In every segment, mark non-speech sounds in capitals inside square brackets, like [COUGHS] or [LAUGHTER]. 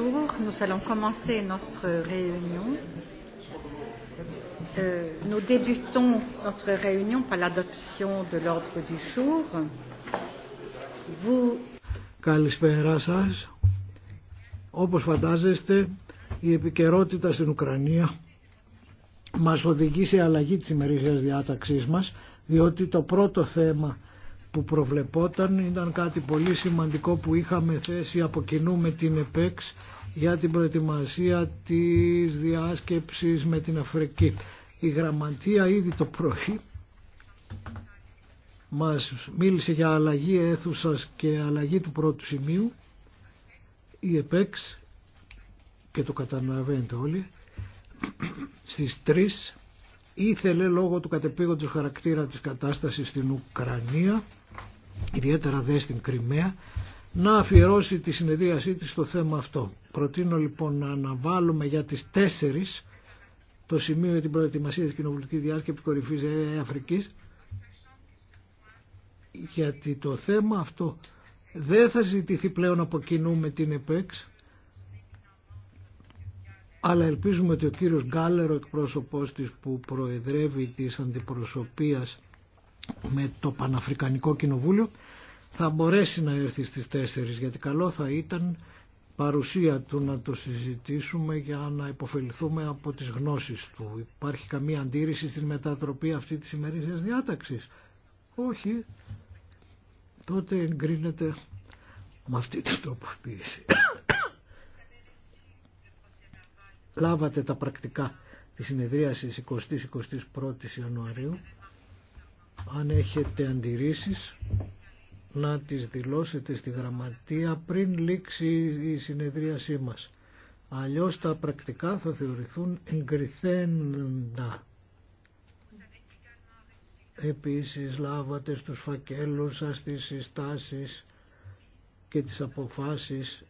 Bonjour, nous allons commencer notre réunion. Euh, Nous débutons notre réunion par l'adoption de l'ordre du jour. Vous... Καλησπέρα σας. Όπως φαντάζεστε, η επικαιρότητα στην Ουκρανία μας οδηγεί σε αλλαγή της ημερήσιας διάταξής μας, διότι το πρώτο θέμα που προβλεπόταν ήταν κάτι πολύ σημαντικό που είχαμε θέσει από κοινού με την ΕΠΕΞ για την προετοιμασία της διάσκεψης με την Αφρική. Η γραμματεία ήδη το πρωί μας μίλησε για αλλαγή αίθουσας και αλλαγή του πρώτου σημείου. Η ΕΠΕΞ και το καταλαβαίνετε όλοι στις 3 ήθελε λόγω του κατεπήγοντος χαρακτήρα της κατάστασης στην Ουκρανία ιδιαίτερα δε στην Κρυμαία, να αφιερώσει τη συνεδρίασή της στο θέμα αυτό. Προτείνω λοιπόν να αναβάλουμε για τις τέσσερις το σημείο για την προετοιμασία της κοινοβουλικής διάσκεψης κορυφής Αφρικής γιατί το θέμα αυτό δεν θα ζητηθεί πλέον από κοινού με την ΕΠΕΞ αλλά ελπίζουμε ότι ο κύριος Γκάλερο εκπρόσωπός της που προεδρεύει της αντιπροσωπείας με το Παναφρικανικό Κοινοβούλιο θα μπορέσει να έρθει στις 4 γιατί καλό θα ήταν παρουσία του να το συζητήσουμε για να υποφεληθούμε από τις γνώσεις του. Υπάρχει καμία αντίρρηση στην μετατροπή αυτή της ημερήσιας διάταξης. Όχι. Τότε εγκρίνεται με αυτή την τροποποίηση. Λάβατε τα πρακτικά της συνεδρίασης 20-21 Ιανουαρίου. Αν έχετε αντιρρήσεις να τις δηλώσετε στη γραμματεία πριν λήξει η συνεδρίασή μας. Αλλιώς τα πρακτικά θα θεωρηθούν εγκριθέντα. Επίσης λάβατε στους φακέλους σας τις συστάσεις και τις αποφάσεις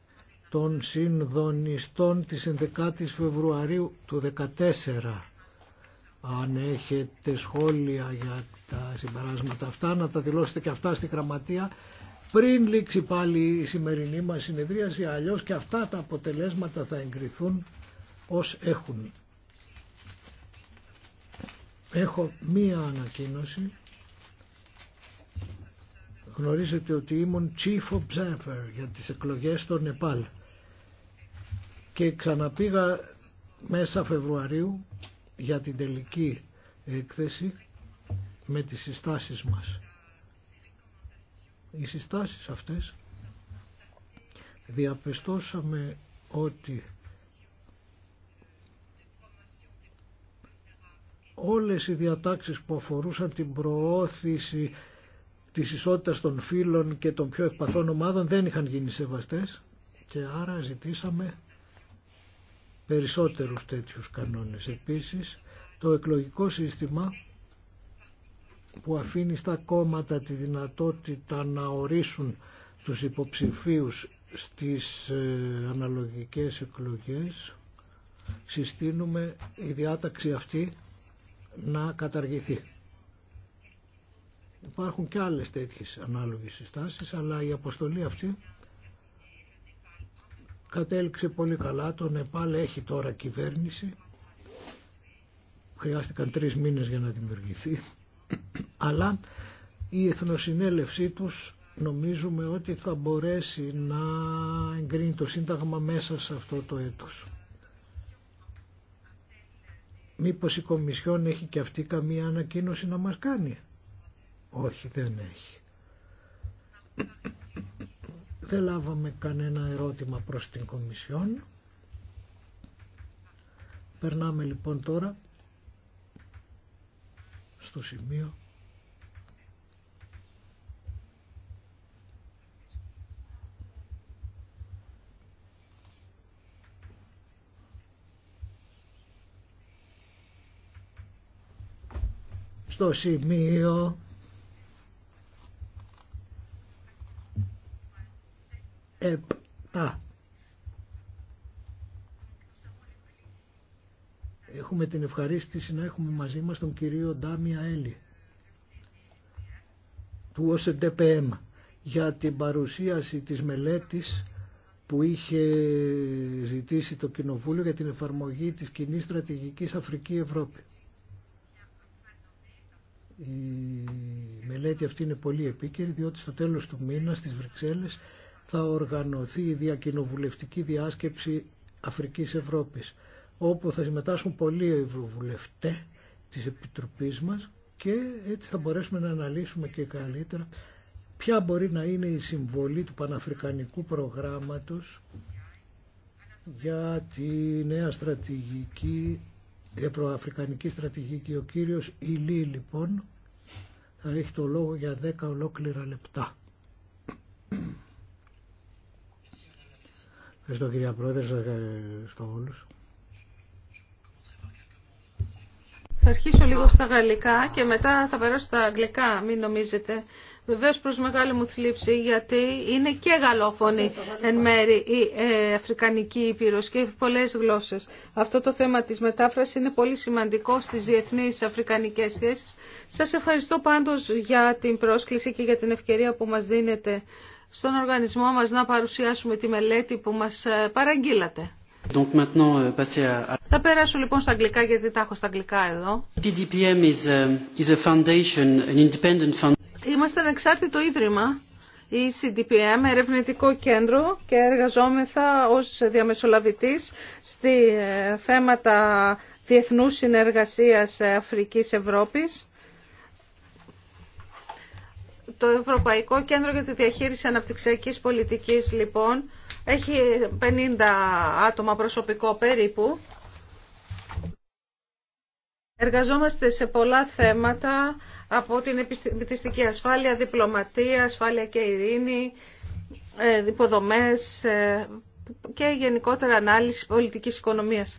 των συνδονιστών της 11ης Φεβρουαρίου του 2014. Αν έχετε σχόλια για τα συμπεράσματα αυτά, να τα δηλώσετε και αυτά στη γραμματεία πριν λήξει πάλι η σημερινή μας συνεδρίαση, αλλιώς και αυτά τα αποτελέσματα θα εγκριθούν ως έχουν. Έχω μία ανακοίνωση. Γνωρίζετε ότι ήμουν Chief Observer για τις εκλογές στο Νεπάλ και ξαναπήγα μέσα Φεβρουαρίου για την τελική έκθεση με τις συστάσεις μας. Οι συστάσεις αυτές διαπιστώσαμε ότι όλες οι διατάξεις που αφορούσαν την προώθηση της ισότητας των φίλων και των πιο ευπαθών ομάδων δεν είχαν γίνει σεβαστές και άρα ζητήσαμε περισσότερους τέτοιους κανόνες. Επίσης, το εκλογικό σύστημα που αφήνει στα κόμματα τη δυνατότητα να ορίσουν τους υποψηφίους στις ε, αναλογικές εκλογές, συστήνουμε η διάταξη αυτή να καταργηθεί. Υπάρχουν και άλλες τέτοιες ανάλογες συστάσεις, αλλά η αποστολή αυτή κατέληξε πολύ καλά. Το Νεπάλ έχει τώρα κυβέρνηση. Χρειάστηκαν τρεις μήνες για να δημιουργηθεί. Αλλά η εθνοσυνέλευσή τους νομίζουμε ότι θα μπορέσει να εγκρίνει το Σύνταγμα μέσα σε αυτό το έτος. Μήπως η Κομισιόν έχει και αυτή καμία ανακοίνωση να μας κάνει. Όχι, δεν έχει. Δεν λάβαμε κανένα ερώτημα προς την Κομισιόν. Περνάμε λοιπόν τώρα στο σημείο στο σημείο Επτά. Έχουμε την ευχαρίστηση να έχουμε μαζί μας τον κυρίο Ντάμια Έλλη του ΟΣΕΝΤΕΠΕΜ για την παρουσίαση της μελέτης που είχε ζητήσει το Κοινοβούλιο για την εφαρμογή της κοινή στρατηγικής Αφρική-Ευρώπη. Η μελέτη αυτή είναι πολύ επίκαιρη διότι στο τέλος του μήνα στις Βρυξέλλες θα οργανωθεί η διακοινοβουλευτική διάσκεψη Αφρικής Ευρώπης όπου θα συμμετάσχουν πολλοί ευρωβουλευτέ της Επιτροπής μας και έτσι θα μπορέσουμε να αναλύσουμε και καλύτερα ποια μπορεί να είναι η συμβολή του Παναφρικανικού Προγράμματος για τη νέα στρατηγική, ευρωαφρικανική στρατηγική. Ο κύριος Ηλί λοιπόν θα έχει το λόγο για 10 ολόκληρα λεπτά. Ευχαριστώ κυρία Πρόεδρε, σας ευχαριστώ Θα αρχίσω λίγο στα γαλλικά και μετά θα περάσω στα αγγλικά, μην νομίζετε. Βεβαίω προ μεγάλη μου θλίψη, γιατί είναι και γαλλόφωνη εν μέρη η ε, Αφρικανική Ήπειρο και έχει πολλέ γλώσσε. Αυτό το θέμα τη μετάφραση είναι πολύ σημαντικό στι διεθνεί αφρικανικέ σχέσει. Σα ευχαριστώ πάντω για την πρόσκληση και για την ευκαιρία που μα δίνετε στον οργανισμό μας να παρουσιάσουμε τη μελέτη που μας ε, παραγγείλατε. Donc maintenant, euh, à... Θα περάσω λοιπόν στα αγγλικά γιατί τα έχω στα αγγλικά εδώ. is ε, is a foundation, an independent Είμαστε ένα εξάρτητο ίδρυμα, η CDPM, ερευνητικό κέντρο και εργαζόμεθα ως διαμεσολαβητής στη ε, θέματα διεθνούς συνεργασίας Αφρικής Ευρώπης το Ευρωπαϊκό Κέντρο για τη Διαχείριση Αναπτυξιακής Πολιτικής, λοιπόν, έχει 50 άτομα προσωπικό περίπου. Εργαζόμαστε σε πολλά θέματα από την επιστημιστική ασφάλεια, διπλωματία, ασφάλεια και ειρήνη, ε, υποδομές ε, και γενικότερα ανάλυση πολιτικής οικονομίας.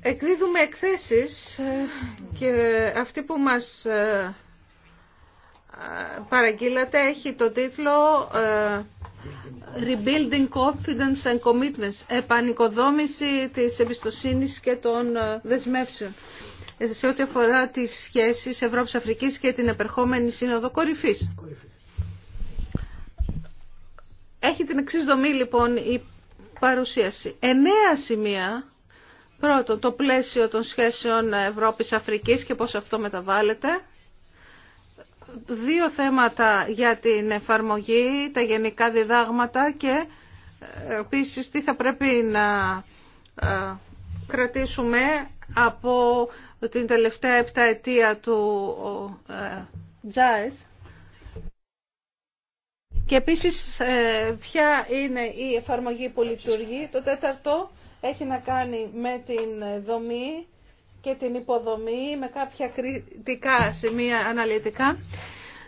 Εκδίδουμε εκθέσεις ε, και αυτοί που μας παραγγείλατε έχει το τίτλο ε, Rebuilding Confidence and Commitments, επανοικοδόμηση της εμπιστοσύνης και των ε, δεσμεύσεων ε, σε ό,τι αφορά τις σχέσεις Ευρώπης-Αφρικής και την επερχόμενη Σύνοδο Κορυφής. Έχει την εξής δομή λοιπόν η παρουσίαση. Εννέα σημεία. Πρώτον, το πλαίσιο των σχέσεων Ευρώπης-Αφρικής και πώς αυτό μεταβάλλεται δύο θέματα για την εφαρμογή, τα γενικά διδάγματα και ε, επίση τι θα πρέπει να ε, κρατήσουμε από την τελευταία επτά αιτία του ε, Τζάες. Και επίσης ποια είναι η εφαρμογή που λειτουργεί. Το τέταρτο έχει να κάνει με την δομή και την υποδομή με κάποια κριτικά σημεία αναλυτικά.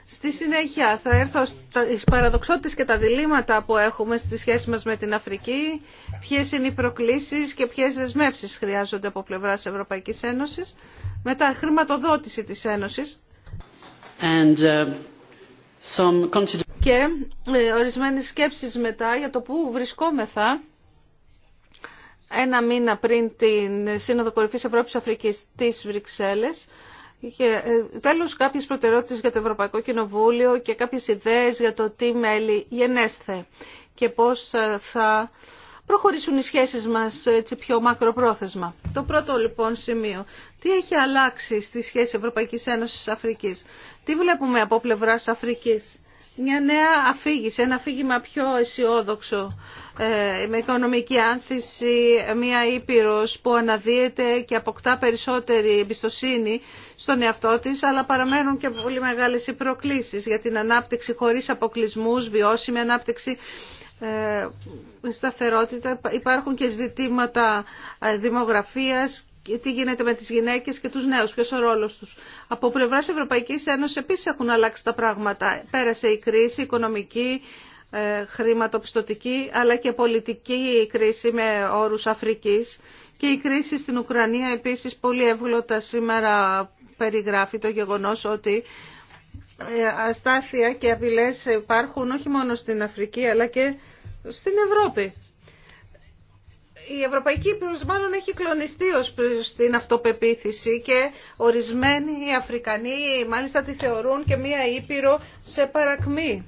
Στη συνέχεια θα έρθω στις παραδοξότητες και τα διλήμματα που έχουμε στη σχέση μας με την Αφρική, ποιες είναι οι προκλήσεις και ποιες δεσμεύσει χρειάζονται από πλευράς Ευρωπαϊκής Ένωσης, μετά χρηματοδότηση της Ένωσης And, uh, και ε, ορισμένες σκέψεις μετά για το πού βρισκόμεθα ένα μήνα πριν την Σύνοδο Κορυφής Ευρώπης Αφρικής της Βρυξέλλες. Και ε, τέλος κάποιες προτεραιότητες για το Ευρωπαϊκό Κοινοβούλιο και κάποιες ιδέες για το τι μέλη γενέσθε και πώς ε, θα προχωρήσουν οι σχέσεις μας έτσι, πιο μακροπρόθεσμα. Το πρώτο λοιπόν σημείο. Τι έχει αλλάξει στη σχέση Ευρωπαϊκής Ένωσης Αφρικής. Τι βλέπουμε από πλευράς Αφρικής. Μια νέα αφήγηση, ένα αφήγημα πιο αισιόδοξο ε, με οικονομική άνθηση μια Ήπειρος που αναδύεται και αποκτά περισσότερη εμπιστοσύνη στον εαυτό της, αλλά παραμένουν και πολύ μεγάλες οι προκλήσεις για την ανάπτυξη χωρίς αποκλεισμούς, βιώσιμη ανάπτυξη, ε, σταθερότητα. Υπάρχουν και ζητήματα ε, δημογραφίας τι γίνεται με τις γυναίκες και τους νέους, ποιος ο ρόλος τους. Από πλευράς Ευρωπαϊκής Ένωσης επίσης έχουν αλλάξει τα πράγματα. Πέρασε η κρίση οικονομική, ε, χρηματοπιστωτική αλλά και πολιτική κρίση με όρους Αφρικής και η κρίση στην Ουκρανία επίσης πολύ εύγλωτα σήμερα περιγράφει το γεγονός ότι ε, αστάθεια και απειλές υπάρχουν όχι μόνο στην Αφρική αλλά και στην Ευρώπη. Η Ευρωπαϊκή Ένωση μάλλον έχει κλονιστεί ως προς την αυτοπεποίθηση και ορισμένοι οι Αφρικανοί μάλιστα τη θεωρούν και μία ήπειρο σε παρακμή.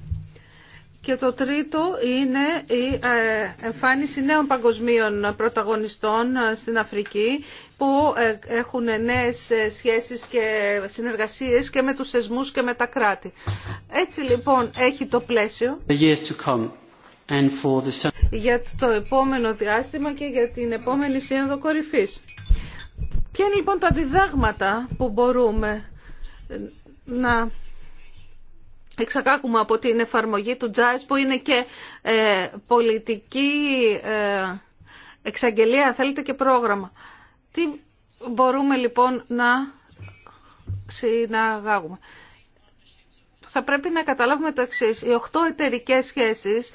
Και το τρίτο είναι η ε, εμφάνιση νέων παγκοσμίων πρωταγωνιστών ε, στην Αφρική που ε, έχουν νέες σχέσεις και συνεργασίες και με τους θεσμούς και με τα κράτη. Έτσι λοιπόν έχει το πλαίσιο για το επόμενο διάστημα και για την επόμενη σύνοδο κορυφής. Ποια είναι λοιπόν τα διδάγματα που μπορούμε να εξακάκουμε από την εφαρμογή του Τζάις που είναι και ε, πολιτική ε, εξαγγελία, θέλετε και πρόγραμμα. Τι μπορούμε λοιπόν να συναγάγουμε. Θα πρέπει να καταλάβουμε το εξή. Οι οχτώ εταιρικέ σχέσεις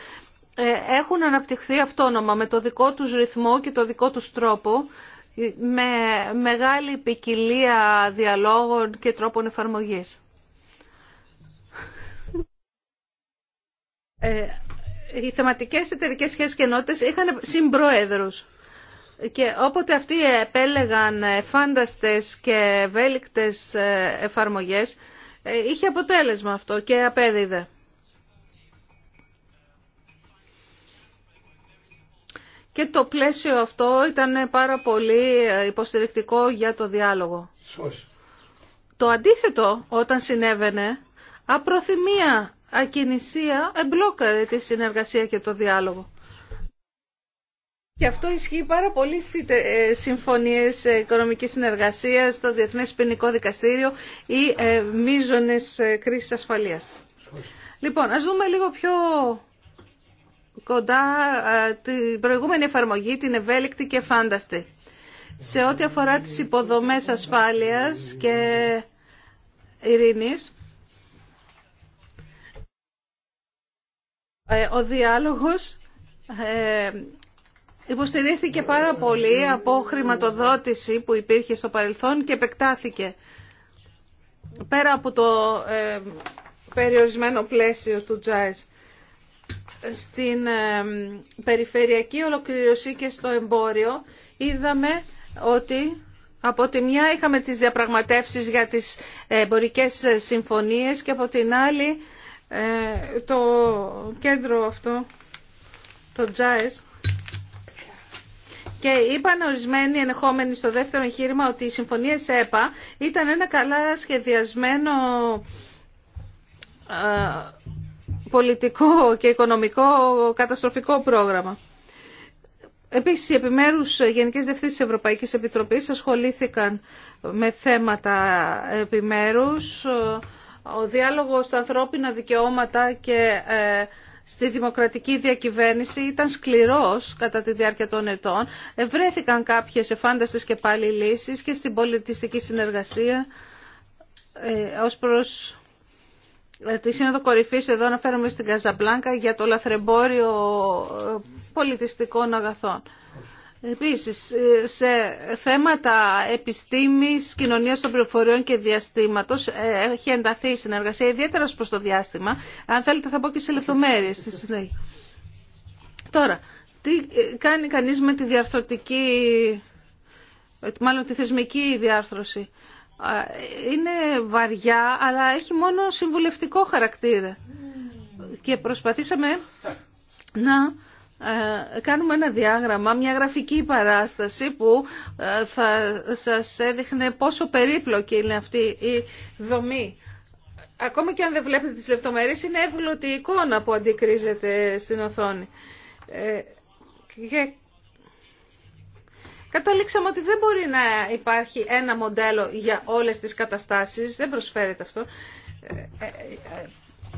ε, έχουν αναπτυχθεί αυτόνομα με το δικό τους ρυθμό και το δικό τους τρόπο με μεγάλη ποικιλία διαλόγων και τρόπων εφαρμογής. Ε, οι θεματικές εταιρικές σχέσεις και ενότητες είχαν συμπροέδρους. Και όποτε αυτοί επέλεγαν φάνταστες και ευέλικτες ε, εφαρμογές, ε, είχε αποτέλεσμα αυτό και απέδιδε. Και το πλαίσιο αυτό ήταν πάρα πολύ υποστηρικτικό για το διάλογο. Το αντίθετο όταν συνέβαινε, απροθυμία ακινησία εμπλόκαρε τη συνεργασία και το διάλογο. Και αυτό ισχύει πάρα πολύ ε, συμφωνίες ε, οικονομικής συνεργασίας στο Διεθνές Ποινικό Δικαστήριο ή ε, μίζωνες ε, κρίσεις ασφαλείας. Λοιπόν, ας δούμε λίγο πιο κοντά την προηγούμενη εφαρμογή, την ευέλικτη και φάνταστη. Σε ό,τι αφορά τις υποδομές ασφάλειας και ειρήνης, Ε, ο διάλογος ε, υποστηρίχθηκε πάρα πολύ από χρηματοδότηση που υπήρχε στο παρελθόν και επεκτάθηκε πέρα από το ε, περιορισμένο πλαίσιο του τζάις στην περιφερειακή ολοκληρωσή και στο εμπόριο είδαμε ότι από τη μια είχαμε τις διαπραγματεύσεις για τις εμπορικές συμφωνίες και από την άλλη ε, το κέντρο αυτό, το Τζάες, και είπαν ορισμένοι ενεχόμενοι στο δεύτερο εγχείρημα ότι η συμφωνία ΣΕΠΑ ήταν ένα καλά σχεδιασμένο ε, πολιτικό και οικονομικό καταστροφικό πρόγραμμα. Επίσης, οι επιμέρους Γενικές Διευθύνσεις της Ευρωπαϊκής Επιτροπής ασχολήθηκαν με θέματα επιμέρους ε, ο διάλογος στα ανθρώπινα δικαιώματα και ε, στη δημοκρατική διακυβέρνηση ήταν σκληρός κατά τη διάρκεια των ετών. Βρέθηκαν κάποιες εφάνταστες και πάλι λύσεις και στην πολιτιστική συνεργασία ε, ως προς ε, τη Σύνοδο Κορυφής εδώ αναφέρομαι στην Καζαμπλάνκα για το λαθρεμπόριο πολιτιστικών αγαθών. Επίσης, ε, σε θέματα επιστήμης, κοινωνίας των πληροφοριών και διαστήματος ε, έχει ενταθεί η συνεργασία, ιδιαίτερα προς το διάστημα. Αν θέλετε θα πω και σε λεπτομέρειες Τώρα, τι κάνει κανείς με τη διαρθρωτική, μάλλον τη θεσμική διάρθρωση. Είναι βαριά, αλλά έχει μόνο συμβουλευτικό χαρακτήρα. Και προσπαθήσαμε να ε, κάνουμε ένα διάγραμμα, μια γραφική παράσταση που ε, θα σας έδειχνε πόσο περίπλοκη είναι αυτή η δομή. Ακόμα και αν δεν βλέπετε τις λεπτομέρειες, είναι εύγλωτη η εικόνα που αντικρίζεται στην οθόνη. Ε, καταλήξαμε ότι δεν μπορεί να υπάρχει ένα μοντέλο για όλες τις καταστάσεις, δεν προσφέρεται αυτό.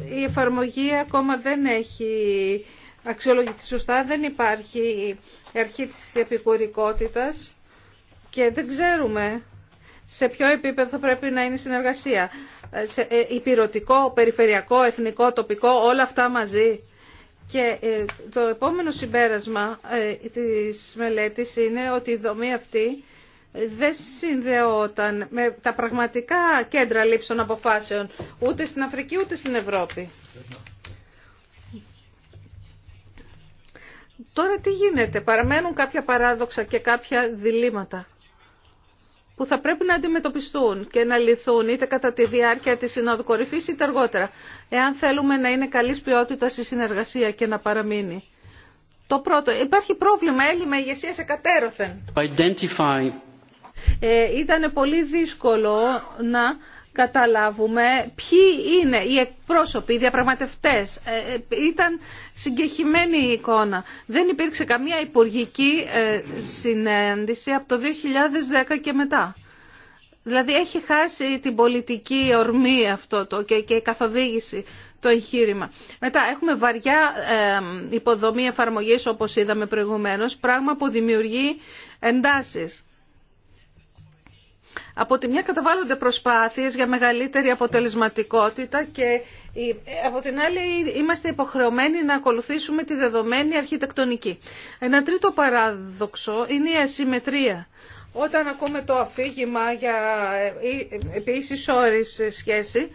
Η εφαρμογή ακόμα δεν έχει αξιολογηθεί σωστά. Δεν υπάρχει αρχή της επικουρικότητας και δεν ξέρουμε σε ποιο επίπεδο θα πρέπει να είναι η συνεργασία. Σε ε, υπηρετικό, περιφερειακό, εθνικό, τοπικό, όλα αυτά μαζί. Και ε, το επόμενο συμπέρασμα ε, της μελέτης είναι ότι η δομή αυτή δεν συνδεόταν με τα πραγματικά κέντρα λήψεων αποφάσεων ούτε στην Αφρική ούτε στην Ευρώπη. Τώρα τι γίνεται, παραμένουν κάποια παράδοξα και κάποια διλήμματα που θα πρέπει να αντιμετωπιστούν και να λυθούν είτε κατά τη διάρκεια της Συνόδου Κορυφής είτε αργότερα, εάν θέλουμε να είναι καλής ποιότητας η συνεργασία και να παραμείνει. Το πρώτο, υπάρχει πρόβλημα, έλλειμμα ηγεσία εκατέρωθεν. Identify... Ε, ήταν πολύ δύσκολο να καταλάβουμε ποιοι είναι οι εκπρόσωποι, οι διαπραγματευτές. Ε, ε, ήταν συγκεχημένη η εικόνα. Δεν υπήρξε καμία υπουργική ε, συνέντηση από το 2010 και μετά. Δηλαδή έχει χάσει την πολιτική ορμή αυτό το και, και η καθοδήγηση το εγχείρημα. Μετά έχουμε βαριά υποδομή εφαρμογής όπως είδαμε προηγουμένως, πράγμα που δημιουργεί εντάσεις. Από τη μια καταβάλλονται προσπάθειες για μεγαλύτερη αποτελεσματικότητα και από την άλλη είμαστε υποχρεωμένοι να ακολουθήσουμε τη δεδομένη αρχιτεκτονική. Ένα τρίτο παράδοξο είναι η ασυμμετρία. Όταν ακούμε το αφήγημα για ε, ε, επίσης όρης ε, σχέση,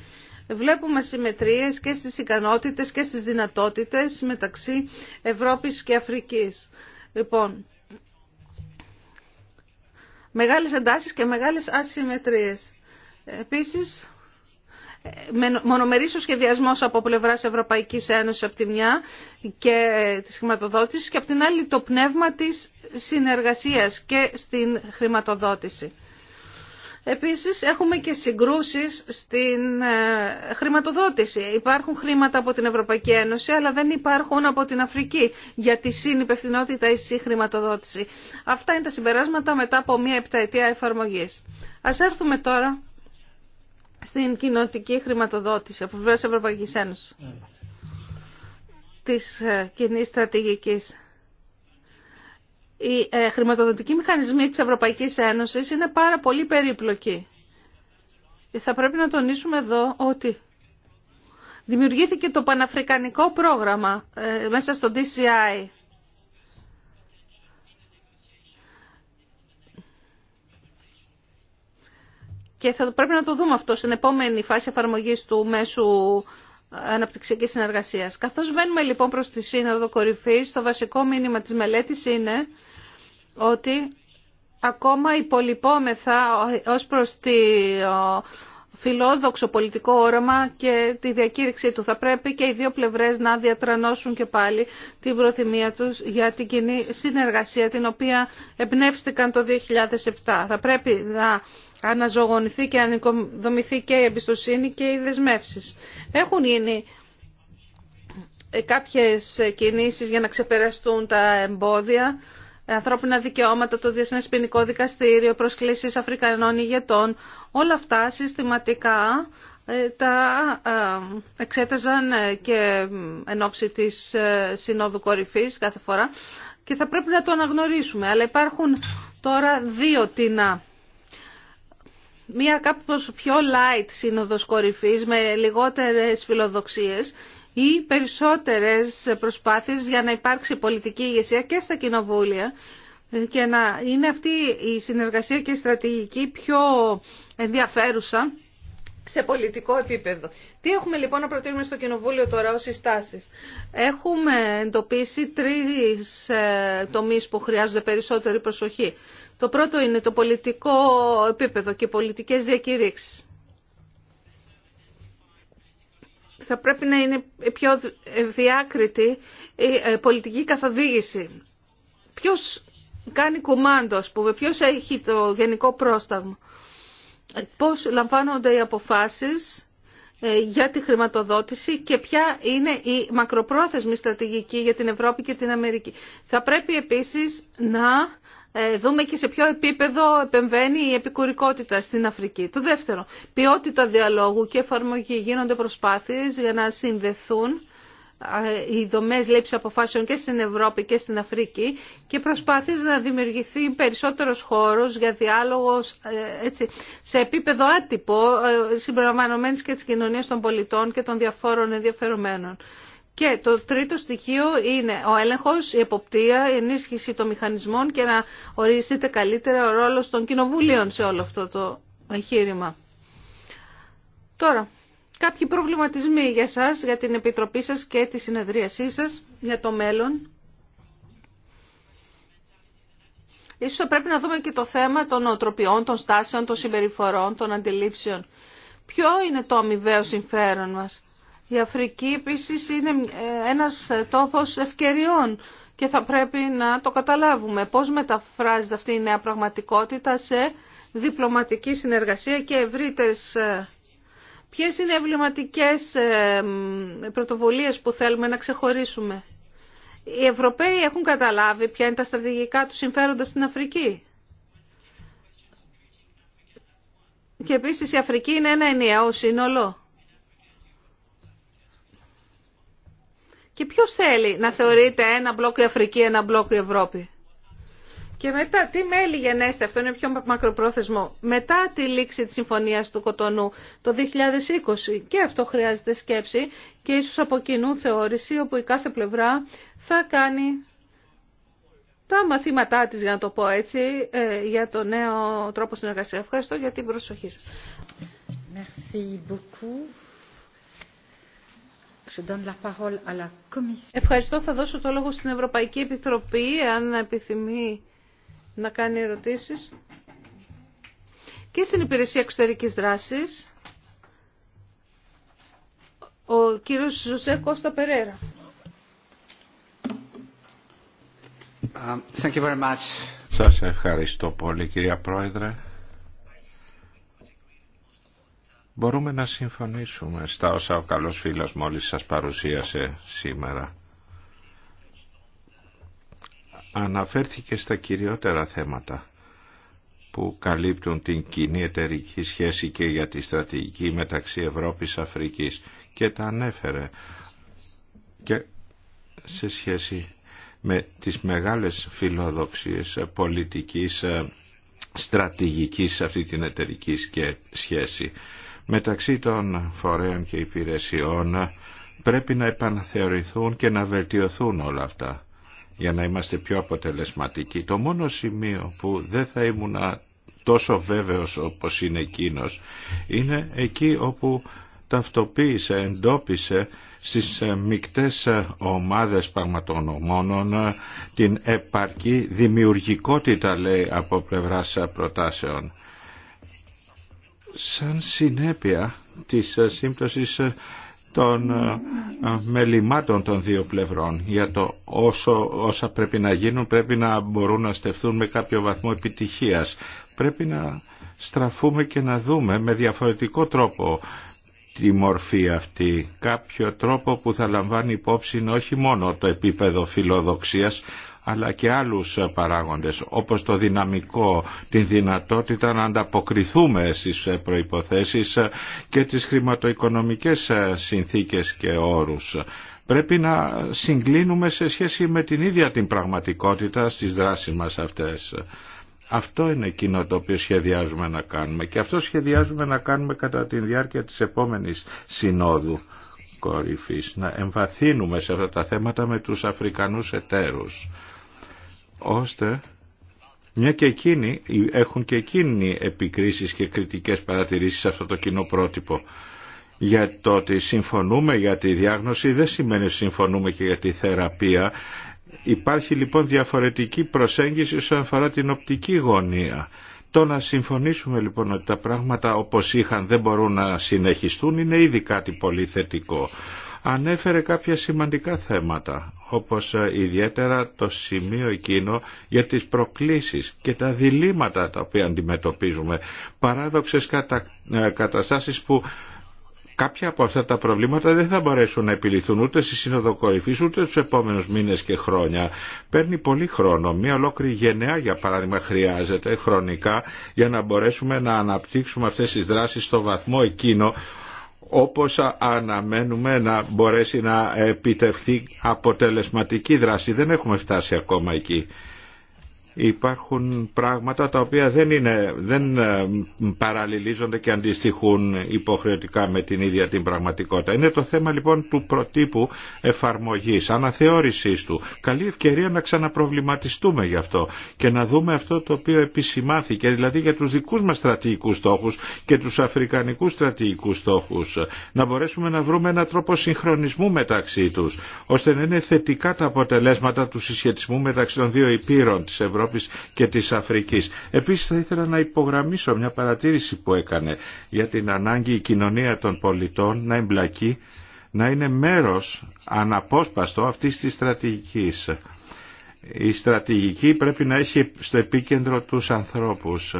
βλέπουμε συμμετρίες και στις ικανότητες και στις δυνατότητες μεταξύ Ευρώπης και Αφρικής. Λοιπόν, μεγάλες εντάσεις και μεγάλες ασυμμετρίες. Επίσης, μονομερής ο σχεδιασμός από πλευράς Ευρωπαϊκής Ένωσης από τη μια και της χρηματοδότησης και από την άλλη το πνεύμα της συνεργασίας και στην χρηματοδότηση. Επίσης έχουμε και συγκρούσεις στην ε, χρηματοδότηση. Υπάρχουν χρήματα από την Ευρωπαϊκή Ένωση αλλά δεν υπάρχουν από την Αφρική για τη συνυπευθυνότητα ή συγχρηματοδότηση. Αυτά είναι τα συμπεράσματα μετά από μία επταετία εφαρμογής. Ας έρθουμε τώρα στην κοινωτική χρηματοδότηση από την Ευρωπαϊκή Ένωση ε. της ε, κοινή στρατηγικής οι ε, χρηματοδοτικοί μηχανισμοί της Ευρωπαϊκής Ένωσης είναι πάρα πολύ περίπλοκοι. θα πρέπει να τονίσουμε εδώ ότι δημιουργήθηκε το Παναφρικανικό Πρόγραμμα ε, μέσα στο DCI. Και θα πρέπει να το δούμε αυτό στην επόμενη φάση εφαρμογής του μέσου αναπτυξιακή συνεργασίας. Καθώς βαίνουμε λοιπόν προς τη Σύνοδο Κορυφής, το βασικό μήνυμα της μελέτης είναι ότι ακόμα υπολοιπόμεθα ως προς τη φιλόδοξο πολιτικό όραμα και τη διακήρυξή του. Θα πρέπει και οι δύο πλευρές να διατρανώσουν και πάλι την προθυμία τους για την κοινή συνεργασία την οποία εμπνεύστηκαν το 2007. Θα πρέπει να αναζωογονηθεί και ανοικοδομηθεί και η εμπιστοσύνη και οι δεσμεύσεις. Έχουν γίνει κάποιες κινήσεις για να ξεπεραστούν τα εμπόδια, ανθρώπινα δικαιώματα, το Διεθνές Ποινικό Δικαστήριο, προσκλήσεις Αφρικανών ηγετών, όλα αυτά συστηματικά ε, τα ε, εξέταζαν ε, και εν ώψη της Συνόδου Κορυφής κάθε φορά και θα πρέπει να το αναγνωρίσουμε. Αλλά υπάρχουν τώρα δύο τινά. Μία κάπως πιο light σύνοδος κορυφής με λιγότερες φιλοδοξίες ή περισσότερες προσπάθειες για να υπάρξει πολιτική ηγεσία και στα κοινοβούλια και να είναι αυτή η συνεργασία και η στρατηγική πιο ενδιαφέρουσα σε πολιτικό επίπεδο. Τι έχουμε λοιπόν να προτείνουμε στο Κοινοβούλιο τώρα ως συστάσεις. Έχουμε εντοπίσει τρεις ε, τομείς που χρειάζονται περισσότερη προσοχή. Το πρώτο είναι το πολιτικό επίπεδο και πολιτικές διακήρυξεις. Θα πρέπει να είναι πιο διάκριτη η ε, πολιτική καθοδήγηση. Ποιος κάνει κουμάντο, ας πούμε, ποιος έχει το γενικό πρόσταγμα. Πώς λαμβάνονται οι αποφάσεις ε, για τη χρηματοδότηση και ποια είναι η μακροπρόθεσμη στρατηγική για την Ευρώπη και την Αμερική. Θα πρέπει επίσης να ε, δούμε και σε ποιο επίπεδο επεμβαίνει η επικουρικότητα στην Αφρική. Το δεύτερο, ποιότητα διαλόγου και εφαρμογή. Γίνονται προσπάθειες για να συνδεθούν ε, οι δομέ λήψη αποφάσεων και στην Ευρώπη και στην Αφρική και προσπαθείς να δημιουργηθεί περισσότερος χώρος για διάλογο ε, έτσι, σε επίπεδο άτυπο συμπεριλαμβανομένης και της κοινωνίας των πολιτών και των διαφόρων ενδιαφερομένων. Και το τρίτο στοιχείο είναι ο έλεγχος, η εποπτεία, η ενίσχυση των μηχανισμών και να οριστείτε καλύτερα ο ρόλος των κοινοβουλίων σε όλο αυτό το εγχείρημα. Τώρα, κάποιοι προβληματισμοί για σας, για την Επιτροπή σας και τη συνεδρίασή σας για το μέλλον. Ίσως πρέπει να δούμε και το θέμα των οτροπιών, των στάσεων, των συμπεριφορών, των αντιλήψεων. Ποιο είναι το αμοιβαίο συμφέρον μας η Αφρική επίσης είναι ε, ένας τόπος ευκαιριών και θα πρέπει να το καταλάβουμε. Πώς μεταφράζεται αυτή η νέα πραγματικότητα σε διπλωματική συνεργασία και ευρύτερες ε, Ποιες είναι οι εμβληματικές ε, πρωτοβουλίες που θέλουμε να ξεχωρίσουμε. Οι Ευρωπαίοι έχουν καταλάβει ποια είναι τα στρατηγικά του συμφέροντα στην Αφρική. Και επίσης η Αφρική είναι ένα ενιαίο σύνολο. Και ποιος θέλει να θεωρείται ένα μπλοκ η Αφρική, ένα μπλοκ η Ευρώπη. Και μετά, τι μέλη γενέστε, αυτό είναι πιο μακροπρόθεσμο, μετά τη λήξη της συμφωνίας του Κοτονού το 2020. Και αυτό χρειάζεται σκέψη και ίσως από κοινού θεώρηση όπου η κάθε πλευρά θα κάνει τα μαθήματά της, για να το πω έτσι, ε, για το νέο τρόπο συνεργασία. Ευχαριστώ για την προσοχή σας. Ευχαριστώ. Θα δώσω το λόγο στην Ευρωπαϊκή Επιτροπή, αν επιθυμεί να κάνει ερωτήσεις. Και στην Υπηρεσία Εξωτερικής Δράσης, ο κύριος Ζωσέ Κώστα Περέρα. Um, Σας ευχαριστώ πολύ κυρία Πρόεδρε. Μπορούμε να συμφωνήσουμε στα όσα ο καλός φίλος μόλις σας παρουσίασε σήμερα. Αναφέρθηκε στα κυριότερα θέματα που καλύπτουν την κοινή εταιρική σχέση και για τη στρατηγική μεταξύ Ευρώπης Αφρικής και τα ανέφερε και σε σχέση με τις μεγάλες φιλοδοξίες πολιτικής ε, στρατηγικής αυτή την εταιρική σχέση μεταξύ των φορέων και υπηρεσιών πρέπει να επαναθεωρηθούν και να βελτιωθούν όλα αυτά για να είμαστε πιο αποτελεσματικοί. Το μόνο σημείο που δεν θα ήμουν τόσο βέβαιος όπως είναι εκείνο είναι εκεί όπου ταυτοποίησε, εντόπισε στις ε, μικτές ε, ομάδες πραγματονομών ε, την επαρκή δημιουργικότητα λέει από πλευράς προτάσεων σαν συνέπεια της ε, σύμπτωσης ε, των ε, μελημάτων των δύο πλευρών για το όσο, όσα πρέπει να γίνουν πρέπει να μπορούν να στεφθούν με κάποιο βαθμό επιτυχίας πρέπει να στραφούμε και να δούμε με διαφορετικό τρόπο τη μορφή αυτή κάποιο τρόπο που θα λαμβάνει υπόψη όχι μόνο το επίπεδο φιλοδοξίας αλλά και άλλους παράγοντες όπως το δυναμικό, την δυνατότητα να ανταποκριθούμε στις προϋποθέσεις και τις χρηματοοικονομικές συνθήκες και όρους πρέπει να συγκλίνουμε σε σχέση με την ίδια την πραγματικότητα στις δράσεις μας αυτές. Αυτό είναι εκείνο το οποίο σχεδιάζουμε να κάνουμε και αυτό σχεδιάζουμε να κάνουμε κατά τη διάρκεια της επόμενης συνόδου κορυφής, να εμβαθύνουμε σε αυτά τα θέματα με τους Αφρικανούς εταίρους ώστε μια και εκείνοι έχουν και εκείνοι επικρίσεις και κριτικές παρατηρήσεις σε αυτό το κοινό πρότυπο. Για το ότι συμφωνούμε για τη διάγνωση δεν σημαίνει ότι συμφωνούμε και για τη θεραπεία. Υπάρχει λοιπόν διαφορετική προσέγγιση όσον αφορά την οπτική γωνία. Το να συμφωνήσουμε λοιπόν ότι τα πράγματα όπως είχαν δεν μπορούν να συνεχιστούν είναι ήδη κάτι πολύ θετικό. Ανέφερε κάποια σημαντικά θέματα όπως ε, ιδιαίτερα το σημείο εκείνο για τις προκλήσεις και τα διλήμματα τα οποία αντιμετωπίζουμε, παράδοξες κατα... Ε, καταστάσεις που κάποια από αυτά τα προβλήματα δεν θα μπορέσουν να επιληθούν ούτε στη Σύνοδο Κορυφής ούτε στους επόμενου μήνε και χρόνια. Παίρνει πολύ χρόνο. Μία ολόκληρη γενεά, για παράδειγμα, χρειάζεται χρονικά για να μπορέσουμε να αναπτύξουμε αυτές τις δράσεις στο βαθμό εκείνο όπως αναμένουμε να μπορέσει να επιτευχθεί αποτελεσματική δράση. Δεν έχουμε φτάσει ακόμα εκεί υπάρχουν πράγματα τα οποία δεν, είναι, δεν ε, παραλληλίζονται και αντιστοιχούν υποχρεωτικά με την ίδια την πραγματικότητα. Είναι το θέμα λοιπόν του προτύπου εφαρμογής, αναθεώρησής του. Καλή ευκαιρία να ξαναπροβληματιστούμε γι' αυτό και να δούμε αυτό το οποίο επισημάθηκε, δηλαδή για τους δικούς μας στρατηγικούς στόχους και τους αφρικανικούς στρατηγικούς στόχους. Να μπορέσουμε να βρούμε έναν τρόπο συγχρονισμού μεταξύ τους, ώστε να είναι θετικά τα αποτελέσματα του συσχετισμού μεταξύ των δύο υπήρων της Ευρώπης και της Αφρικής. Επίσης θα ήθελα να υπογραμμίσω μια παρατήρηση που έκανε για την ανάγκη η κοινωνία των πολιτών να εμπλακεί, να είναι μέρος αναπόσπαστο αυτής της στρατηγικής. Η στρατηγική πρέπει να έχει στο επίκεντρο τους ανθρώπους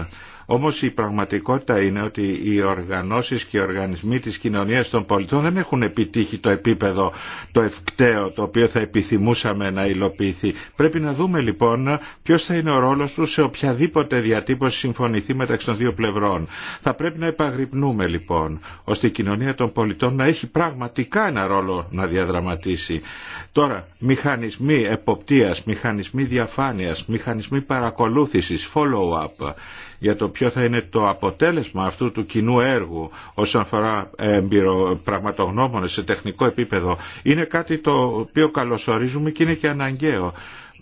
όμως η πραγματικότητα είναι ότι οι οργανώσεις και οι οργανισμοί της κοινωνίας των πολιτών δεν έχουν επιτύχει το επίπεδο το ευκταίο το οποίο θα επιθυμούσαμε να υλοποιηθεί. Πρέπει να δούμε λοιπόν ποιος θα είναι ο ρόλος του σε οποιαδήποτε διατύπωση συμφωνηθεί μεταξύ των δύο πλευρών. Θα πρέπει να επαγρυπνούμε λοιπόν ώστε η κοινωνία των πολιτών να έχει πραγματικά ένα ρόλο να διαδραματίσει. Τώρα, μηχανισμοί εποπτείας, μηχανισμοί διαφάνειας, μηχανισμοί παρακολούθησης, follow-up για το ποιο θα είναι το αποτέλεσμα αυτού του κοινού έργου όσον αφορά ε, πραγματογνώμονες σε τεχνικό επίπεδο είναι κάτι το οποίο καλωσορίζουμε και είναι και αναγκαίο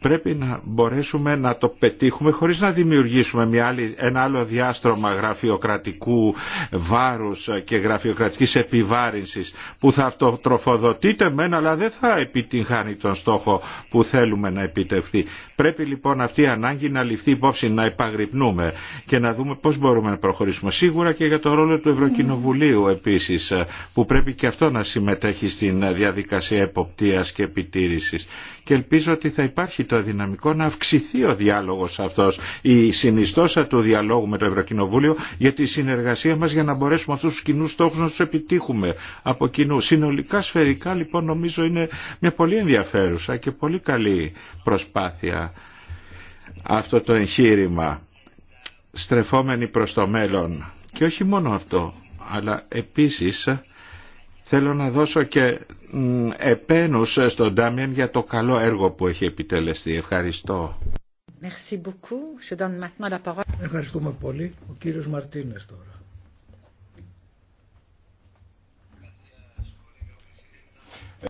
πρέπει να μπορέσουμε να το πετύχουμε χωρίς να δημιουργήσουμε μια άλλη, ένα άλλο διάστρωμα γραφειοκρατικού βάρους και γραφειοκρατικής επιβάρυνσης που θα αυτοτροφοδοτείται μεν αλλά δεν θα επιτυγχάνει τον στόχο που θέλουμε να επιτευχθεί. Πρέπει λοιπόν αυτή η ανάγκη να ληφθεί υπόψη, να επαγρυπνούμε και να δούμε πώς μπορούμε να προχωρήσουμε. Σίγουρα και για το ρόλο του Ευρωκοινοβουλίου επίσης που πρέπει και αυτό να συμμετέχει στην διαδικασία εποπτείας και επιτήρησης και ελπίζω ότι θα υπάρχει το δυναμικό να αυξηθεί ο διάλογος αυτός, η συνιστόσα του διαλόγου με το Ευρωκοινοβούλιο για τη συνεργασία μας για να μπορέσουμε αυτούς τους κοινούς στόχους να τους επιτύχουμε από κοινού. Συνολικά σφαιρικά λοιπόν νομίζω είναι μια πολύ ενδιαφέρουσα και πολύ καλή προσπάθεια αυτό το εγχείρημα στρεφόμενοι προς το μέλλον. Και όχι μόνο αυτό, αλλά επίσης Θέλω να δώσω και επένους στον Ντάμιεν για το καλό έργο που έχει επιτελεστεί. Ευχαριστώ. Ευχαριστούμε πολύ. Ο κύριος Μαρτίνες τώρα.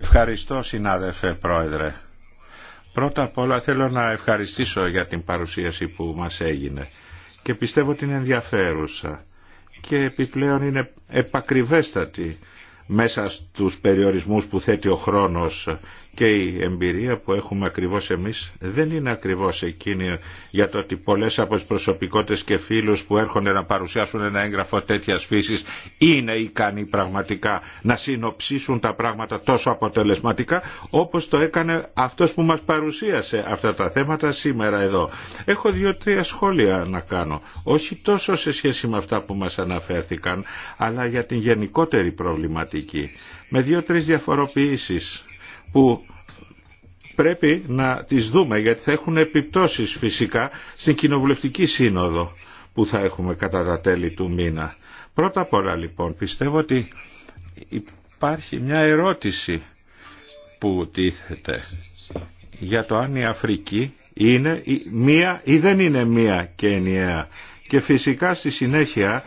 Ευχαριστώ συνάδελφε πρόεδρε. Πρώτα απ' όλα θέλω να ευχαριστήσω για την παρουσίαση που μας έγινε και πιστεύω ότι είναι ενδιαφέρουσα και επιπλέον είναι επακριβέστατη μέσα στους περιορισμούς που θέτει ο χρόνος και η εμπειρία που έχουμε ακριβώς εμείς δεν είναι ακριβώς εκείνη για το ότι πολλές από τις προσωπικότητες και φίλους που έρχονται να παρουσιάσουν ένα έγγραφο τέτοιας φύσης είναι ικανοί πραγματικά να συνοψίσουν τα πράγματα τόσο αποτελεσματικά όπως το έκανε αυτός που μας παρουσίασε αυτά τα θέματα σήμερα εδώ. Έχω δύο-τρία σχόλια να κάνω, όχι τόσο σε σχέση με αυτά που μας αναφέρθηκαν, αλλά για την γενικότερη προβληματική, με δύο-τρεις διαφοροποιήσεις που πρέπει να τις δούμε γιατί θα έχουν επιπτώσεις φυσικά στην κοινοβουλευτική σύνοδο που θα έχουμε κατά τα τέλη του μήνα. Πρώτα απ' όλα λοιπόν πιστεύω ότι υπάρχει μια ερώτηση που τίθεται για το αν η Αφρική είναι μία ή δεν είναι μία και ενιαία. Και φυσικά στη συνέχεια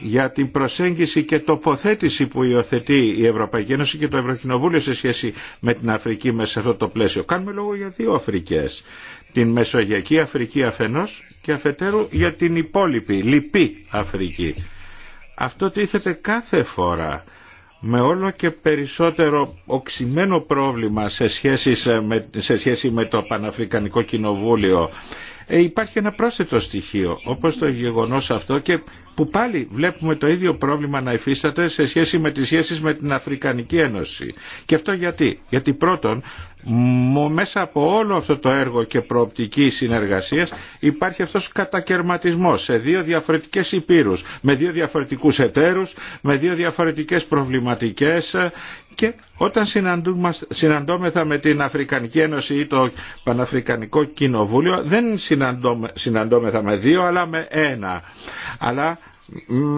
για την προσέγγιση και τοποθέτηση που υιοθετεί η Ευρωπαϊκή Ένωση και το Ευρωκοινοβούλιο σε σχέση με την Αφρική μέσα σε αυτό το πλαίσιο. Κάνουμε λόγο για δύο Αφρικές. Την Μεσογειακή Αφρική αφενός και αφετέρου για την υπόλοιπη, λυπή Αφρική. Αυτό τίθεται κάθε φορά με όλο και περισσότερο οξυμένο πρόβλημα σε σχέση με το Παναφρικανικό Κοινοβούλιο ε, υπάρχει ένα πρόσθετο στοιχείο όπως το γεγονός αυτό και που πάλι βλέπουμε το ίδιο πρόβλημα να υφίσταται σε σχέση με τις σχέσεις με την Αφρικανική Ένωση. Και αυτό γιατί. Γιατί πρώτον, μέσα από όλο αυτό το έργο και προοπτική συνεργασίας υπάρχει αυτός ο κατακαιρματισμός σε δύο διαφορετικές υπήρους, με δύο διαφορετικούς εταίρους, με δύο διαφορετικές προβληματικές και όταν συναντώμεθα με την Αφρικανική Ένωση ή το Παναφρικανικό Κοινοβούλιο δεν συναντώμεθα με δύο αλλά με ένα. Αλλά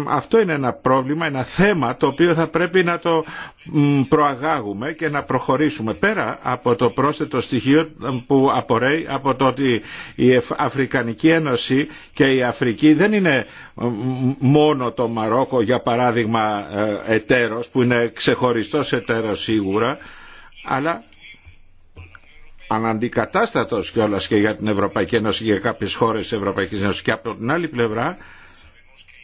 αυτό είναι ένα πρόβλημα, ένα θέμα το οποίο θα πρέπει να το προαγάγουμε και να προχωρήσουμε πέρα από το πρόσθετο στοιχείο που απορρέει από το ότι η Αφρικανική Ένωση και η Αφρική δεν είναι μόνο το Μαρόκο για παράδειγμα ε, εταίρος που είναι ξεχωριστός εταίρος σίγουρα αλλά αναντικατάστατος κιόλας και για την Ευρωπαϊκή Ένωση και για κάποιες χώρες της Ευρωπαϊκής Ένωσης και από την άλλη πλευρά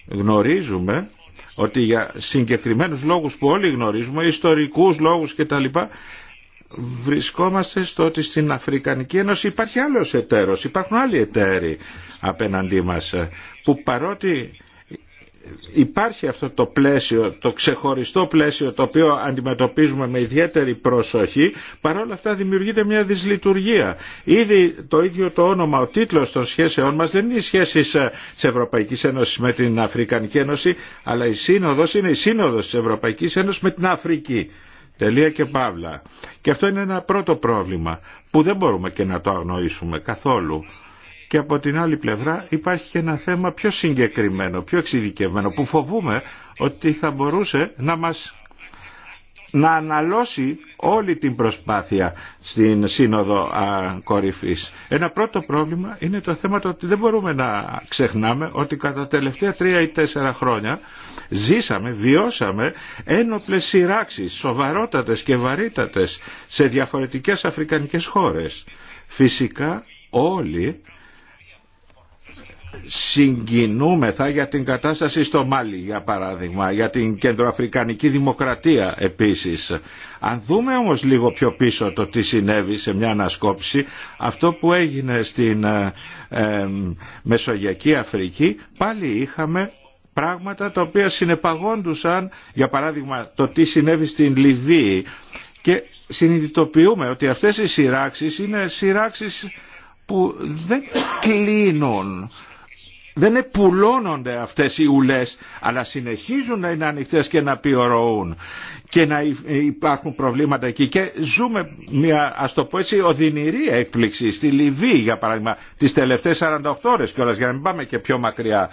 γνωρίζουμε ότι για συγκεκριμένους λόγους που όλοι γνωρίζουμε, ιστορικούς λόγους κτλ, βρισκόμαστε στο ότι στην Αφρικανική Ένωση υπάρχει άλλος εταίρος, υπάρχουν άλλοι εταίροι απέναντί μας, που παρότι υπάρχει αυτό το πλαίσιο, το ξεχωριστό πλαίσιο το οποίο αντιμετωπίζουμε με ιδιαίτερη προσοχή, παρόλα αυτά δημιουργείται μια δυσλειτουργία. Ήδη το ίδιο το όνομα, ο τίτλος των σχέσεών μας δεν είναι οι σχέσεις ε, της Ευρωπαϊκής Ένωσης με την Αφρικανική Ένωση, αλλά η σύνοδος είναι η σύνοδος της Ευρωπαϊκής Ένωσης με την Αφρική. Τελεία και παύλα. Και αυτό είναι ένα πρώτο πρόβλημα που δεν μπορούμε και να το αγνοήσουμε καθόλου. Και από την άλλη πλευρά υπάρχει και ένα θέμα πιο συγκεκριμένο, πιο εξειδικευμένο, που φοβούμε ότι θα μπορούσε να μας να αναλώσει όλη την προσπάθεια στην Σύνοδο Κορυφής. Ένα πρώτο πρόβλημα είναι το θέμα το ότι δεν μπορούμε να ξεχνάμε ότι κατά τα τελευταία τρία ή τέσσερα χρόνια ζήσαμε, βιώσαμε ένοπλες σειράξεις, σοβαρότατες και βαρύτατες σε διαφορετικές αφρικανικές χώρες. Φυσικά όλοι συγκινούμεθα για την κατάσταση στο Μάλι για παράδειγμα, για την κεντροαφρικανική δημοκρατία επίσης. Αν δούμε όμως λίγο πιο πίσω το τι συνέβη σε μια ανασκόπηση, αυτό που έγινε στην ε, ε, Μεσογειακή Αφρική πάλι είχαμε πράγματα τα οποία συνεπαγόντουσαν, για παράδειγμα το τι συνέβη στην Λιβύη και συνειδητοποιούμε ότι αυτές οι σειράξεις είναι σειράξεις που δεν κλείνουν δεν επουλώνονται αυτές οι ουλές αλλά συνεχίζουν να είναι ανοιχτές και να πιωροούν και να υπάρχουν προβλήματα εκεί και ζούμε μια ας το πω έτσι οδυνηρή έκπληξη στη Λιβύη για παράδειγμα τις τελευταίες 48 ώρες κιόλας για να μην πάμε και πιο μακριά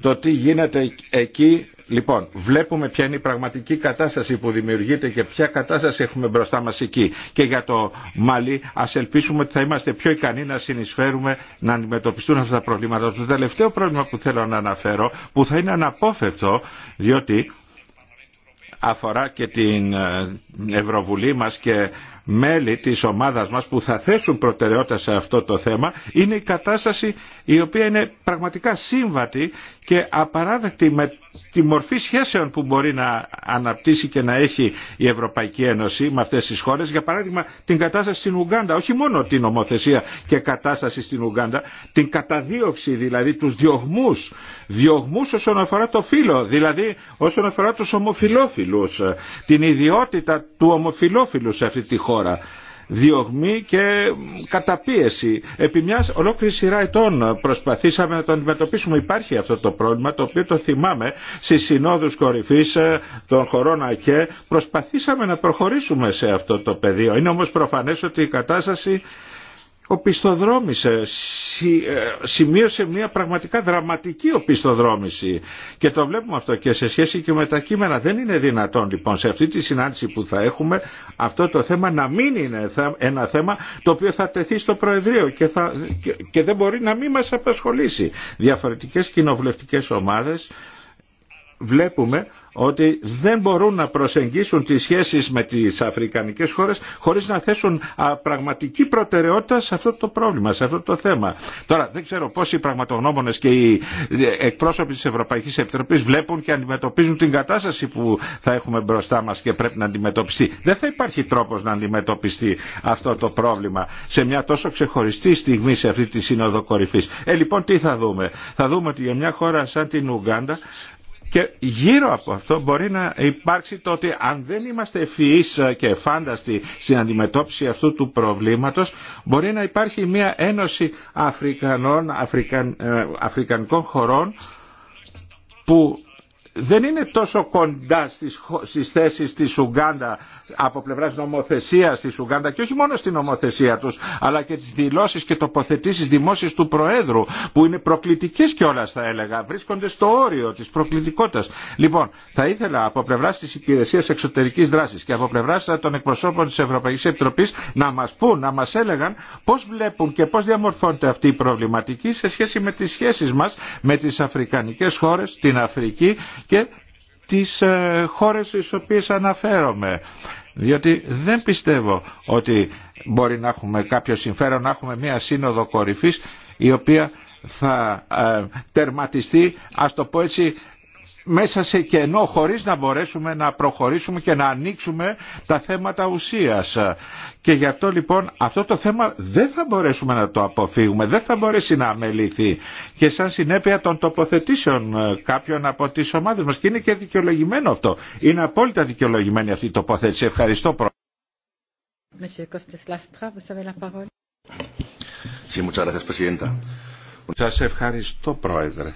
το τι γίνεται εκεί Λοιπόν, βλέπουμε ποια είναι η πραγματική κατάσταση που δημιουργείται και ποια κατάσταση έχουμε μπροστά μας εκεί. Και για το Μαλί ας ελπίσουμε ότι θα είμαστε πιο ικανοί να συνεισφέρουμε να αντιμετωπιστούν αυτά τα προβλήματα. Το τελευταίο πρόβλημα που θέλω να αναφέρω, που θα είναι αναπόφευκτο, διότι αφορά και την ε, Ευρωβουλή μας και μέλη της ομάδας μας που θα θέσουν προτεραιότητα σε αυτό το θέμα είναι η κατάσταση η οποία είναι πραγματικά σύμβατη και απαράδεκτη με τη μορφή σχέσεων που μπορεί να αναπτύσσει και να έχει η Ευρωπαϊκή Ένωση με αυτές τις χώρες, για παράδειγμα την κατάσταση στην Ουγγάντα, όχι μόνο την ομοθεσία και κατάσταση στην Ουγγάντα, την καταδίωξη δηλαδή τους διωγμούς, διωγμούς όσον αφορά το φύλλο, δηλαδή όσον αφορά τους ομοφιλόφιλους, την ιδιότητα του ομοφυλόφιλου σε αυτή τη χώρα διωγμή και καταπίεση. Επί μια ολόκληρη σειρά ετών προσπαθήσαμε να το αντιμετωπίσουμε. Υπάρχει αυτό το πρόβλημα το οποίο το θυμάμαι στις συνόδους κορυφή, ε, των χωρών ΑΚΕ. Προσπαθήσαμε να προχωρήσουμε σε αυτό το πεδίο. Είναι όμως προφανές ότι η κατάσταση οπισθοδρόμησε, ε, σημείωσε μια πραγματικά δραματική οπισθοδρόμηση και το βλέπουμε αυτό και σε σχέση και με τα κείμενα. Δεν είναι δυνατόν λοιπόν σε αυτή τη συνάντηση που θα έχουμε αυτό το θέμα να μην είναι ένα θέμα το οποίο θα τεθεί στο Προεδρείο και, θα, και δεν μπορεί να μην μας απασχολήσει. Διαφορετικές κοινοβουλευτικές ομάδες βλέπουμε ότι δεν μπορούν να προσεγγίσουν τις σχέσεις με τις αφρικανικές χώρες χωρίς να θέσουν πραγματική προτεραιότητα σε αυτό το πρόβλημα, σε αυτό το θέμα. Τώρα δεν ξέρω πώς οι πραγματογνώμονες και οι ε, εκπρόσωποι της Ευρωπαϊκής Επιτροπής βλέπουν και αντιμετωπίζουν την κατάσταση που θα έχουμε μπροστά μας και πρέπει να αντιμετωπιστεί. Δεν θα υπάρχει τρόπος να αντιμετωπιστεί αυτό το πρόβλημα σε μια τόσο ξεχωριστή στιγμή σε αυτή τη σύνοδο κορυφής. Ε, λοιπόν τι θα δούμε. Θα δούμε ότι για μια χώρα σαν την Ουγγάντα και γύρω από αυτό μπορεί να υπάρξει το ότι αν δεν είμαστε ευφυείς και φάνταστοι στην αντιμετώπιση αυτού του προβλήματος, μπορεί να υπάρχει μια ένωση Αφρικανών, Αφρικαν, ε, Αφρικανικών χωρών που δεν είναι τόσο κοντά στις, στις θέσεις της Ουγγάντα από πλευράς νομοθεσίας της Ουγγάντα και όχι μόνο στην νομοθεσία τους αλλά και τις δηλώσεις και τοποθετήσεις δημόσιες του Προέδρου που είναι προκλητικές κιόλα θα έλεγα βρίσκονται στο όριο της προκλητικότητας λοιπόν θα ήθελα από πλευράς της υπηρεσίας εξωτερικής δράσης και από πλευράς των εκπροσώπων της Ευρωπαϊκής Επιτροπής να μας πούν, να μας έλεγαν πώς βλέπουν και πώς διαμορφώνεται αυτή η προβληματική σε σχέση με τις σχέσεις μας με τις αφρικανικές χώρες, την Αφρική και τις ε, χώρες στις οποίες αναφέρομαι. Διότι δεν πιστεύω ότι μπορεί να έχουμε κάποιο συμφέρον, να έχουμε μια σύνοδο κορυφής η οποία θα ε, τερματιστεί, ας το πω έτσι, μέσα σε κενό χωρίς να μπορέσουμε να προχωρήσουμε και να ανοίξουμε τα θέματα ουσίας. Και γι' αυτό λοιπόν αυτό το θέμα δεν θα μπορέσουμε να το αποφύγουμε, δεν θα μπορέσει να αμεληθεί και σαν συνέπεια των τοποθετήσεων ε, κάποιων από τις ομάδες μας και είναι και δικαιολογημένο αυτό. Είναι απόλυτα δικαιολογημένη αυτή η τοποθέτηση. Ευχαριστώ πρώτα. Σας ευχαριστώ Πρόεδρε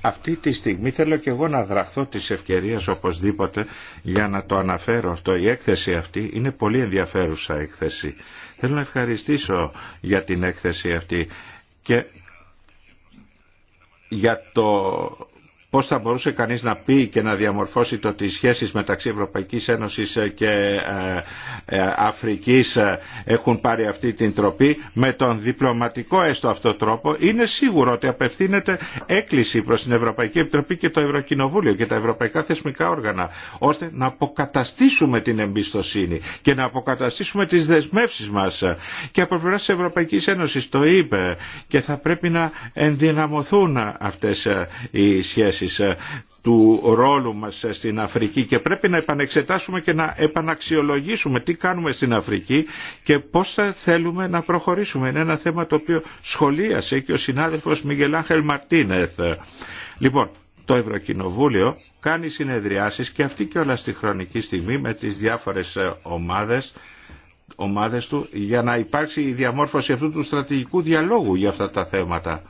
αυτή τη στιγμή θέλω και εγώ να δραχθώ της ευκαιρίας οπωσδήποτε για να το αναφέρω αυτό. Η έκθεση αυτή είναι πολύ ενδιαφέρουσα έκθεση. Θέλω να ευχαριστήσω για την έκθεση αυτή και για το πώς θα μπορούσε κανείς να πει και να διαμορφώσει το ότι οι σχέσεις μεταξύ Ευρωπαϊκής Ένωσης και ε, ε, Αφρικής ε, έχουν πάρει αυτή την τροπή με τον διπλωματικό έστω αυτό τρόπο είναι σίγουρο ότι απευθύνεται έκκληση προς την Ευρωπαϊκή Επιτροπή και το Ευρωκοινοβούλιο και τα ευρωπαϊκά θεσμικά όργανα ώστε να αποκαταστήσουμε την εμπιστοσύνη και να αποκαταστήσουμε τις δεσμεύσεις μας και από πλευρά της Ευρωπαϊκής Ένωσης το είπε και θα πρέπει να ενδυναμωθούν αυτές οι σχέσεις ε, του ρόλου μας ε, στην Αφρική και πρέπει να επανεξετάσουμε και να επαναξιολογήσουμε τι κάνουμε στην Αφρική και πώς θα θέλουμε να προχωρήσουμε. Είναι ένα θέμα το οποίο σχολίασε και ο συνάδελφος Μιγελάνχελ Μαρτίνεθ. Λοιπόν, το Ευρωκοινοβούλιο κάνει συνεδριάσεις και αυτή και όλα στη χρονική στιγμή με τις διάφορες ε, ομάδες του για να υπάρξει η διαμόρφωση αυτού του στρατηγικού διαλόγου για αυτά τα θέματα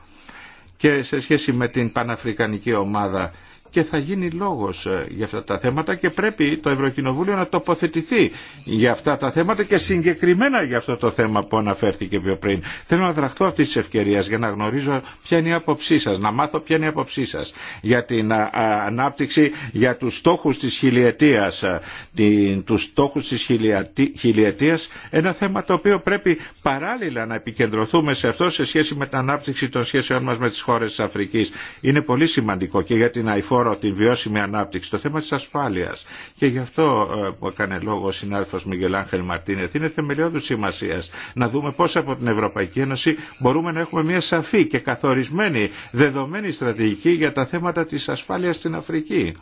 και σε σχέση με την Παναφρικανική ομάδα και θα γίνει λόγος ε, για αυτά τα θέματα και πρέπει το Ευρωκοινοβούλιο να τοποθετηθεί για αυτά τα θέματα και συγκεκριμένα για αυτό το θέμα που αναφέρθηκε πιο πριν. Θέλω να δραχθώ αυτή τη ευκαιρία για να γνωρίζω ποια είναι η άποψή σας, να μάθω ποια είναι η άποψή σας για την ανάπτυξη, για τους στόχους της χιλιετίας, ε, την, τους στόχους της χιλιετίας, ένα θέμα το οποίο πρέπει παράλληλα να επικεντρωθούμε σε αυτό σε σχέση με την ανάπτυξη των σχέσεων μας με τις χώρες της Αφρικής. Είναι πολύ σημαντικό και για την χώρο την βιώσιμη ανάπτυξη, το θέμα της ασφάλειας. Και γι' αυτό που ε, έκανε λόγο ο συνάδελφος Μιγελάνχελ Μαρτίνεθ είναι θεμελιώδους σημασίας να δούμε πώς από την Ευρωπαϊκή Ένωση μπορούμε να έχουμε μια σαφή και καθορισμένη δεδομένη στρατηγική για τα θέματα της ασφάλειας στην Αφρική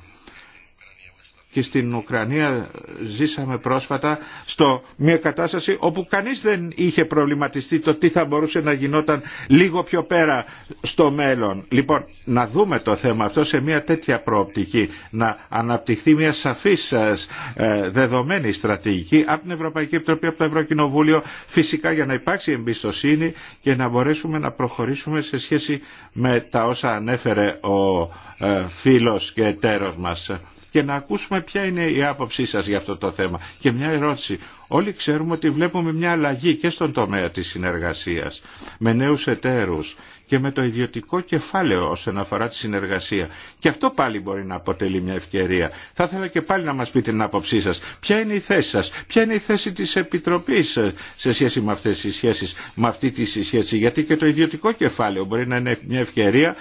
και στην Ουκρανία ζήσαμε πρόσφατα στο μια κατάσταση όπου κανείς δεν είχε προβληματιστεί το τι θα μπορούσε να γινόταν λίγο πιο πέρα στο μέλλον. Λοιπόν, να δούμε το θέμα αυτό σε μια τέτοια προοπτική, να αναπτυχθεί μια σαφής ε, ε, δεδομένη στρατηγική από την Ευρωπαϊκή Επιτροπή, από το Ευρωκοινοβούλιο, φυσικά για να υπάρξει εμπιστοσύνη και να μπορέσουμε να προχωρήσουμε σε σχέση με τα όσα ανέφερε ο ε, φίλος και εταίρος μας και να ακούσουμε ποια είναι η άποψή σας για αυτό το θέμα. Και μια ερώτηση. Όλοι ξέρουμε ότι βλέπουμε μια αλλαγή και στον τομέα της συνεργασίας με νέους εταίρους και με το ιδιωτικό κεφάλαιο όσον αφορά τη συνεργασία. Και αυτό πάλι μπορεί να αποτελεί μια ευκαιρία. Θα ήθελα και πάλι να μας πείτε την άποψή σας. Ποια είναι η θέση σας, ποια είναι η θέση της Επιτροπής ε, σε σχέση με αυτές τις σχέσεις, με αυτή τη σχέση. Γιατί και το ιδιωτικό κεφάλαιο μπορεί να είναι μια ευκαιρία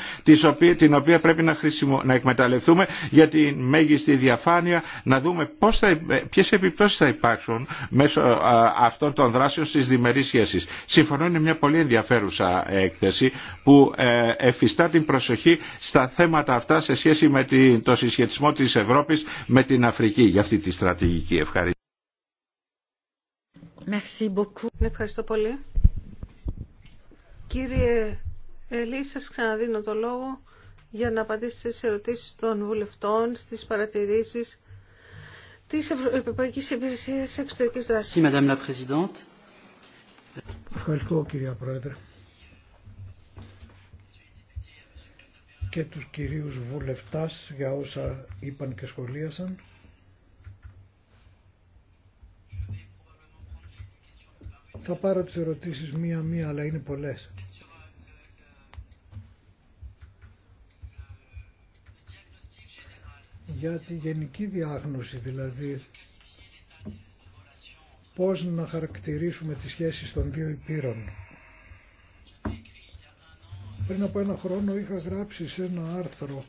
την οποία πρέπει να, χρησιμο... να εκμεταλλευτούμε για τη μέγιστη διαφάνεια, να δούμε θα... Ε, ποιες επιπτώσεις θα υπάρξουν μέσω ε, αυτών των δράσεων στις διμερείς σχέσει. Συμφωνώ είναι μια πολύ ενδιαφέρουσα έκθεση που ε, εφιστά την προσοχή στα θέματα αυτά σε σχέση με το συσχετισμό της Ευρώπης με την Αφρική για αυτή τη στρατηγική. Ευχαριστώ. Ευχαριστώ πολύ. Κύριε Ελή, σας ξαναδίνω το λόγο για να απαντήσετε στις ερωτήσεις των βουλευτών, στις παρατηρήσεις της Ευρωπαϊκής Υπηρεσίας Εξωτερικής Δράσης. Ευχαριστώ κύριε Πρόεδρε. και τους κυρίους βουλευτάς για όσα είπαν και σχολίασαν. Θα πάρω τις ερωτήσεις μία-μία, αλλά είναι πολλές. Για τη γενική διάγνωση, δηλαδή, πώς να χαρακτηρίσουμε τις σχέσεις των δύο υπήρων. Πριν από ένα χρόνο είχα γράψει σε ένα άρθρο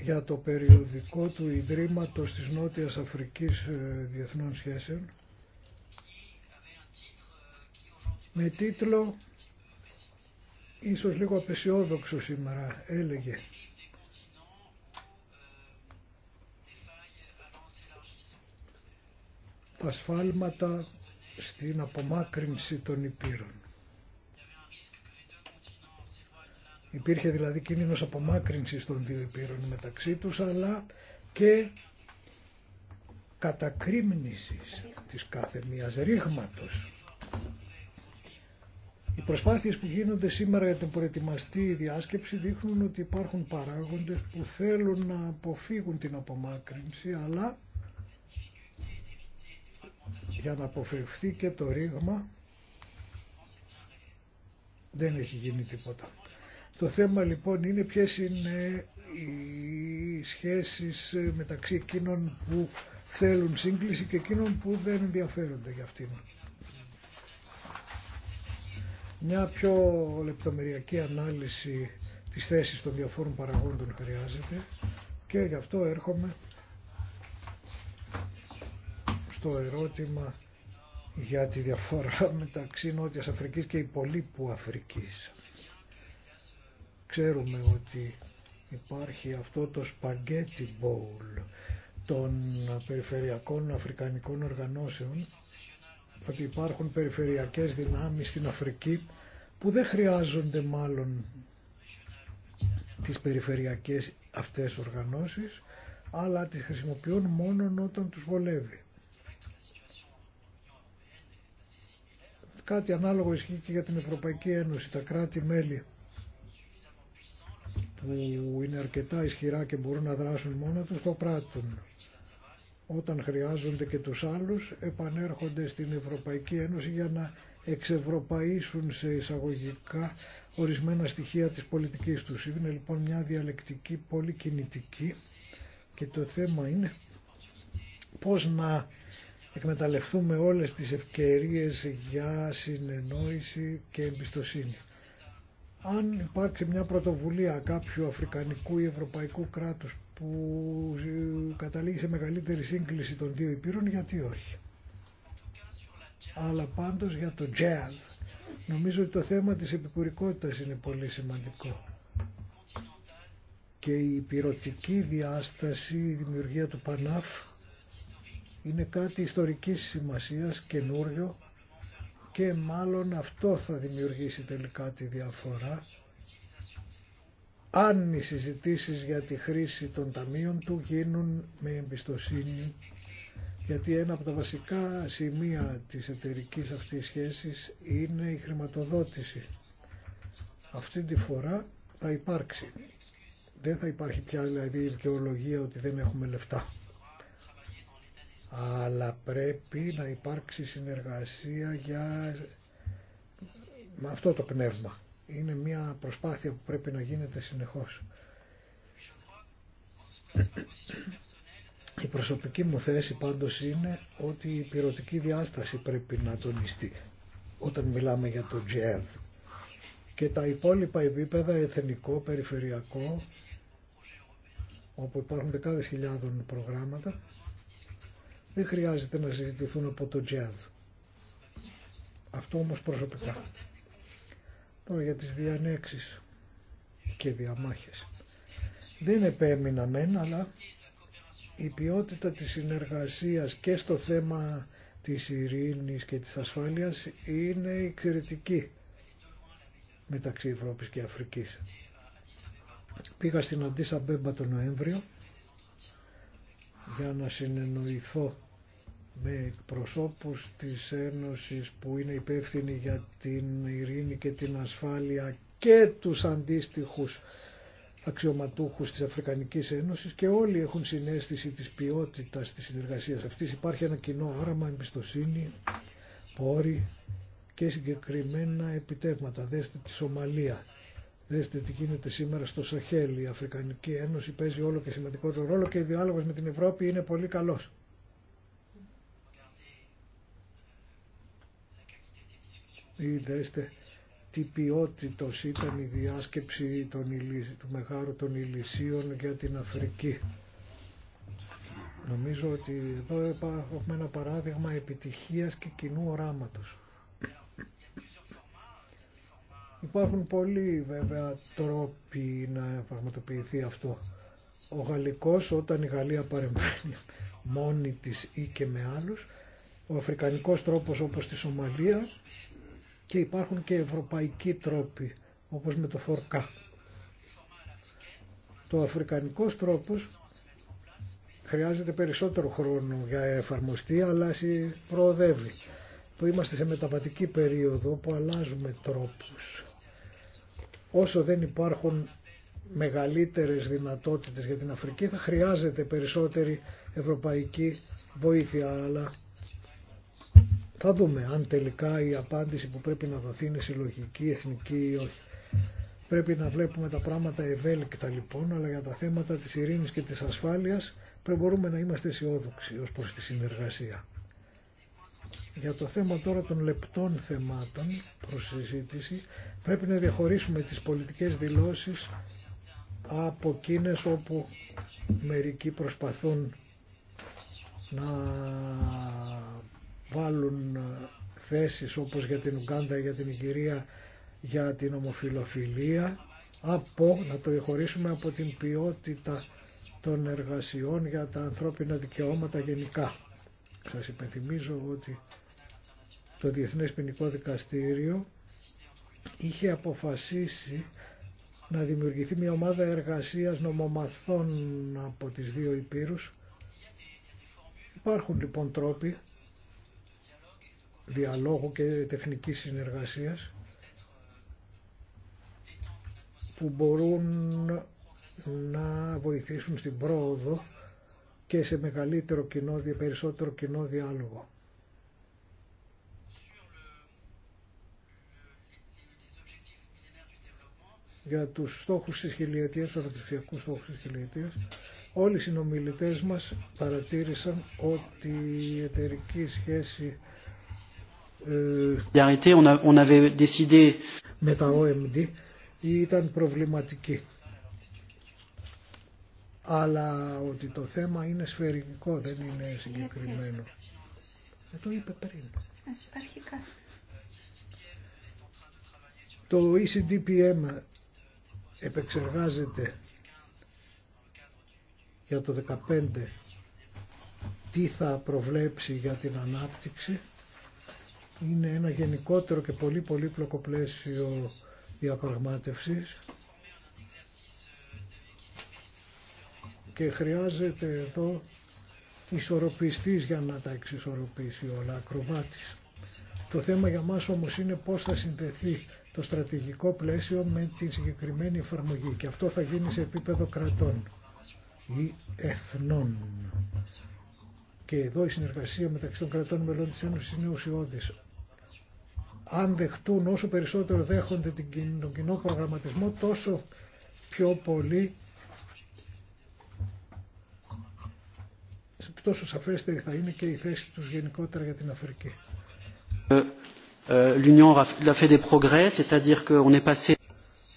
για το περιοδικό του Ιδρύματος της Νότιας Αφρικής ε, Διεθνών Σχέσεων με τίτλο ίσως λίγο απεσιόδοξο σήμερα έλεγε τα σφάλματα στην απομάκρυνση των υπήρων. Υπήρχε δηλαδή κίνδυνος απομάκρυνσης των δύο υπήρων μεταξύ τους, αλλά και κατακρίμνησης της κάθε μίας ρήγματος. Οι προσπάθειες που γίνονται σήμερα για την προετοιμαστή διάσκεψη δείχνουν ότι υπάρχουν παράγοντες που θέλουν να αποφύγουν την απομάκρυνση, αλλά για να αποφευθεί και το ρήγμα δεν έχει γίνει τίποτα. Το θέμα λοιπόν είναι ποιες είναι οι σχέσεις ε, μεταξύ εκείνων που θέλουν σύγκληση και εκείνων που δεν ενδιαφέρονται για αυτήν. Μια πιο λεπτομεριακή ανάλυση της θέσης των διαφόρων παραγόντων χρειάζεται και γι' αυτό έρχομαι στο ερώτημα για τη διαφορά [LAUGHS] μεταξύ Νότιας Αφρικής και υπολείπου Αφρικής. Ξέρουμε ότι υπάρχει αυτό το spaghetti bowl των περιφερειακών αφρικανικών οργανώσεων ότι υπάρχουν περιφερειακές δυνάμεις στην Αφρική που δεν χρειάζονται μάλλον τις περιφερειακές αυτές οργανώσεις αλλά τις χρησιμοποιούν μόνο όταν τους βολεύει. Κάτι ανάλογο ισχύει και για την Ευρωπαϊκή Ένωση. Τα κράτη-μέλη που είναι αρκετά ισχυρά και μπορούν να δράσουν μόνο τους το πράττουν. Όταν χρειάζονται και τους άλλους επανέρχονται στην Ευρωπαϊκή Ένωση για να εξευρωπαίσουν σε εισαγωγικά ορισμένα στοιχεία της πολιτικής τους. Είναι λοιπόν μια διαλεκτική πολύ κινητική και το θέμα είναι πώς να εκμεταλλευτούμε όλες τις ευκαιρίες για συνεννόηση και εμπιστοσύνη αν υπάρξει μια πρωτοβουλία κάποιου αφρικανικού ή ευρωπαϊκού κράτους που καταλήγει σε μεγαλύτερη σύγκληση των δύο υπήρων, γιατί όχι. Αλλά πάντως για το jazz νομίζω ότι το θέμα της επικουρικότητας είναι πολύ σημαντικό. Και η πυρωτική διάσταση, η δημιουργία του Πανάφ, είναι κάτι ιστορικής σημασίας, καινούριο, και μάλλον αυτό θα δημιουργήσει τελικά τη διαφορά αν οι συζητήσεις για τη χρήση των ταμείων του γίνουν με εμπιστοσύνη γιατί ένα από τα βασικά σημεία της εταιρικής αυτής σχέσης είναι η χρηματοδότηση. Αυτή τη φορά θα υπάρξει. Δεν θα υπάρχει πια δηλαδή η δικαιολογία ότι δεν έχουμε λεφτά αλλά πρέπει να υπάρξει συνεργασία για... με αυτό το πνεύμα. Είναι μια προσπάθεια που πρέπει να γίνεται συνεχώς. Η προσωπική μου θέση πάντως είναι ότι η πυρωτική διάσταση πρέπει να τονιστεί όταν μιλάμε για το GED Και τα υπόλοιπα επίπεδα, εθνικό, περιφερειακό, όπου υπάρχουν δεκάδες χιλιάδων προγράμματα, δεν χρειάζεται να συζητηθούν από το τζιάδ. Αυτό όμως προσωπικά. Τώρα για τις διανέξεις και διαμάχες. Δεν επέμεινα μεν, αλλά η ποιότητα της συνεργασίας και στο θέμα της ειρήνης και της ασφάλειας είναι εξαιρετική μεταξύ Ευρώπης και Αφρικής. Πήγα στην Αντίσα Μπέμπα τον Νοέμβριο για να συνεννοηθώ με εκπροσώπους της Ένωσης που είναι υπεύθυνοι για την ειρήνη και την ασφάλεια και τους αντίστοιχους αξιωματούχους της Αφρικανικής Ένωσης και όλοι έχουν συνέστηση της ποιότητας της συνεργασίας αυτής. Υπάρχει ένα κοινό άραμα, εμπιστοσύνη, πόροι και συγκεκριμένα επιτεύγματα. Δέστε τη Σομαλία. Δέστε τι γίνεται σήμερα στο Σαχέλ. Η Αφρικανική Ένωση παίζει όλο και σημαντικότερο ρόλο και ο διάλογος με την Ευρώπη είναι πολύ καλός. Είδεστε τι ποιότητα ήταν η διάσκεψη του μεγάλου των Ηλυσίων για την Αφρική. Νομίζω ότι εδώ έχουμε ένα παράδειγμα επιτυχίας και κοινού οράματος. Υπάρχουν πολλοί βέβαια τρόποι να πραγματοποιηθεί αυτό. Ο Γαλλικός όταν η Γαλλία παρεμβαίνει μόνη της ή και με άλλους, ο Αφρικανικός τρόπος όπως στη Σομαλία και υπάρχουν και ευρωπαϊκοί τρόποι όπως με το φορκά. Το αφρικανικό τρόπος χρειάζεται περισσότερο χρόνο για εφαρμοστή αλλά προοδεύει. Που είμαστε σε μεταβατική περίοδο που αλλάζουμε τρόπους. Όσο δεν υπάρχουν μεγαλύτερες δυνατότητες για την Αφρική θα χρειάζεται περισσότερη ευρωπαϊκή βοήθεια αλλά θα δούμε αν τελικά η απάντηση που πρέπει να δοθεί είναι συλλογική, εθνική ή όχι. Πρέπει να βλέπουμε τα πράγματα ευέλικτα λοιπόν, αλλά για τα θέματα της ειρήνης και της ασφάλειας πρέπει μπορούμε να είμαστε αισιόδοξοι ως προς τη συνεργασία. Για το θέμα τώρα των λεπτών θεμάτων προς συζήτηση πρέπει να διαχωρίσουμε τις πολιτικές δηλώσεις από εκείνες όπου μερικοί προσπαθούν να βάλουν ε, θέσεις όπως για την Ουγκάντα, για την Ιγυρία, για την ομοφιλοφιλία, από, να το χωρίσουμε από την ποιότητα των εργασιών για τα ανθρώπινα δικαιώματα γενικά. Σας υπενθυμίζω ότι το Διεθνές Ποινικό Δικαστήριο είχε αποφασίσει να δημιουργηθεί μια ομάδα εργασίας νομομαθών από τις δύο υπήρους. Υπάρχουν λοιπόν τρόποι διαλόγου και τεχνικής συνεργασίας που μπορούν να βοηθήσουν στην πρόοδο και σε μεγαλύτερο κοινό, περισσότερο κοινό διάλογο. για τους στόχους της χιλιετίας, τους αναπτυξιακούς στόχους της χιλιετίας, όλοι οι συνομιλητές μας παρατήρησαν ότι η εταιρική σχέση Euh, με τα OMD ήταν προβληματική. Αλλά ότι το θέμα είναι σφαιρικό, δεν είναι συγκεκριμένο. Δεν το είπε πριν. Αρχικά. Το ECDPM επεξεργάζεται για το 2015 τι θα προβλέψει για την ανάπτυξη είναι ένα γενικότερο και πολύ πολύπλοκο πλαίσιο διαπραγμάτευσης και χρειάζεται εδώ ισορροπιστής για να τα εξισορροπήσει όλα, ακροβάτης. Το θέμα για μας όμως είναι πώς θα συνδεθεί το στρατηγικό πλαίσιο με την συγκεκριμένη εφαρμογή και αυτό θα γίνει σε επίπεδο κρατών ή εθνών και εδώ η συνεργασία μεταξύ των κρατών μελών της Ένωσης είναι ουσιώδης. Αν δεχτούν όσο περισσότερο δέχονται τον κοινό προγραμματισμό τόσο πιο πολύ τόσο σαφέστερη θα είναι και η θέση τους γενικότερα για την Αφρική.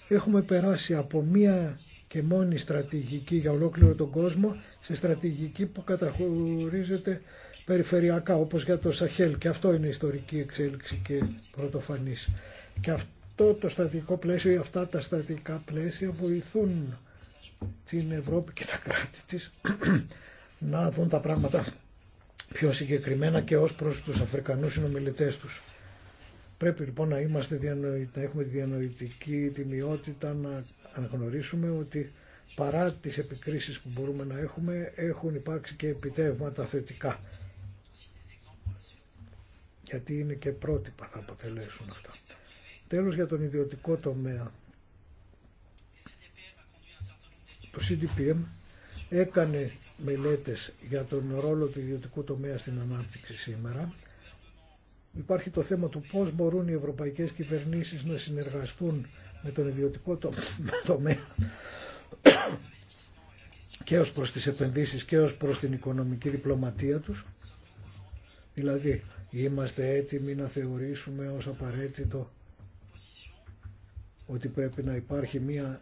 Έχουμε περάσει από μία και μόνη στρατηγική για ολόκληρο τον κόσμο σε στρατηγική που καταχωρίζεται περιφερειακά όπως για το Σαχέλ και αυτό είναι ιστορική εξέλιξη και πρωτοφανής. Και αυτό το στατικό πλαίσιο ή αυτά τα στατικά πλαίσια βοηθούν την Ευρώπη και τα κράτη της να δουν τα πράγματα πιο συγκεκριμένα και ως προς τους Αφρικανούς συνομιλητές τους. Πρέπει λοιπόν να, είμαστε να έχουμε τη διανοητική τιμιότητα να αναγνωρίσουμε ότι παρά τις επικρίσεις που μπορούμε να έχουμε έχουν υπάρξει και επιτεύγματα θετικά. Γιατί είναι και πρότυπα θα αποτελέσουν αυτά. Τέλος για τον ιδιωτικό τομέα. Το CDPM έκανε μελέτες για τον ρόλο του ιδιωτικού τομέα στην ανάπτυξη σήμερα Υπάρχει το θέμα του πώς μπορούν οι ευρωπαϊκές κυβερνήσεις να συνεργαστούν με τον ιδιωτικό [LAUGHS] τομέα και ως προς τις επενδύσεις και ως προς την οικονομική διπλωματία τους. Δηλαδή, είμαστε έτοιμοι να θεωρήσουμε ως απαραίτητο ότι πρέπει να υπάρχει μία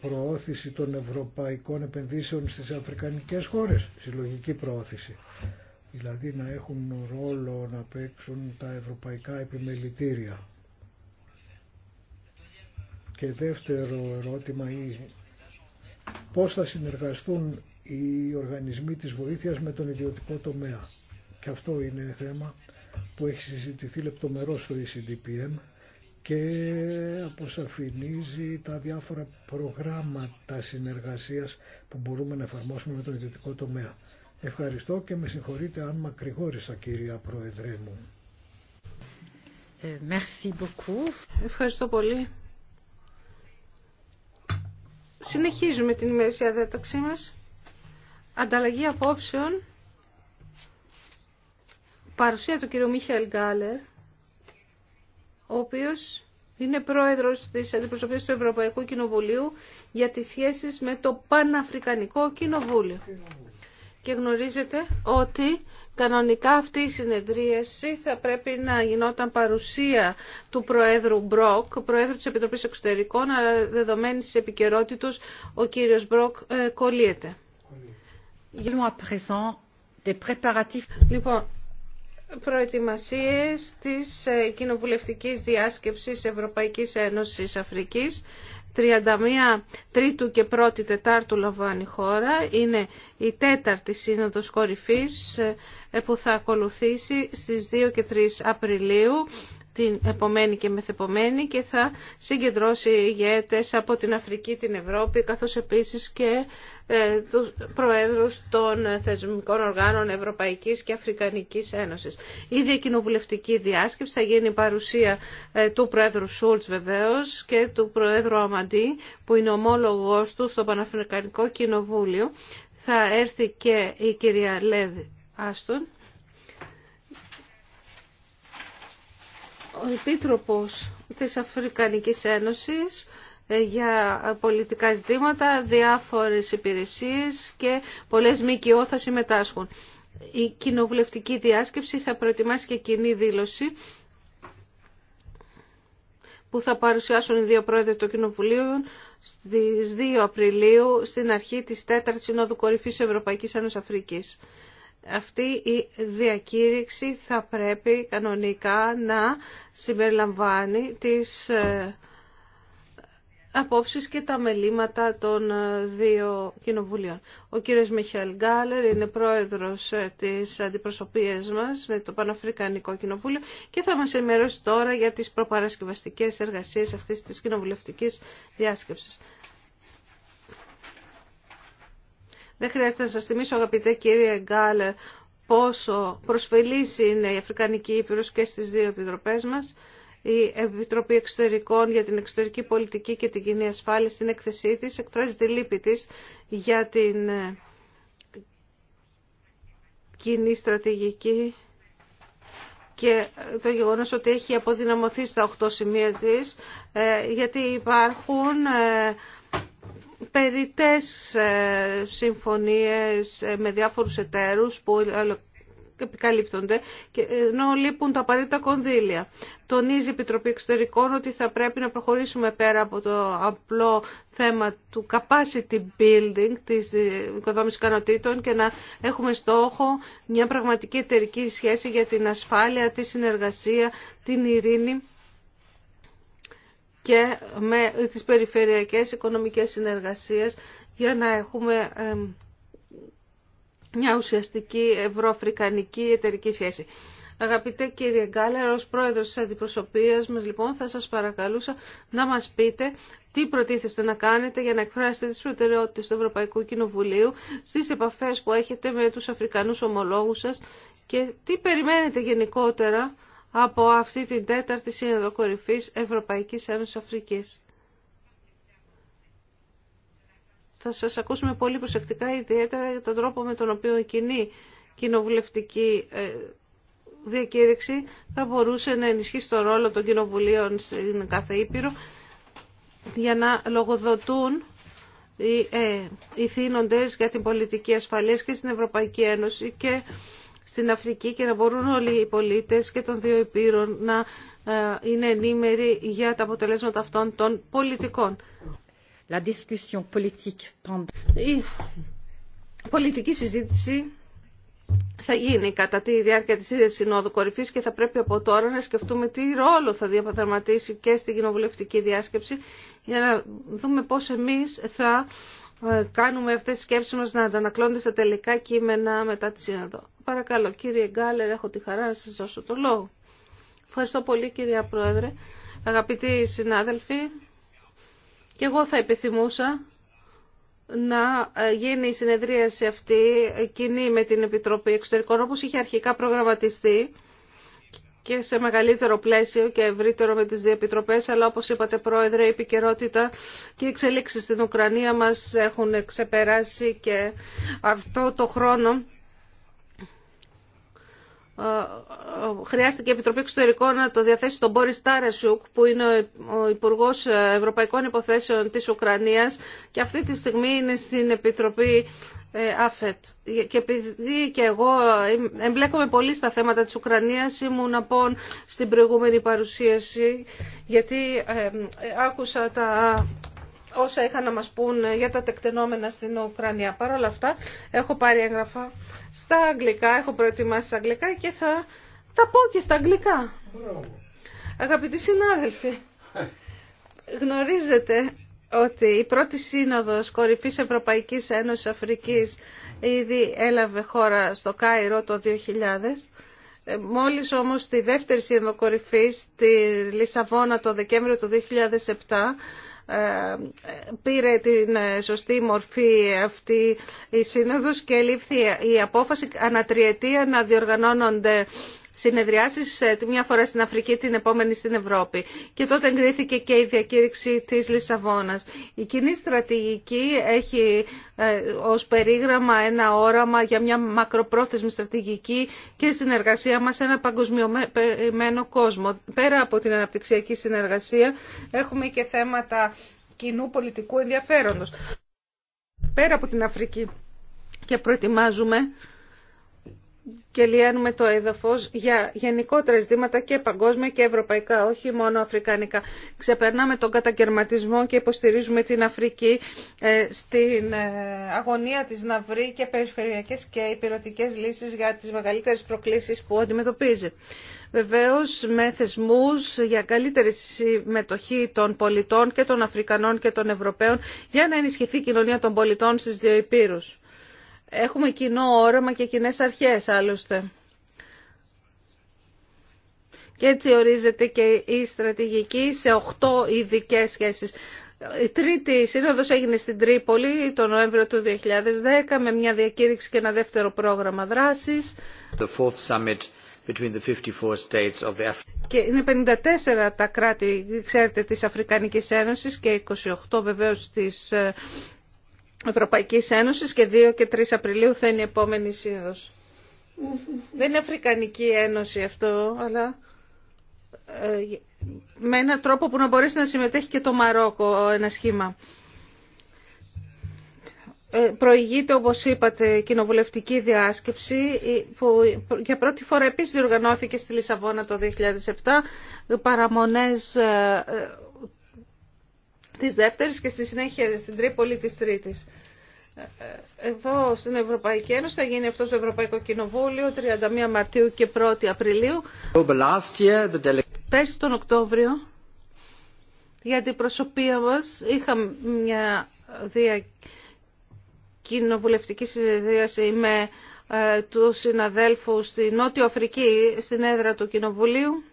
προώθηση των ευρωπαϊκών επενδύσεων στις αφρικανικές χώρες, συλλογική προώθηση δηλαδή να έχουν ρόλο να παίξουν τα ευρωπαϊκά επιμελητήρια. Και δεύτερο ερώτημα είναι πώς θα συνεργαστούν οι οργανισμοί της βοήθειας με τον ιδιωτικό τομέα. Και αυτό είναι θέμα που έχει συζητηθεί λεπτομέρό στο ECDPM και αποσαφηνίζει τα διάφορα προγράμματα συνεργασίας που μπορούμε να εφαρμόσουμε με τον ιδιωτικό τομέα. Ευχαριστώ και με συγχωρείτε αν μακρηγόρησα κυρία Πρόεδρε μου. Ε, Ευχαριστώ πολύ. Συνεχίζουμε την ημερησία διάταξή μας. Ανταλλαγή απόψεων. Παρουσία του κύριου Μίχαελ Γκάλερ, ο οποίος είναι πρόεδρος της Αντιπροσωπείας του Ευρωπαϊκού Κοινοβουλίου για τις σχέσεις με το Παναφρικανικό Κοινοβούλιο και γνωρίζετε ότι κανονικά αυτή η συνεδρίαση θα πρέπει να γινόταν παρουσία του Προέδρου Μπροκ, Προέδρου της Επιτροπής Εξωτερικών, αλλά δεδομένης της επικαιρότητος ο κύριος Μπροκ ε, κολλείεται. Λοιπόν, προετοιμασίες της ε, κοινοβουλευτικής διάσκεψης Ευρωπαϊκής Ένωσης Αφρικής 31 Τρίτου και 1η Τετάρτου λαμβάνει η χώρα. Είναι τέταρτη σύνοδος κορυφής ε, που θα ακολουθήσει στις 2 και 3 Απριλίου την επομένη και μεθεπομένη και θα συγκεντρώσει ηγέτες από την Αφρική, την Ευρώπη, καθώς επίσης και ε, τους προέδρους των θεσμικών οργάνων Ευρωπαϊκής και Αφρικανικής Ένωσης. Η διακοινοβουλευτική διάσκεψη θα γίνει παρουσία ε, του Προέδρου Σούλτς βεβαίως και του Προέδρου Αμαντή που είναι ομόλογος του στο Παναφρικανικό Κοινοβούλιο. Θα έρθει και η κυρία Λέδη Άστον Ο Επίτροπος της Αφρικανικής Ένωσης ε, για πολιτικά ζητήματα, διάφορες υπηρεσίες και πολλές ΜΚΟ θα συμμετάσχουν. Η κοινοβουλευτική διάσκεψη θα προετοιμάσει και κοινή δήλωση που θα παρουσιάσουν οι δύο πρόεδροι του κοινοβουλίου στις 2 Απριλίου στην αρχή της 4ης Συνόδου Κορυφής Ευρωπαϊκής Ένωσης Αφρικής αυτή η διακήρυξη θα πρέπει κανονικά να συμπεριλαμβάνει τις ε, απόψεις και τα μελήματα των ε, δύο κοινοβουλίων. Ο κύριος Μιχαήλ Γκάλερ είναι πρόεδρος ε, της αντιπροσωπείας μας με το Παναφρικανικό Κοινοβούλιο και θα μας ενημερώσει τώρα για τις προπαρασκευαστικές εργασίες αυτής της κοινοβουλευτικής διάσκεψης. Δεν χρειάζεται να σας θυμίσω αγαπητέ κύριε Γκάλε πόσο προσφελής είναι η Αφρικανική Ήπειρος και στις δύο επιτροπές μας. Η Επιτροπή Εξωτερικών για την Εξωτερική Πολιτική και την Κοινή Ασφάλεια στην έκθεσή τη. εκφράζει τη λύπη τη για την ε, κοινή στρατηγική και ε, το γεγονός ότι έχει αποδυναμωθεί στα οχτώ σημεία της, ε, γιατί υπάρχουν περιτές ε, συμφωνίες ε, με διάφορους εταίρους που επικαλύπτονται, ενώ λείπουν τα απαραίτητα κονδύλια. Τονίζει η Επιτροπή Εξωτερικών ότι θα πρέπει να προχωρήσουμε πέρα από το απλό θέμα του capacity building, της ε, οικοδόμησης ικανοτήτων και να έχουμε στόχο μια πραγματική εταιρική σχέση για την ασφάλεια, τη συνεργασία, την ειρήνη και με τις περιφερειακές οικονομικές συνεργασίες για να έχουμε μια ουσιαστική ευρωαφρικανική εταιρική σχέση. Αγαπητέ κύριε Γκάλερ, ως πρόεδρος της αντιπροσωπείας μας, λοιπόν, θα σας παρακαλούσα να μας πείτε τι προτίθεστε να κάνετε για να εκφράσετε τις προτεραιότητες του Ευρωπαϊκού Κοινοβουλίου στις επαφές που έχετε με τους Αφρικανούς ομολόγους σας και τι περιμένετε γενικότερα από αυτή την τέταρτη σύνοδο κορυφής Ευρωπαϊκής Ένωσης Αφρικής. Θα σας ακούσουμε πολύ προσεκτικά, ιδιαίτερα για τον τρόπο με τον οποίο η κοινή κοινοβουλευτική ε, διακήρυξη θα μπορούσε να ενισχύσει το ρόλο των κοινοβουλίων στην κάθε Ήπειρο για να λογοδοτούν οι, ε, για την πολιτική ασφαλείας και στην Ευρωπαϊκή Ένωση στην Αφρική και να μπορούν όλοι οι πολίτες και των δύο υπήρων να ε, είναι ενήμεροι για τα αποτελέσματα αυτών των πολιτικών. La discussion politique... Η πολιτική συζήτηση θα γίνει κατά τη διάρκεια της ίδιας Συνόδου Κορυφής και θα πρέπει από τώρα να σκεφτούμε τι ρόλο θα διαπαθαρματίσει και στην κοινοβουλευτική διάσκεψη για να δούμε πώς εμείς θα ε, κάνουμε αυτές τις σκέψεις μας να αντανακλώνται στα τελικά κείμενα μετά τη Σύνοδο. Παρακαλώ κύριε Γκάλερ, έχω τη χαρά να σας δώσω το λόγο. Ευχαριστώ πολύ κυρία Πρόεδρε. Αγαπητοί συνάδελφοι, και εγώ θα επιθυμούσα να ε, γίνει η συνεδρίαση αυτή κοινή με την Επιτροπή Εξωτερικών όπως είχε αρχικά προγραμματιστεί και σε μεγαλύτερο πλαίσιο και ευρύτερο με τις διεπιτροπές, αλλά όπως είπατε πρόεδρε, η επικαιρότητα και οι εξελίξεις στην Ουκρανία μας έχουν ξεπεράσει και αυτό το χρόνο χρειάστηκε η Επιτροπή Εξωτερικών να το διαθέσει τον Μπόρι Τάρασιουκ που είναι ο Υπουργό Ευρωπαϊκών Υποθέσεων της Ουκρανίας και αυτή τη στιγμή είναι στην Επιτροπή ε, ΑΦΕΤ. Και επειδή και εγώ εμπλέκομαι πολύ στα θέματα της Ουκρανίας ήμουν απόν στην προηγούμενη παρουσίαση γιατί ε, ε, άκουσα τα όσα είχαν να μας πούν για τα τεκτενόμενα στην Ουκρανία. Παρ' όλα αυτά έχω πάρει έγγραφα στα αγγλικά, έχω προετοιμάσει στα αγγλικά και θα τα πω και στα αγγλικά. Αγαπητοί συνάδελφοι, γνωρίζετε ότι η πρώτη σύνοδος κορυφής Ευρωπαϊκής Ένωσης Αφρικής ήδη έλαβε χώρα στο Κάιρο το 2000. Ε, μόλις όμως τη δεύτερη σύνοδο κορυφής, τη Λισαβόνα το Δεκέμβριο του 2007, ε, πήρε την ε, σωστή μορφή αυτή η σύνοδος και λήφθη η απόφαση ανατριετία να διοργανώνονται Συνεδριάσει ε, τη μια φορά στην Αφρική, την επόμενη στην Ευρώπη. Και τότε εγκρίθηκε και η διακήρυξη της Λισαβόνα. Η κοινή στρατηγική έχει ε, ως περίγραμμα ένα όραμα για μια μακροπρόθεσμη στρατηγική και συνεργασία μας σε ένα παγκοσμιωμένο κόσμο. Πέρα από την αναπτυξιακή συνεργασία έχουμε και θέματα κοινού πολιτικού ενδιαφέροντος. Πέρα από την Αφρική και προετοιμάζουμε και το έδαφος για γενικότερα ζητήματα και παγκόσμια και ευρωπαϊκά, όχι μόνο αφρικανικά. Ξεπερνάμε τον κατακαιρματισμό και υποστηρίζουμε την Αφρική ε, στην ε, αγωνία της να βρει και περιφερειακές και υπηρετικές λύσεις για τις μεγαλύτερες προκλήσεις που αντιμετωπίζει. Βεβαίως με θεσμούς για καλύτερη συμμετοχή των πολιτών και των Αφρικανών και των Ευρωπαίων για να ενισχυθεί η κοινωνία των πολιτών στις δύο υπήρους. Έχουμε κοινό όραμα και κοινέ αρχές άλλωστε. Και έτσι ορίζεται και η στρατηγική σε 8 ειδικέ σχέσει. Η τρίτη σύνοδος έγινε στην Τρίπολη τον Νοέμβριο του 2010 με μια διακήρυξη και ένα δεύτερο πρόγραμμα δράσης. The fourth summit between the 54 states of the... Και είναι 54 τα κράτη, ξέρετε, της Αφρικανικής Ένωσης και 28 βεβαίως της ε, Ευρωπαϊκή Ένωση και 2 και 3 Απριλίου θα είναι η επόμενη σύνοδο. Δεν είναι Αφρικανική Ένωση αυτό, αλλά ε, με έναν τρόπο που να μπορέσει να συμμετέχει και το Μαρόκο ένα σχήμα. Ε, προηγείται, όπως είπατε, κοινοβουλευτική διάσκεψη που για πρώτη φορά επίσης διοργανώθηκε στη Λισαβόνα το 2007. Παραμονές ε, Τη δεύτερη και στη συνέχεια στην Τρίπολη τη Τρίτη. Εδώ στην Ευρωπαϊκή Ένωση θα γίνει αυτό το Ευρωπαϊκό Κοινοβούλιο 31 Μαρτίου και 1 Απριλίου. Πέρσι τον Οκτώβριο για την προσωπία μας είχαμε μια κοινοβουλευτική συνεδρίαση με ε, του συναδέλφους στη Νότιο Αφρική στην έδρα του Κοινοβουλίου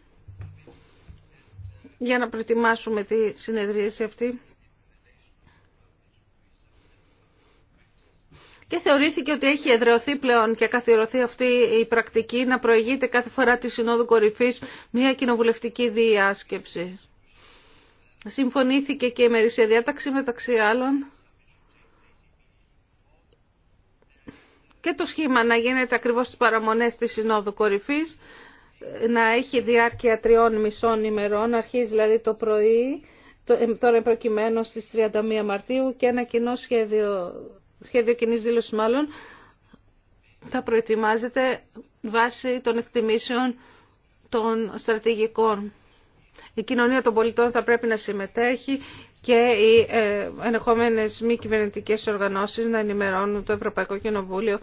για να προετοιμάσουμε τη συνεδρίαση αυτή. Και θεωρήθηκε ότι έχει εδρεωθεί πλέον και καθιερωθεί αυτή η πρακτική να προηγείται κάθε φορά τη Συνόδου Κορυφής μια κοινοβουλευτική διάσκεψη. Συμφωνήθηκε και η μερίσια διάταξη μεταξύ άλλων και το σχήμα να γίνεται ακριβώς στις παραμονές της Συνόδου Κορυφής να έχει διάρκεια τριών μισών ημερών, αρχίζει δηλαδή το πρωί, ε, τώρα προκειμένου στις 31 Μαρτίου και ένα κοινό σχέδιο, σχέδιο κοινή δήλωση μάλλον θα προετοιμάζεται βάσει των εκτιμήσεων των στρατηγικών. Η κοινωνία των πολιτών θα πρέπει να συμμετέχει και οι ε, ενεχόμενες μη κυβερνητικές οργανώσεις να ενημερώνουν το Ευρωπαϊκό Κοινοβούλιο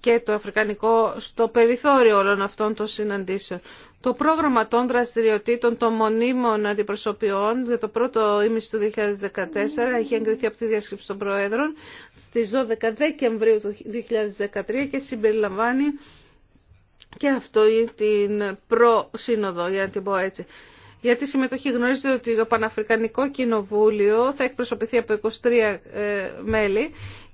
και το Αφρικανικό στο περιθώριο όλων αυτών των συναντήσεων. Το πρόγραμμα των δραστηριοτήτων των μονίμων αντιπροσωπιών για το πρώτο ήμιση του 2014 έχει εγκριθεί από τη διάσκεψη των Προέδρων στις 12 Δεκεμβρίου του 2013 και συμπεριλαμβάνει και αυτό την προσύνοδο, για να την πω έτσι. Για τη συμμετοχή γνωρίζετε ότι το Παναφρικανικό Κοινοβούλιο θα εκπροσωπηθεί από 23 ε, μέλη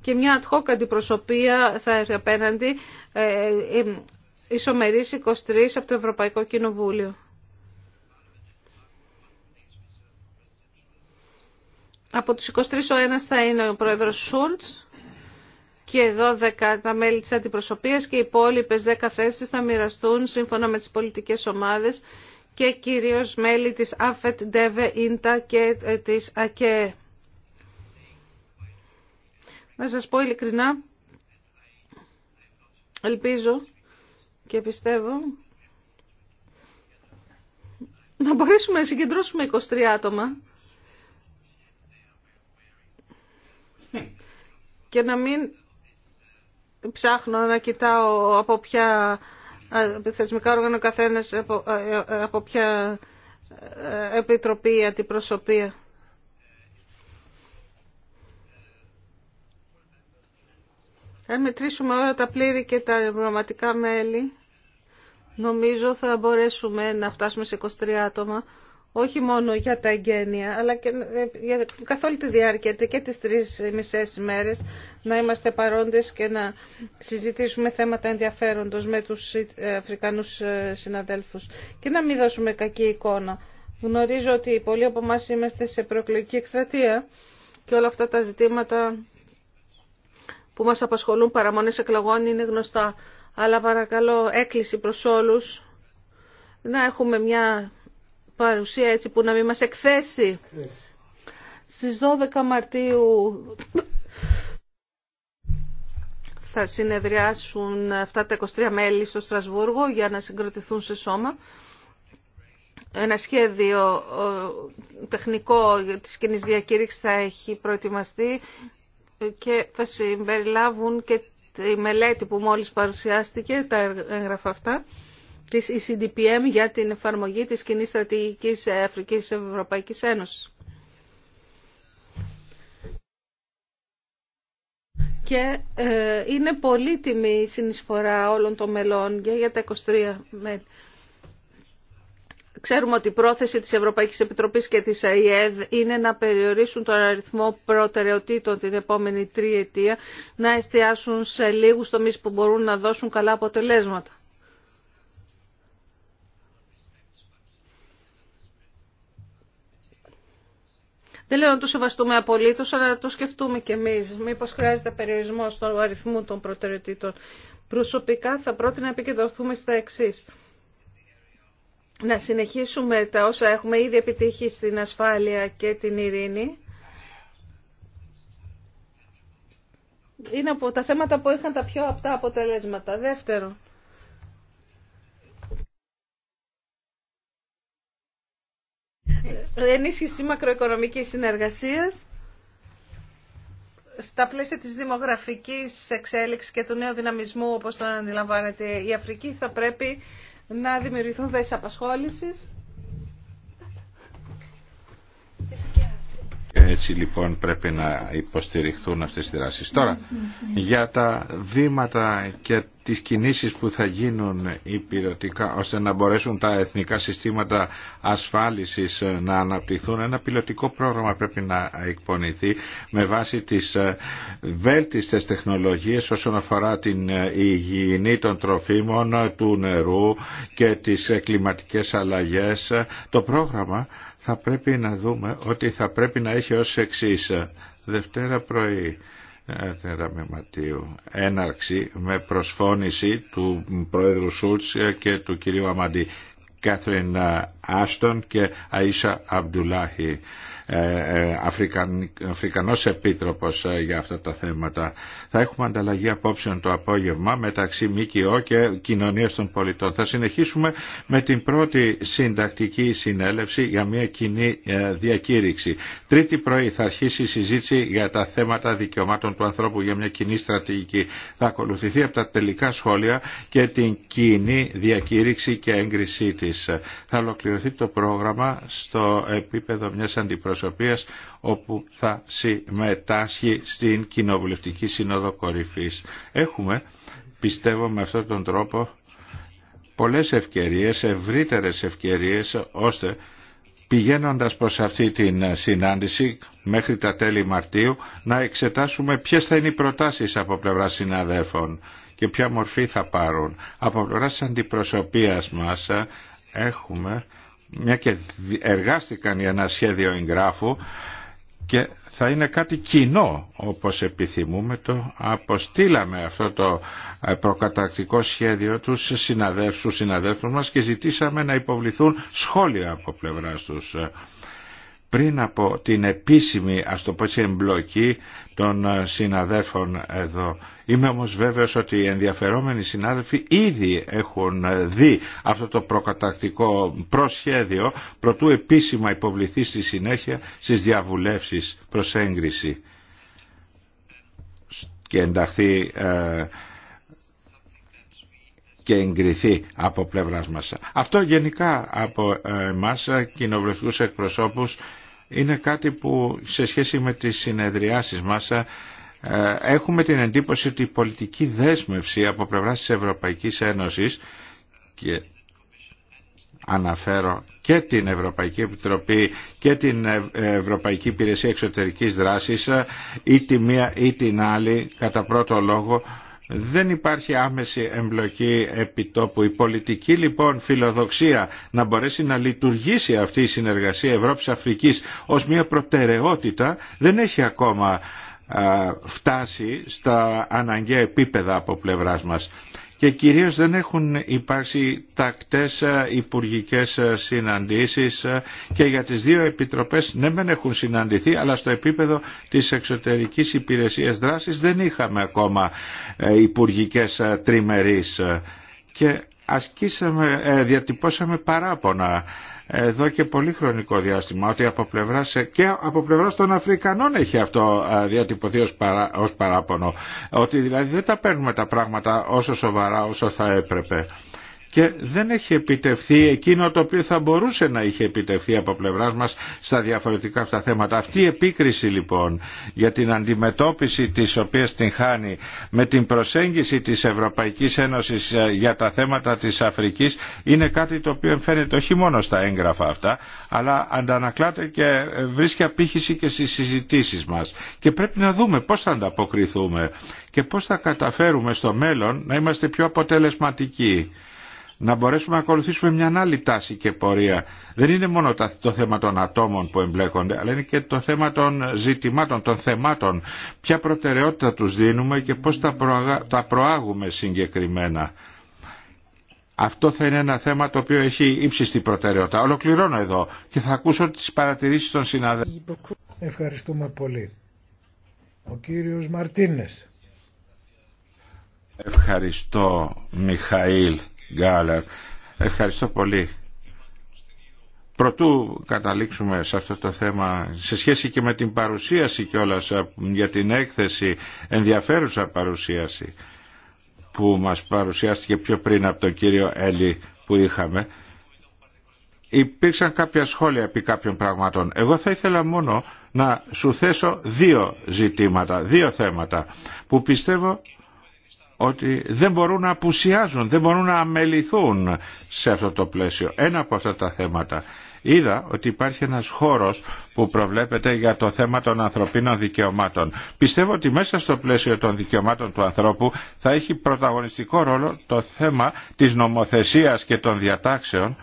και μια ad hoc αντιπροσωπεία θα έρθει απέναντι ε, ε, ισομερής 23 από το Ευρωπαϊκό Κοινοβούλιο. Από τους 23 ο ένας θα είναι ο πρόεδρος Σούλτς και 12 τα μέλη της αντιπροσωπείας και οι υπόλοιπε 10 θέσεις θα μοιραστούν σύμφωνα με τις πολιτικές ομάδες και κυρίως μέλη της ΑΦΕΤ, ΔΕΒΕ, ΙΝΤΑ και ε, της ΑΚΕ. Να σας πω ειλικρινά, ελπίζω και πιστεύω να μπορέσουμε να συγκεντρώσουμε 23 άτομα και να μην ψάχνω να κοιτάω από ποια θεσμικά όργανα καθένας από, ε, ε, από ποια ε, επιτροπή, αντιπροσωπεία. Αν μετρήσουμε όλα τα πλήρη και τα πραγματικά μέλη, νομίζω θα μπορέσουμε να φτάσουμε σε 23 άτομα, όχι μόνο για τα εγγένεια, αλλά και για καθ' τη διάρκεια και τις τρεις μισές ημέρες να είμαστε παρόντες και να συζητήσουμε θέματα ενδιαφέροντος με τους Αφρικανούς συναδέλφους και να μην δώσουμε κακή εικόνα. Γνωρίζω ότι πολλοί από εμά είμαστε σε προεκλογική εκστρατεία και όλα αυτά τα ζητήματα που μας απασχολούν παραμονές εκλογών είναι γνωστά. Αλλά παρακαλώ έκκληση προς όλους να έχουμε μια παρουσία έτσι που να μην μας εκθέσει. Στις 12 Μαρτίου θα συνεδριάσουν αυτά τα 23 μέλη στο Στρασβούργο για να συγκροτηθούν σε σώμα. Ένα σχέδιο ε, τεχνικό της κοινή διακήρυξης θα έχει προετοιμαστεί και θα συμπεριλάβουν και τη μελέτη που μόλις παρουσιάστηκε, τα έγγραφα αυτά, της ECDPM για την εφαρμογή της κοινή στρατηγικής Αφρικής Ευρωπαϊκής Ένωσης. Και ε, είναι πολύτιμη η συνεισφορά όλων των μελών και για τα 23 μέλη. Ξέρουμε ότι η πρόθεση της Ευρωπαϊκής Επιτροπής και της ΑΕΔ είναι να περιορίσουν τον αριθμό προτεραιοτήτων την επόμενη τριετία, να εστιάσουν σε λίγους τομείς που μπορούν να δώσουν καλά αποτελέσματα. Δεν λέω να το σεβαστούμε απολύτω, αλλά το σκεφτούμε κι εμεί. Μήπω χρειάζεται περιορισμό στον αριθμό των προτεραιοτήτων. Προσωπικά θα πρότεινα να επικεντρωθούμε στα εξή να συνεχίσουμε τα όσα έχουμε ήδη επιτύχει στην ασφάλεια και την ειρήνη. Είναι από τα θέματα που είχαν τα πιο απτά αποτελέσματα. Δεύτερο. Ενίσχυση μακροοικονομικής συνεργασίας στα πλαίσια της δημογραφικής εξέλιξης και του νέου δυναμισμού, όπως τον αντιλαμβάνεται η Αφρική, θα πρέπει να δημιουργηθούν θέσει απασχόληση. Έτσι λοιπόν πρέπει να υποστηριχθούν αυτές οι δράσεις. Τώρα, για τα βήματα και τις κινήσεις που θα γίνουν υπηρετικά ώστε να μπορέσουν τα εθνικά συστήματα ασφάλισης ε, να αναπτυχθούν. Ένα πιλωτικό πρόγραμμα πρέπει να εκπονηθεί με βάση τις ε, βέλτιστες τεχνολογίες όσον αφορά την ε, υγιεινή των τροφίμων, του νερού και τις κλιματικές αλλαγές. Το πρόγραμμα θα πρέπει να δούμε ότι θα πρέπει να έχει ως εξής. Δευτέρα πρωί ε, ματιού έναρξη με προσφώνηση του Πρόεδρου Σούλτς και του κυρίου Αμαντή Κάθριν Άστον και Αΐσα Αμπτουλάχη. Ε, ε, Αφρικαν, Αφρικανός Επίτροπος ε, για αυτά τα θέματα. Θα έχουμε ανταλλαγή απόψεων το απόγευμα μεταξύ ΜΚΟ και Κοινωνίας των Πολιτών. Θα συνεχίσουμε με την πρώτη συντακτική συνέλευση για μια κοινή διακήρυξη. Τρίτη πρωί θα αρχίσει η συζήτηση για τα θέματα δικαιωμάτων του ανθρώπου για μια κοινή στρατηγική. Θα ακολουθηθεί από τα τελικά σχόλια και την κοινή διακήρυξη και έγκρισή της. Θα ολοκληρωθεί το πρόγραμμα στο επίπεδο μιας όπου θα συμμετάσχει στην Κοινοβουλευτική Σύνοδο Κορυφής. Έχουμε, πιστεύω με αυτόν τον τρόπο, πολλές ευκαιρίες, ευρύτερες ευκαιρίες, ώστε πηγαίνοντας προς αυτή την συνάντηση μέχρι τα τέλη Μαρτίου να εξετάσουμε ποιες θα είναι οι προτάσεις από πλευρά συναδέλφων και ποια μορφή θα πάρουν. Από πλευρά της αντιπροσωπείας μας έχουμε μια και εργάστηκαν για ένα σχέδιο εγγράφου και θα είναι κάτι κοινό όπως επιθυμούμε το αποστήλαμε αυτό το ε, προκαταρκτικό σχέδιο τους συναδέλφους, συναδέλφους μας και ζητήσαμε να υποβληθούν σχόλια από πλευράς τους πριν από την επίσημη ας εμπλοκή των ε, συναδέλφων εδώ. Είμαι όμως βέβαιος ότι οι ενδιαφερόμενοι συνάδελφοι ήδη έχουν ε, δει αυτό το προκατακτικό προσχέδιο προτού επίσημα υποβληθεί στη συνέχεια στις διαβουλεύσεις προς έγκριση και ενταχθεί ε, και εγκριθεί από πλευράς μας. Αυτό γενικά από εμάς κοινοβουλευτικούς εκπροσώπους είναι κάτι που σε σχέση με τις συνεδριάσεις μας ε, έχουμε την εντύπωση ότι η πολιτική δέσμευση από πλευρά της Ευρωπαϊκής Ένωσης και αναφέρω και την Ευρωπαϊκή Επιτροπή και την ε, Ευρωπαϊκή Υπηρεσία Εξωτερικής Δράσης ε, ή τη μία ή την άλλη κατά πρώτο λόγο δεν υπάρχει άμεση εμπλοκή επιτόπου. Η πολιτική λοιπόν φιλοδοξία να μπορέσει να λειτουργήσει αυτή η συνεργασία Ευρώπης-Αφρικής ως μια προτεραιότητα δεν έχει ακόμα φτάσει στα αναγκαία επίπεδα από πλευράς μας και κυρίως δεν έχουν υπάρξει τακτές ε, υπουργικές ε, συναντήσεις ε, και για τις δύο επιτροπές ναι δεν έχουν συναντηθεί αλλά στο επίπεδο της εξωτερικής υπηρεσίας δράσης δεν είχαμε ακόμα υπουργικές τριμερείς και ασκήσαμε, διατυπώσαμε παράπονα εδώ και πολύ χρονικό διάστημα ότι από και από πλευράς των Αφρικανών έχει αυτό διατυπωθεί ως, ως παράπονο ότι δηλαδή δεν τα παίρνουμε τα πράγματα όσο σοβαρά όσο θα έπρεπε και δεν έχει επιτευχθεί εκείνο το οποίο θα μπορούσε να είχε επιτευχθεί από πλευρά μας στα διαφορετικά αυτά θέματα. Αυτή η επίκριση λοιπόν για την αντιμετώπιση της οποίας την χάνει με την προσέγγιση της Ευρωπαϊκής Ένωσης ε, για τα θέματα της Αφρικής είναι κάτι το οποίο εμφαίνεται όχι μόνο στα έγγραφα αυτά αλλά αντανακλάται και ε, βρίσκει απήχηση και στις συζητήσεις μας και πρέπει να δούμε πώς θα ανταποκριθούμε και πώς θα καταφέρουμε στο μέλλον να είμαστε πιο αποτελεσματικοί να μπορέσουμε να ακολουθήσουμε μια άλλη τάση και πορεία. Δεν είναι μόνο το θέμα των ατόμων που εμπλέκονται, αλλά είναι και το θέμα των ζητημάτων, των θεμάτων. Ποια προτεραιότητα τους δίνουμε και πώς τα προάγουμε συγκεκριμένα. Αυτό θα είναι ένα θέμα το οποίο έχει ύψιστη προτεραιότητα. Ολοκληρώνω εδώ και θα ακούσω τις παρατηρήσεις των συναδέλφων. Ευχαριστούμε πολύ. Ο κύριος Μαρτίνες. Ευχαριστώ Μιχαήλ. Γκάλερ. Ευχαριστώ πολύ. Προτού καταλήξουμε σε αυτό το θέμα, σε σχέση και με την παρουσίαση κιόλας ε, για την έκθεση, ενδιαφέρουσα παρουσίαση που μας παρουσιάστηκε πιο πριν από τον κύριο Έλλη που είχαμε, υπήρξαν κάποια σχόλια επί κάποιων πραγμάτων. Εγώ θα ήθελα μόνο να σου θέσω δύο ζητήματα, δύο θέματα που πιστεύω ότι δεν μπορούν να απουσιάζουν, δεν μπορούν να αμεληθούν σε αυτό το πλαίσιο. Ένα από αυτά τα θέματα. Είδα ότι υπάρχει ένας χώρος που προβλέπεται για το θέμα των ανθρωπίνων δικαιωμάτων. Πιστεύω ότι μέσα στο πλαίσιο των δικαιωμάτων του ανθρώπου θα έχει πρωταγωνιστικό ρόλο το θέμα της νομοθεσίας και των διατάξεων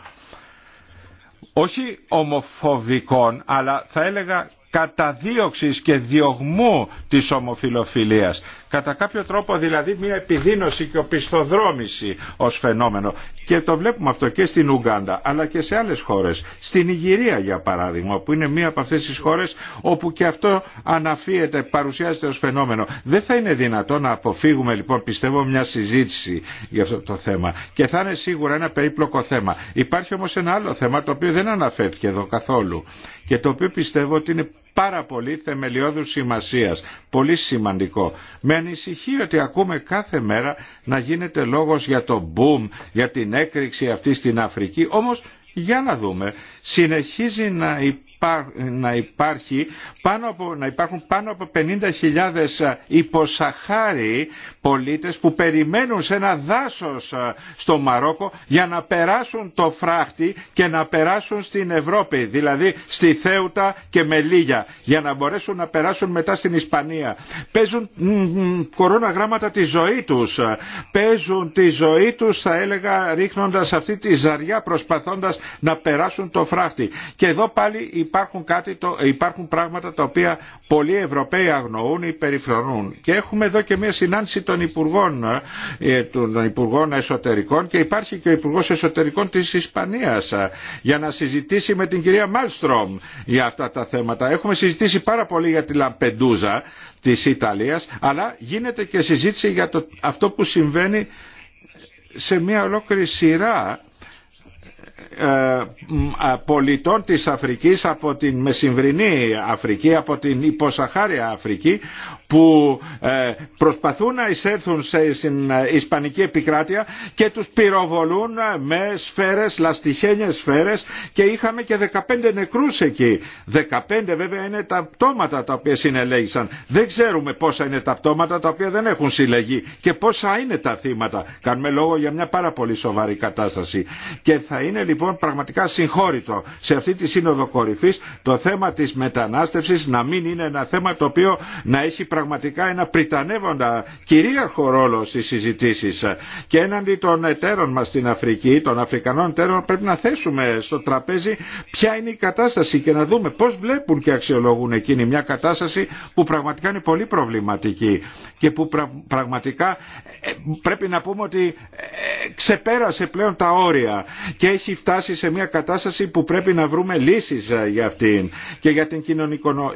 όχι ομοφοβικών αλλά θα έλεγα καταδίωξης και διωγμού της ομοφιλοφιλίας. Κατά κάποιο τρόπο δηλαδή μια επιδίνωση και οπισθοδρόμηση ως φαινόμενο. Και το βλέπουμε αυτό και στην Ουγκάντα, αλλά και σε άλλες χώρες. Στην Ιγυρία για παράδειγμα που είναι μία από αυτές τις χώρες όπου και αυτό αναφύεται, παρουσιάζεται ως φαινόμενο. Δεν θα είναι δυνατό να αποφύγουμε λοιπόν πιστεύω μια συζήτηση για αυτό το θέμα. Και θα είναι σίγουρα ένα περίπλοκο θέμα. Υπάρχει όμως ένα άλλο θέμα το οποίο δεν αναφέρθηκε εδώ καθόλου και το οποίο πιστεύω ότι είναι πάρα πολύ θεμελιώδους σημασίας, πολύ σημαντικό. Με ανησυχεί ότι ακούμε κάθε μέρα να γίνεται λόγος για το boom, για την έκρηξη αυτή στην Αφρική, όμως για να δούμε, συνεχίζει να υπάρχει να, υπάρχει πάνω από, να υπάρχουν πάνω από 50.000 υποσαχάριοι πολίτες που περιμένουν σε ένα δάσος ε, στο Μαρόκο για να περάσουν το φράχτη και να περάσουν στην Ευρώπη, δηλαδή στη Θέουτα και Μελίγια, για να μπορέσουν να περάσουν μετά στην Ισπανία. Παίζουν κορώνα γράμματα τη ζωή τους, παίζουν τη ζωή τους θα έλεγα ρίχνοντας αυτή τη ζαριά προσπαθώντας να περάσουν το φράχτη. Και εδώ πάλι υπάρχουν, κάτι, το, υπάρχουν πράγματα τα οποία πολλοί Ευρωπαίοι αγνοούν ή περιφρονούν. Και έχουμε εδώ και μια συνάντηση των Υπουργών, ε, ε, των Εσωτερικών και υπάρχει και ο Υπουργό Εσωτερικών της Ισπανίας ε, για να συζητήσει με την κυρία Μάλστρομ για αυτά τα θέματα. Έχουμε συζητήσει πάρα πολύ για τη Λαμπεντούζα της Ιταλίας, αλλά γίνεται και συζήτηση για το, αυτό που συμβαίνει σε μια ολόκληρη σειρά ε, ε, πολιτών της Αφρικής από την Μεσημβρινή Αφρική, από την Υποσαχάρια Αφρική που ε, προσπαθούν να εισέλθουν στην Ισπανική επικράτεια και τους πυροβολούν με σφαίρες, λαστιχένιες σφαίρες και είχαμε και 15 νεκρούς εκεί. 15 βέβαια είναι τα πτώματα τα οποία συνελέγησαν. Δεν ξέρουμε πόσα είναι τα πτώματα τα οποία δεν έχουν συλλεγεί και πόσα είναι τα θύματα. Κάνουμε λόγο για μια πάρα πολύ σοβαρή κατάσταση. Και θα είναι λοιπόν λοιπόν πραγματικά συγχώρητο σε αυτή τη σύνοδο Κορυφή το θέμα της μετανάστευσης να μην είναι ένα θέμα το οποίο να έχει πραγματικά ένα πριτανεύοντα κυρίαρχο ρόλο στις συζητήσεις και έναντι των εταίρων μας στην Αφρική, των Αφρικανών εταίρων πρέπει να θέσουμε στο τραπέζι ποια είναι η κατάσταση και να δούμε πώς βλέπουν και αξιολογούν εκείνη μια κατάσταση που πραγματικά είναι πολύ προβληματική και που πραγματικά ε, πρέπει να πούμε ότι ε, ξεπέρασε πλέον τα όρια και έχει φτάσει σε μια κατάσταση που πρέπει να βρούμε λύσεις ε, για αυτήν και για την κοινωνικο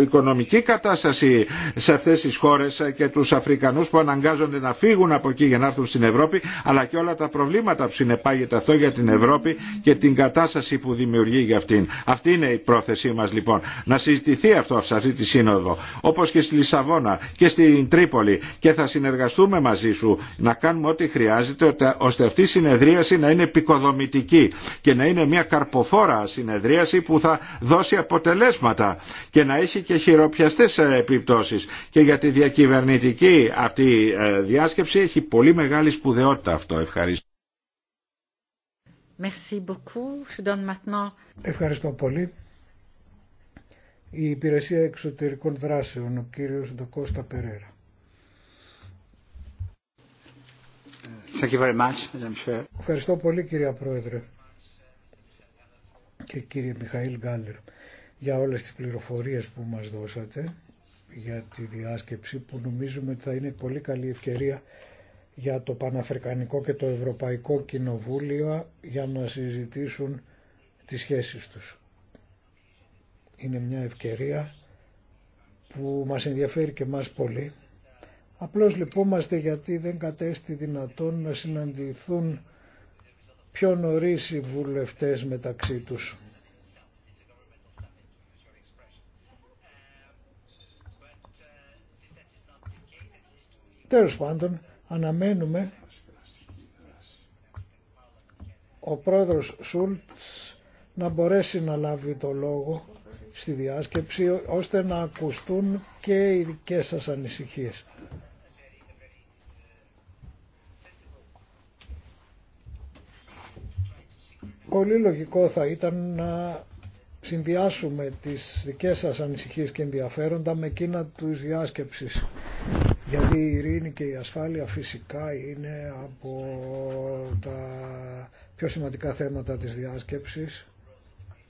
οικονομική κατάσταση σε αυτές τις χώρες και τους Αφρικανούς που αναγκάζονται να φύγουν από εκεί για να έρθουν στην Ευρώπη αλλά και όλα τα προβλήματα που συνεπάγεται αυτό για την Ευρώπη και την κατάσταση που δημιουργεί για αυτήν. Αυτή είναι η πρόθεσή μας λοιπόν. Να συζητηθεί αυτό σε αυτή τη σύνοδο όπως και στη Λισαβόνα και στην Τρίπολη και θα συνεργαστούμε μαζί σου να κάνουμε ό,τι χρειάζεται ώστε αυτή η συνεδρίαση να είναι επικοδομητική και να είναι μια καρποφόρα συνεδρίαση που θα δώσει αποτελέσματα και να έχει έχει και χειροπιαστές ε, επιπτώσεις και για τη διακυβερνητική αυτή ε, διάσκεψη έχει πολύ μεγάλη σπουδαιότητα αυτό. Ευχαριστώ. Merci Je donne Ευχαριστώ πολύ. Η Υπηρεσία Εξωτερικών Δράσεων, ο κύριος Ντοκώστα Περέρα. Ευχαριστώ πολύ κυρία Πρόεδρε και κύριε Μιχαήλ Γκάλερ για όλες τις πληροφορίες που μας δώσατε για τη διάσκεψη που νομίζουμε ότι θα είναι πολύ καλή ευκαιρία για το Παναφρικανικό και το Ευρωπαϊκό Κοινοβούλιο για να συζητήσουν τις σχέσεις τους. Είναι μια ευκαιρία που μας ενδιαφέρει και μας πολύ. Απλώς λυπούμαστε γιατί δεν κατέστη δυνατόν να συναντηθούν πιο νωρίς οι βουλευτές μεταξύ τους. Τέλος πάντων, αναμένουμε ο πρόεδρος Σούλτς να μπορέσει να λάβει το λόγο στη διάσκεψη ώστε να ακουστούν και οι δικές σας ανησυχίες. Πολύ λογικό θα ήταν να συνδυάσουμε τις δικές σας ανησυχίες και ενδιαφέροντα με εκείνα τους διάσκεψης γιατί η ειρήνη και η ασφάλεια φυσικά είναι από τα πιο σημαντικά θέματα της διάσκεψης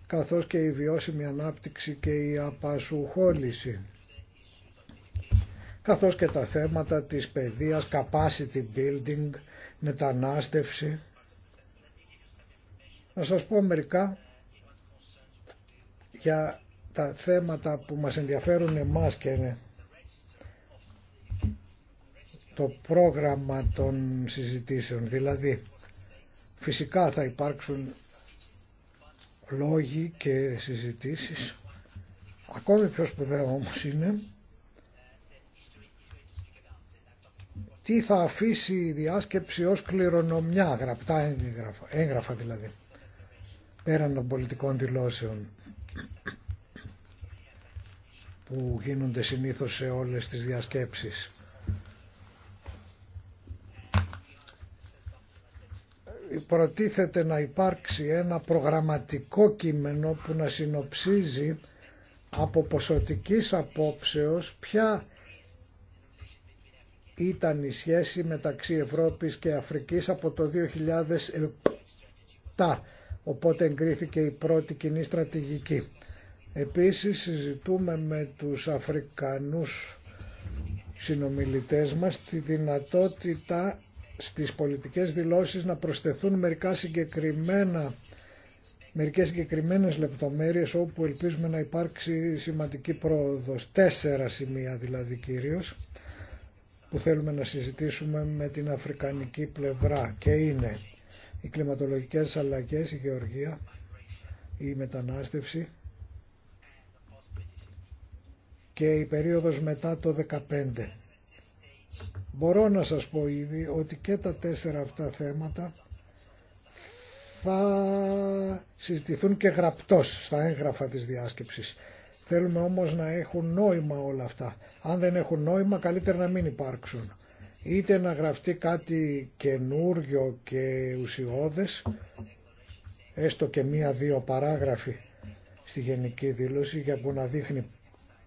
καθώς και η βιώσιμη ανάπτυξη και η απασουχόληση καθώς και τα θέματα της παιδείας, capacity building, μετανάστευση. Να σας πω μερικά για τα θέματα που μας ενδιαφέρουν εμάς και το πρόγραμμα των συζητήσεων. Δηλαδή, φυσικά θα υπάρξουν λόγοι και συζητήσεις. Ακόμη πιο σπουδαίο όμως είναι τι θα αφήσει η διάσκεψη ως κληρονομιά, γραπτά έγγραφα, έγγραφα δηλαδή, πέραν των πολιτικών δηλώσεων που γίνονται συνήθως σε όλες τις διασκέψεις. προτίθεται να υπάρξει ένα προγραμματικό κείμενο που να συνοψίζει από ποσοτικής απόψεως ποια ήταν η σχέση μεταξύ Ευρώπης και Αφρικής από το 2007, οπότε εγκρίθηκε η πρώτη κοινή στρατηγική. Επίσης συζητούμε με τους Αφρικανούς συνομιλητές μας τη δυνατότητα στις πολιτικές δηλώσεις να προσθεθούν μερικά συγκεκριμένα μερικές συγκεκριμένες λεπτομέρειες όπου ελπίζουμε να υπάρξει σημαντική πρόοδος. Τέσσερα σημεία δηλαδή κυρίως που θέλουμε να συζητήσουμε με την αφρικανική πλευρά και είναι οι κλιματολογικές αλλαγές, η γεωργία, η μετανάστευση και η περίοδος μετά το 2015 Μπορώ να σας πω ήδη ότι και τα τέσσερα αυτά θέματα θα συζητηθούν και γραπτός στα έγγραφα της διάσκεψης. Θέλουμε όμως να έχουν νόημα όλα αυτά. Αν δεν έχουν νόημα καλύτερα να μην υπάρξουν. Είτε να γραφτεί κάτι καινούριο και ουσιώδες, έστω και μία-δύο παράγραφοι στη Γενική Δήλωση για που να δείχνει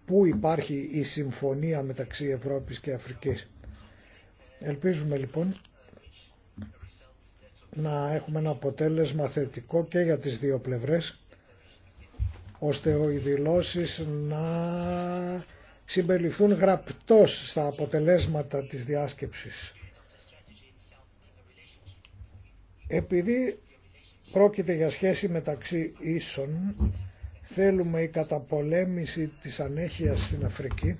πού υπάρχει η συμφωνία μεταξύ Ευρώπης και Αφρικής. Ελπίζουμε λοιπόν να έχουμε ένα αποτέλεσμα θετικό και για τις δύο πλευρές ώστε οι δηλώσει να συμπεριληφθούν γραπτός στα αποτελέσματα της διάσκεψης. Επειδή πρόκειται για σχέση μεταξύ ίσων, θέλουμε η καταπολέμηση της ανέχειας στην Αφρική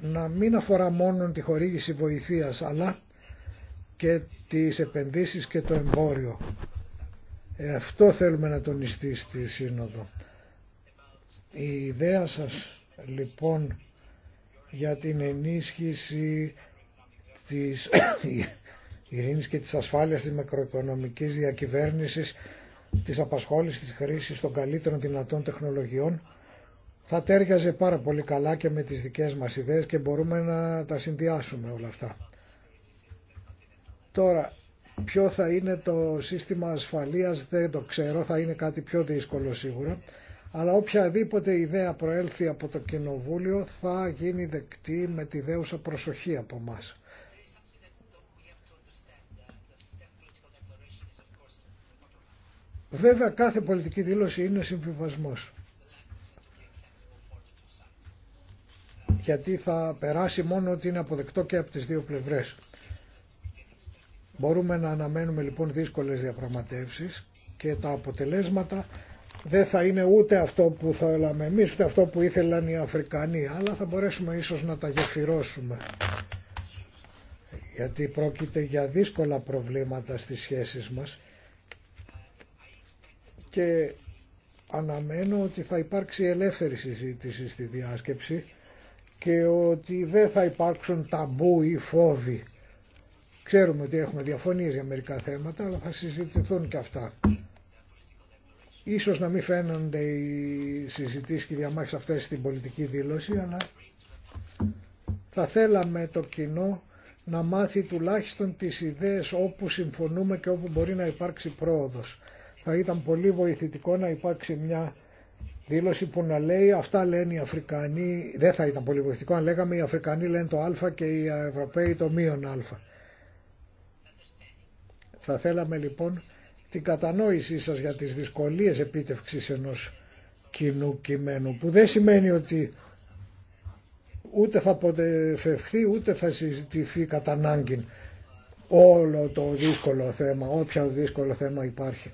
να μην αφορά μόνο τη χορήγηση βοηθείας αλλά και τις επενδύσεις και το εμπόριο. Ε, αυτό θέλουμε να τονιστεί στη Σύνοδο. Η ιδέα σας λοιπόν για την ενίσχυση της [COUGHS] ειρήνης και της ασφάλειας της μακροοικονομικής διακυβέρνησης της απασχόλησης της χρήσης των καλύτερων δυνατών τεχνολογιών θα τέριαζε πάρα πολύ καλά και με τις δικές μας ιδέες και μπορούμε να τα συνδυάσουμε όλα αυτά. Τώρα, ποιο θα είναι το σύστημα ασφαλείας δεν το ξέρω, θα είναι κάτι πιο δύσκολο σίγουρα, αλλά οποιαδήποτε ιδέα προέλθει από το Κοινοβούλιο θα γίνει δεκτή με τη δέουσα προσοχή από εμά. Βέβαια κάθε πολιτική δήλωση είναι συμβιβασμός. γιατί θα περάσει μόνο ότι είναι αποδεκτό και από τις δύο πλευρές. Μπορούμε να αναμένουμε λοιπόν δύσκολες διαπραγματεύσεις και τα αποτελέσματα δεν θα είναι ούτε αυτό που θέλαμε εμείς, ούτε αυτό που ήθελαν οι Αφρικανοί, αλλά θα μπορέσουμε ίσως να τα γεφυρώσουμε. Γιατί πρόκειται για δύσκολα προβλήματα στις σχέσεις μας και αναμένω ότι θα υπάρξει ελεύθερη συζήτηση στη διάσκεψη και ότι δεν θα υπάρξουν ταμπού ή φόβοι. Ξέρουμε ότι έχουμε διαφωνίες για μερικά θέματα, αλλά θα συζητηθούν και αυτά. Ίσως να μην φαίνονται οι συζητήσεις και οι διαμάχες αυτές στην πολιτική δήλωση, αλλά θα θέλαμε το κοινό να μάθει τουλάχιστον τις ιδέες όπου συμφωνούμε και όπου μπορεί να υπάρξει πρόοδος. Θα ήταν πολύ βοηθητικό να υπάρξει μια Δήλωση που να λέει αυτά λένε οι Αφρικανοί, δεν θα ήταν πολύ βοηθητικό αν λέγαμε οι Αφρικανοί λένε το α και οι Ευρωπαίοι το μείον α. Θα θέλαμε λοιπόν την κατανόησή σας για τις δυσκολίες επίτευξης ενός κοινού κειμένου που δεν σημαίνει ότι ούτε θα αποτεφευχθεί ούτε θα συζητηθεί κατά ανάγκη όλο το δύσκολο θέμα, όποια δύσκολο θέμα υπάρχει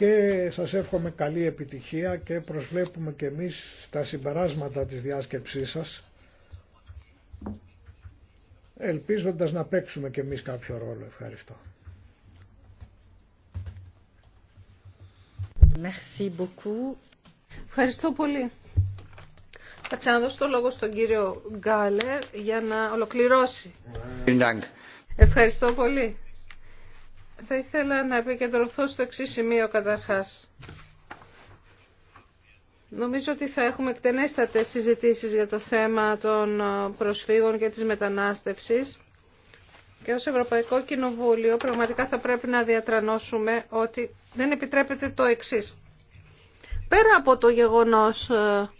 και σας εύχομαι καλή επιτυχία και προσβλέπουμε και εμείς στα συμπεράσματα της διάσκεψής σας ελπίζοντας να παίξουμε και εμείς κάποιο ρόλο. Ευχαριστώ. Merci beaucoup. Ευχαριστώ πολύ. Θα ξαναδώσω το λόγο στον κύριο Γκάλερ για να ολοκληρώσει. Ευχαριστώ πολύ. Θα ήθελα να επικεντρωθώ στο εξή σημείο καταρχάς. Νομίζω ότι θα έχουμε εκτενέστατες συζητήσεις για το θέμα των ε, προσφύγων και της μετανάστευσης. Και ως Ευρωπαϊκό Κοινοβούλιο πραγματικά θα πρέπει να διατρανώσουμε ότι δεν επιτρέπεται το εξή. Πέρα από το γεγονός ε,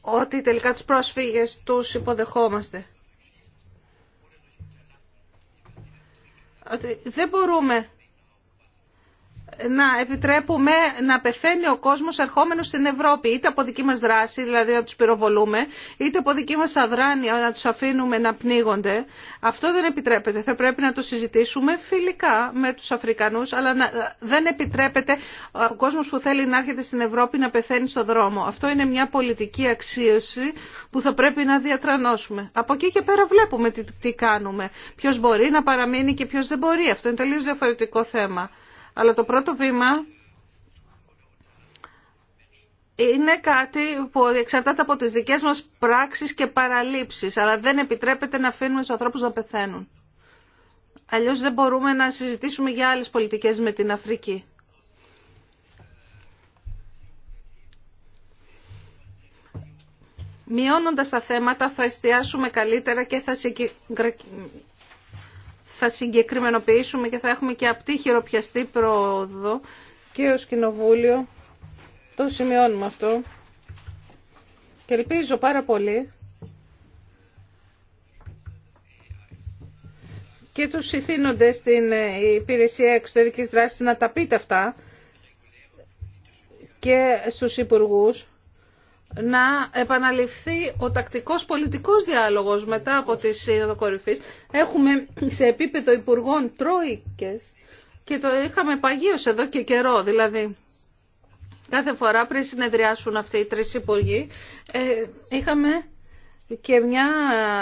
ότι τελικά τις πρόσφυγες τους υποδεχόμαστε. ότι δεν μπορούμε να επιτρέπουμε να πεθαίνει ο κόσμος ερχόμενο στην Ευρώπη, είτε από δική μας δράση, δηλαδή να τους πυροβολούμε, είτε από δική μας αδράνεια να τους αφήνουμε να πνίγονται. Αυτό δεν επιτρέπεται. Θα πρέπει να το συζητήσουμε φιλικά με τους Αφρικανούς, αλλά να, δεν επιτρέπεται ο κόσμος που θέλει να έρχεται στην Ευρώπη να πεθαίνει στο δρόμο. Αυτό είναι μια πολιτική αξίωση που θα πρέπει να διατρανώσουμε. Από εκεί και πέρα βλέπουμε τι, τι κάνουμε. ποιο μπορεί να παραμείνει και ποιο δεν μπορεί. Αυτό είναι τελείω διαφορετικό θέμα. Αλλά το πρώτο βήμα είναι κάτι που εξαρτάται από τις δικές μας πράξεις και παραλήψεις, αλλά δεν επιτρέπεται να αφήνουμε τους ανθρώπους να πεθαίνουν. Αλλιώς δεν μπορούμε να συζητήσουμε για άλλες πολιτικές με την Αφρική. Μειώνοντας τα θέματα θα εστιάσουμε καλύτερα και θα θα συγκεκριμενοποιήσουμε και θα έχουμε και απτή χειροπιαστή πρόοδο και ως Κοινοβούλιο. Το σημειώνουμε αυτό. Και ελπίζω πάρα πολύ και τους συθήνοντες στην υπηρεσία εξωτερικής δράσης να τα πείτε αυτά και στους υπουργούς να επαναληφθεί ο τακτικός πολιτικός διάλογος μετά από τις Σύνοδο Έχουμε σε επίπεδο υπουργών τρόικες και το είχαμε παγίως εδώ και καιρό. Δηλαδή, κάθε φορά πριν συνεδριάσουν αυτοί οι τρεις υπουργοί, ε, είχαμε και μια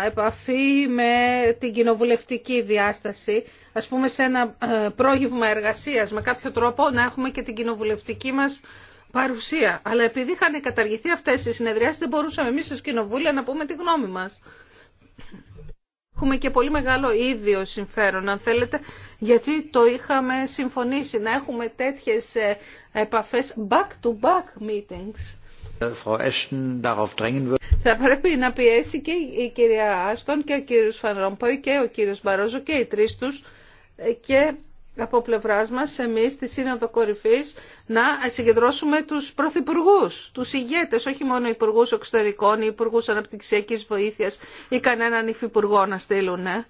επαφή με την κοινοβουλευτική διάσταση, ας πούμε σε ένα ε, πρόγευμα εργασίας, με κάποιο τρόπο να έχουμε και την κοινοβουλευτική μας παρουσία. Αλλά επειδή είχαν καταργηθεί αυτέ οι συνεδριάσεις δεν μπορούσαμε εμεί ως κοινοβούλια να πούμε τη γνώμη μα. Έχουμε και πολύ μεγάλο ίδιο συμφέρον, αν θέλετε, γιατί το είχαμε συμφωνήσει να εχουμε τέτοιε επαφέ επαφές back-to-back meetings. Θα πρέπει να πιέσει και η κυρία Άστον και ο κύριος Φανρομπόη και ο κύριος Μπαρόζο και οι τρεις τους ε, και από πλευρά μα, εμεί, στη Σύνοδο Κορυφή, να συγκεντρώσουμε του πρωθυπουργού, του ηγέτε, όχι μόνο υπουργού εξωτερικών ή υπουργού αναπτυξιακή βοήθεια ή κανέναν υφυπουργό να στείλουν. Ε.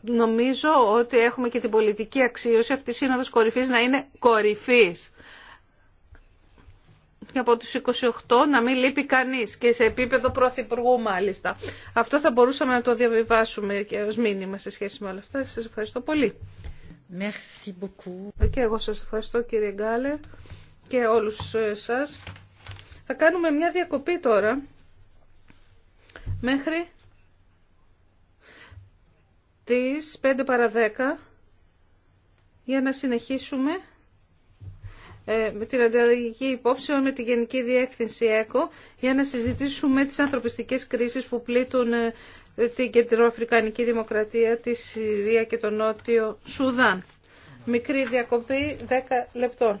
Νομίζω ότι έχουμε και την πολιτική αξίωση αυτή τη σύνοδο κορυφή να είναι κορυφή Και από τους 28 να μην λείπει κανείς και σε επίπεδο πρωθυπουργού μάλιστα. Αυτό θα μπορούσαμε να το διαβιβάσουμε και ως μήνυμα σε σχέση με όλα αυτά. Σας ευχαριστώ πολύ. Merci beaucoup. Ε, και εγώ σας ευχαριστώ κύριε Γκάλε και όλους ε, σας. Θα κάνουμε μια διακοπή τώρα μέχρι τις 5 παρα 10 για να συνεχίσουμε ε, με την ανταλλαγή υπόψη με τη Γενική Διεύθυνση ΕΚΟ για να συζητήσουμε τις ανθρωπιστικές κρίσεις που πλήττουν την Κεντροαφρικανική Δημοκρατία, τη Συρία και τον Νότιο Σουδάν. Μικρή διακοπή 10 λεπτών.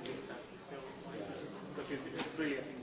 because it's really, I think,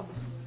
Ευχαριστώ.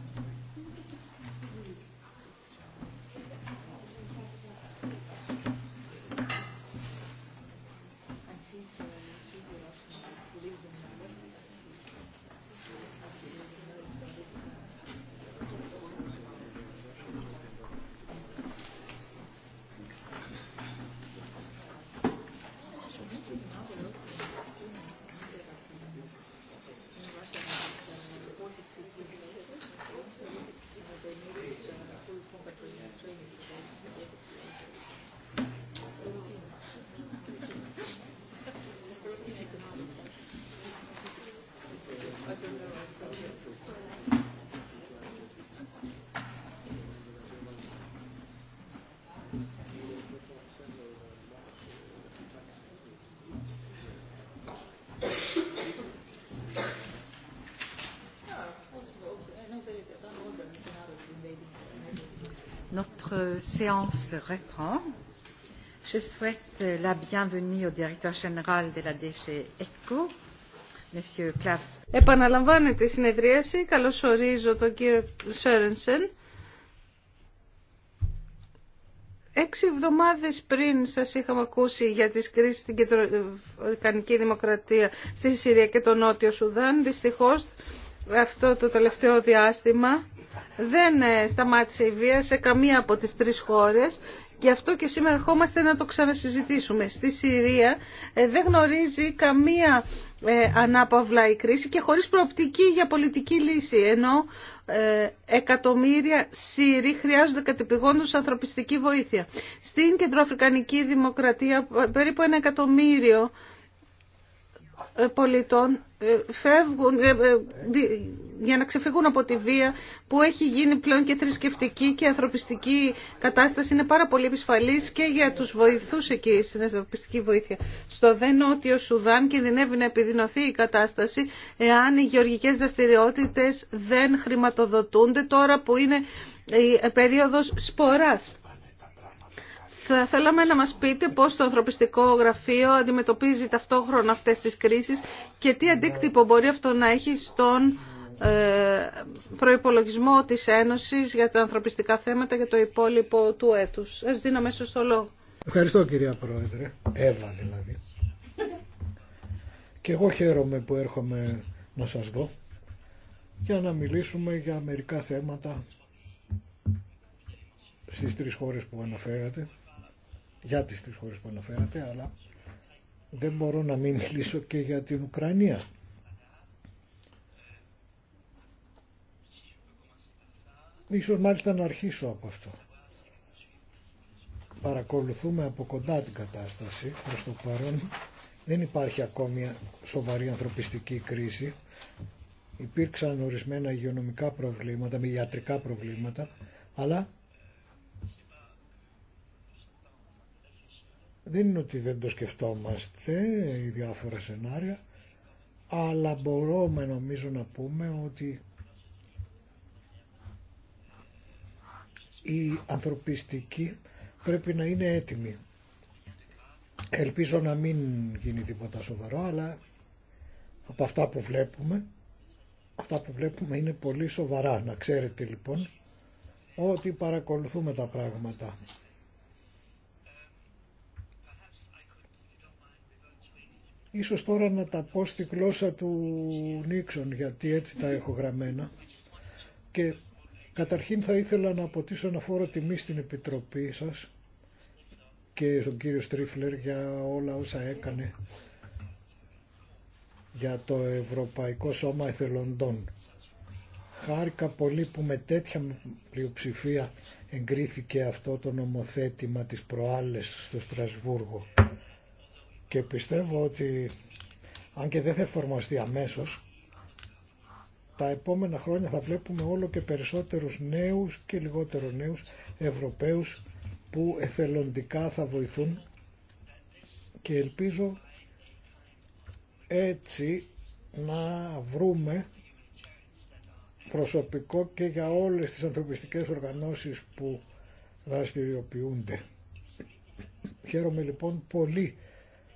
Notre séance reprend. Je souhaite la bienvenue au directeur général de la M. Klaus. Επαναλαμβάνεται η συνεδρίαση. Καλωσορίζω τον κύριο Σέρενσεν. Έξι εβδομάδες πριν σας είχαμε ακούσει για τις κρίσεις στην Κεντροαφρικανική Δημοκρατία, στη Συρία και τον Νότιο Σουδάν. Δυστυχώς αυτό το τελευταίο διάστημα δεν ε, σταμάτησε η βία σε καμία από τις τρεις χώρες και αυτό και σήμερα ερχόμαστε να το ξανασυζητήσουμε. Στη Συρία ε, δεν γνωρίζει καμία ε, ανάπαυλα η κρίση και χωρίς προοπτική για πολιτική λύση, ενώ εκατομμύρια Σύριοι χρειάζονται κατεπηγόντως ανθρωπιστική βοήθεια. Στην Κεντροαφρικανική Δημοκρατία περίπου ένα εκατομμύριο πολιτών φεύγουν, για να ξεφύγουν από τη βία που έχει γίνει πλέον και θρησκευτική και ανθρωπιστική κατάσταση είναι πάρα πολύ επισφαλή και για του βοηθούς εκεί στην ανθρωπιστική βοήθεια. Στο δε νότιο Σουδάν κινδυνεύει να επιδεινωθεί η κατάσταση εάν οι γεωργικέ δραστηριότητε δεν χρηματοδοτούνται τώρα που είναι η περίοδος σποράς. Θα θέλαμε να μας πείτε πώς το ανθρωπιστικό γραφείο αντιμετωπίζει ταυτόχρονα αυτές τις κρίσεις και τι αντίκτυπο μπορεί αυτό να έχει στον ε, προϋπολογισμό της Ένωσης για τα ανθρωπιστικά θέματα για το υπόλοιπο του έτους. Σας δίνω μέσα στο λόγο. Ευχαριστώ κυρία Πρόεδρε. έβα δηλαδή. Και εγώ χαίρομαι που έρχομαι να σας δω για να μιλήσουμε για μερικά θέματα στις τρεις χώρες που αναφέρατε για τις τρεις χώρες που αναφέρατε αλλά δεν μπορώ να μην μιλήσω και για την Ουκρανία Ίσως μάλιστα να αρχίσω από αυτό. Παρακολουθούμε από κοντά την κατάσταση προς το παρόν. Δεν υπάρχει ακόμη σοβαρή ανθρωπιστική κρίση. Υπήρξαν ορισμένα υγειονομικά προβλήματα, με ιατρικά προβλήματα, αλλά δεν είναι ότι δεν το σκεφτόμαστε οι διάφορα σενάρια, αλλά μπορούμε νομίζω να πούμε ότι η ανθρωπιστική πρέπει να είναι έτοιμη. Ελπίζω να μην γίνει τίποτα σοβαρό, αλλά από αυτά που βλέπουμε, αυτά που βλέπουμε είναι πολύ σοβαρά. Να ξέρετε λοιπόν ότι παρακολουθούμε τα πράγματα. Ίσως τώρα να τα πω στη γλώσσα του Νίξον, γιατί έτσι τα έχω γραμμένα. Και Καταρχήν θα ήθελα να αποτίσω ένα φόρο τιμή στην Επιτροπή σας και στον κύριο Στρίφλερ για όλα όσα έκανε για το Ευρωπαϊκό Σώμα Εθελοντών. Χάρηκα πολύ που με τέτοια πλειοψηφία εγκρίθηκε αυτό το νομοθέτημα της προάλλες στο Στρασβούργο. Και πιστεύω ότι αν και δεν θα εφαρμοστεί αμέσως, τα επόμενα χρόνια θα βλέπουμε όλο και περισσότερους νέους και λιγότερο νέους Ευρωπαίους που εθελοντικά θα βοηθούν και ελπίζω έτσι να βρούμε προσωπικό και για όλες τις ανθρωπιστικές οργανώσεις που δραστηριοποιούνται. Χαίρομαι λοιπόν πολύ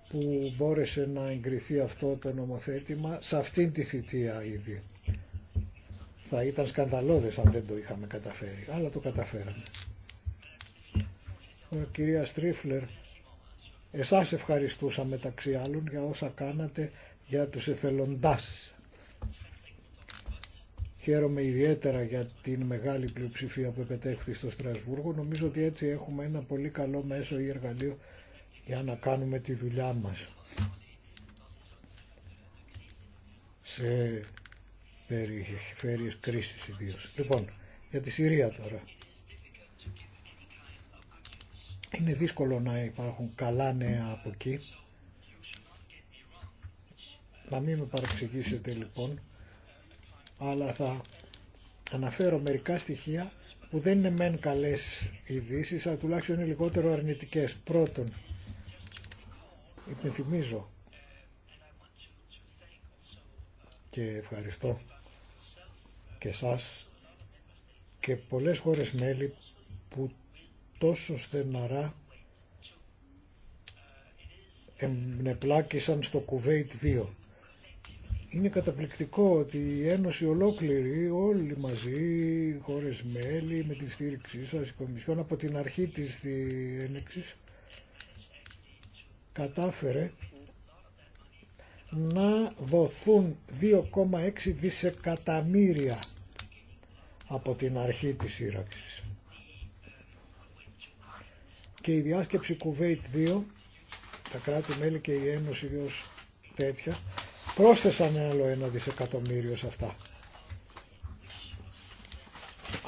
που μπόρεσε να εγκριθεί αυτό το νομοθέτημα σε αυτήν τη θητεία ήδη. Θα ήταν σκανδαλώδες αν δεν το είχαμε καταφέρει, αλλά το καταφέραμε. Ο κυρία Στρίφλερ, εσάς ευχαριστούσα μεταξύ άλλων για όσα κάνατε για τους εθελοντάς. Χαίρομαι ιδιαίτερα για την μεγάλη πλειοψηφία που επετέχθη στο Στρασβούργο. Νομίζω ότι έτσι έχουμε ένα πολύ καλό μέσο ή εργαλείο για να κάνουμε τη δουλειά μας. Σε περιφέρειες κρίσης ιδίως. Λοιπόν, για τη Συρία τώρα. Είναι δύσκολο να υπάρχουν καλά νέα από εκεί. Να μην με παραξηγήσετε λοιπόν, αλλά θα αναφέρω μερικά στοιχεία που δεν είναι μεν καλές ειδήσει, αλλά τουλάχιστον είναι λιγότερο αρνητικές. Πρώτον, υπενθυμίζω και ευχαριστώ και σας και πολλές χώρες μέλη που τόσο στεναρά εμπνεπλάκησαν στο Κουβέιτ 2. Είναι καταπληκτικό ότι η Ένωση ολόκληρη, όλοι μαζί, χώρες μέλη, με τη στήριξή σας, η Κομισιόν, από την αρχή της διένεξης, κατάφερε να δοθούν 2,6 δισεκατομμύρια από την αρχή της σύραξης. Και η διάσκεψη Κουβέιτ 2, τα κράτη-μέλη και η Ένωση ως τέτοια, πρόσθεσαν άλλο ένα δισεκατομμύριο σε αυτά.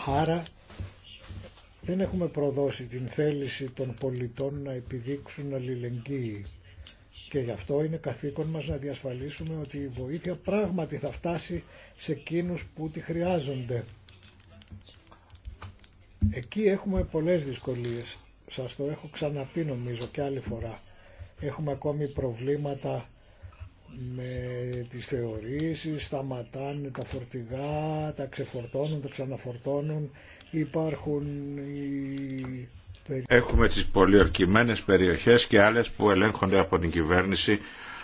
Άρα δεν έχουμε προδώσει την θέληση των πολιτών να επιδείξουν αλληλεγγύη. Και γι' αυτό είναι καθήκον μας να διασφαλίσουμε ότι η βοήθεια πράγματι θα φτάσει σε εκείνους που τη χρειάζονται. Εκεί έχουμε πολλές δυσκολίες. Σας το έχω ξαναπεί νομίζω και άλλη φορά. Έχουμε ακόμη προβλήματα με τις θεωρήσεις, σταματάνε τα φορτηγά, τα ξεφορτώνουν, τα ξαναφορτώνουν Έχουμε τις πολιορκημένες περιοχές και άλλες που ελέγχονται από την κυβέρνηση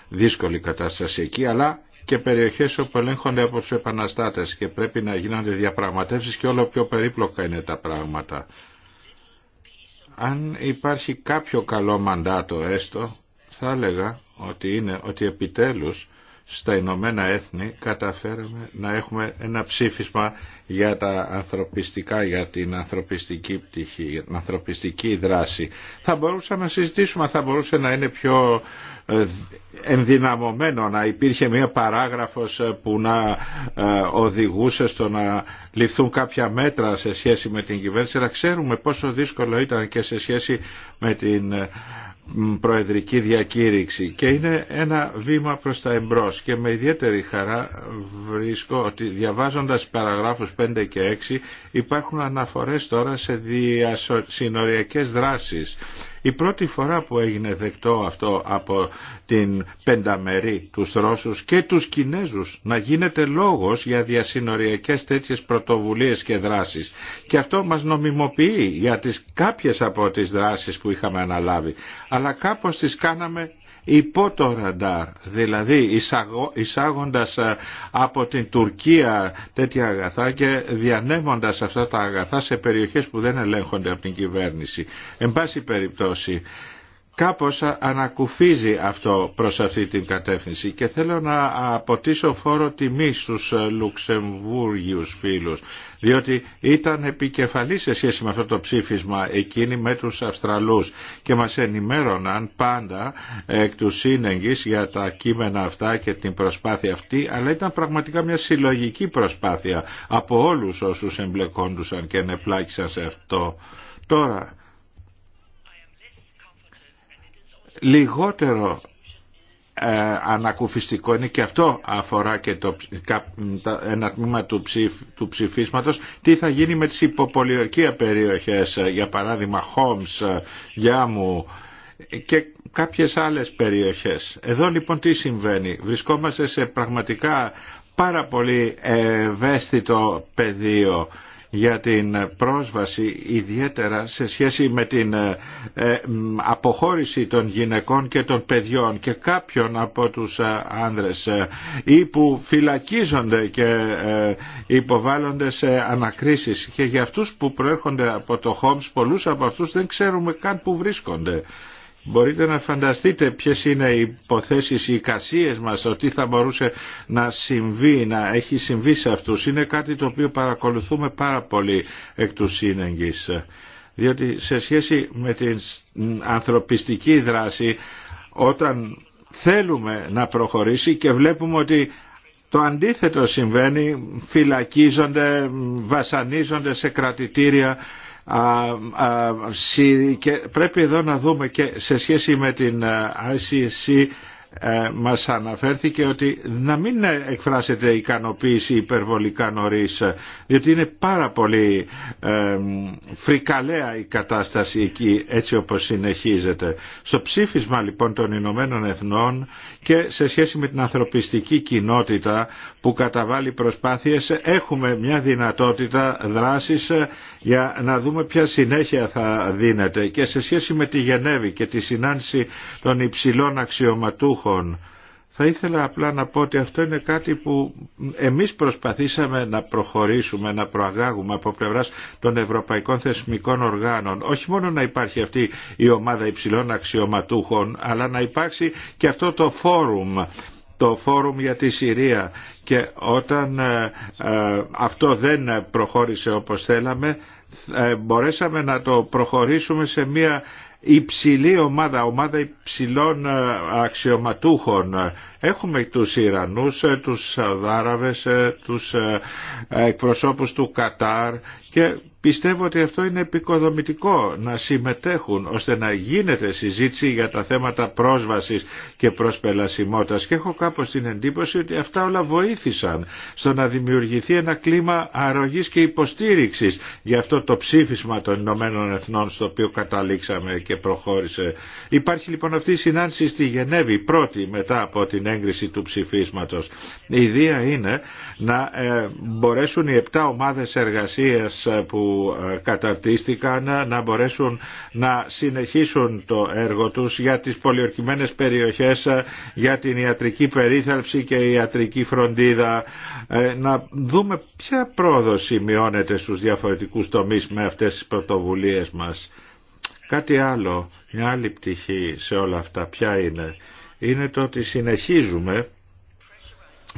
δύσκολη κατάσταση εκεί, αλλά και περιοχές όπου ελέγχονται από τους επαναστάτες και πρέπει να γίνονται διαπραγματεύσεις και όλο πιο περίπλοκα είναι τα πράγματα. Αν υπάρχει κάποιο καλό μαντάτο έστω, θα έλεγα ότι είναι ότι επιτέλους στα Ηνωμένα Έθνη καταφέραμε να έχουμε ένα ψήφισμα για τα ανθρωπιστικά, για την ανθρωπιστική πτυχή, για την ανθρωπιστική δράση. Θα μπορούσαμε να συζητήσουμε, θα μπορούσε να είναι πιο ε, ενδυναμωμένο, να υπήρχε μια παράγραφος ε, που να ε, οδηγούσε στο να ληφθούν κάποια μέτρα σε σχέση με την κυβέρνηση, αλλά ξέρουμε πόσο δύσκολο ήταν και σε σχέση με την προεδρική διακήρυξη και είναι ένα βήμα προς τα εμπρός και με ιδιαίτερη χαρά βρίσκω ότι διαβάζοντας παραγράφους 5 και 6 υπάρχουν αναφορές τώρα σε διασυνοριακές δράσεις η πρώτη φορά που έγινε δεκτό αυτό από την πενταμερή, τους Ρώσους και τους Κινέζους, να γίνεται λόγος για διασυνοριακές τέτοιες πρωτοβουλίες και δράσεις. Και αυτό μας νομιμοποιεί για τις κάποιες από τις δράσεις που είχαμε αναλάβει. Αλλά κάπως τις κάναμε υπό το ραντάρ, δηλαδή εισάγοντας ε, από την Τουρκία τέτοια αγαθά και διανέμοντας αυτά τα αγαθά σε περιοχές που δεν ελέγχονται από την κυβέρνηση. Εν πάση περιπτώσει, κάπως ανακουφίζει αυτό προς αυτή την κατεύθυνση και θέλω να αποτίσω φόρο τιμή στους ε, Λουξεμβούργιους φίλους διότι ήταν επικεφαλή σε σχέση με αυτό το ψήφισμα εκείνη με τους Αυστραλούς και μας ενημέρωναν πάντα ε, εκ του σύνεγγης για τα κείμενα αυτά και την προσπάθεια αυτή αλλά ήταν πραγματικά μια συλλογική προσπάθεια από όλους όσους εμπλεκόντουσαν και ενεπλάκησαν σε αυτό. Τώρα, λιγότερο ε, ανακουφιστικό είναι και αυτό αφορά και το, ένα τμήμα του, ψηφ, του ψηφίσματος τι θα γίνει με τις υποπολιορκία περιοχές ε, για παράδειγμα Χόμς, ε, Γιάμου και κάποιες άλλες περιοχές εδώ λοιπόν τι συμβαίνει βρισκόμαστε σε πραγματικά πάρα πολύ ευαίσθητο πεδίο για την πρόσβαση ιδιαίτερα σε σχέση με την ε, ε, αποχώρηση των γυναικών και των παιδιών και κάποιων από τους ε, άνδρες ή που φυλακίζονται και υποβάλλονται σε ανακρίσεις και για αυτούς που προέρχονται από το Χόμς πολλούς από αυτούς δεν ξέρουμε καν που βρίσκονται. Μπορείτε να φανταστείτε ποιες είναι οι υποθέσεις, οι εικασίες μας, ότι θα μπορούσε να συμβεί, να έχει συμβεί σε αυτούς. Είναι κάτι το οποίο παρακολουθούμε πάρα πολύ εκ του Διότι σε σχέση με την ανθρωπιστική δράση, όταν θέλουμε να προχωρήσει και βλέπουμε ότι το αντίθετο συμβαίνει, φυλακίζονται, βασανίζονται σε κρατητήρια και πρέπει εδώ να δούμε και σε σχέση με την ICC ε, μας αναφέρθηκε ότι να μην εκφράσετε ικανοποίηση υπερβολικά νωρίς διότι είναι πάρα πολύ ε, φρικαλέα η κατάσταση εκεί έτσι όπως συνεχίζεται. Στο ψήφισμα λοιπόν των Ηνωμένων Εθνών και σε σχέση με την ανθρωπιστική κοινότητα που καταβάλει προσπάθειες έχουμε μια δυνατότητα δράσης ε, για να δούμε ποια συνέχεια θα δίνεται και σε σχέση με τη Γενέβη και τη συνάντηση των υψηλών αξιωματούχων θα ήθελα απλά να πω ότι αυτό είναι κάτι που εμείς προσπαθήσαμε να προχωρήσουμε, να προαγάγουμε από πλευράς των ευρωπαϊκών θεσμικών οργάνων. Όχι μόνο να υπάρχει αυτή η ομάδα υψηλών αξιωματούχων, αλλά να υπάρξει και αυτό το φόρουμ το φόρουμ για τη Συρία και όταν ε, ε, αυτό δεν προχώρησε όπως θέλαμε ε, μπορέσαμε να το προχωρήσουμε σε μια υψηλή ομάδα, ομάδα υψηλών αξιωματούχων Έχουμε τους Ιρανούς, ε, τους Σαουδάραβες, ε, τους ε, εκπροσώπους του Κατάρ και Πιστεύω ότι αυτό είναι επικοδομητικό να συμμετέχουν ώστε να γίνεται συζήτηση για τα θέματα πρόσβασης και προσπελασιμότητας και έχω κάπως την εντύπωση ότι αυτά όλα βοήθησαν στο να δημιουργηθεί ένα κλίμα αρρωγής και υποστήριξης για αυτό το ψήφισμα των Ηνωμένων Εθνών στο οποίο καταλήξαμε και προχώρησε. Υπάρχει λοιπόν αυτή η συνάντηση στη Γενέβη πρώτη μετά από την έγκριση του ψηφίσματος. Η ιδέα είναι να ε, μπορέσουν οι επτά ομάδες εργασίας ε, που ε, καταρτίστηκαν να μπορέσουν να συνεχίσουν το έργο τους για τις πολιορκημένες περιοχές, για την ιατρική περίθαλψη και ιατρική φροντίδα. Να δούμε ποια πρόοδο σημειώνεται στους διαφορετικούς τομείς με αυτές τις πρωτοβουλίες μας. Κάτι άλλο, μια άλλη πτυχή σε όλα αυτά, ποια είναι είναι το ότι συνεχίζουμε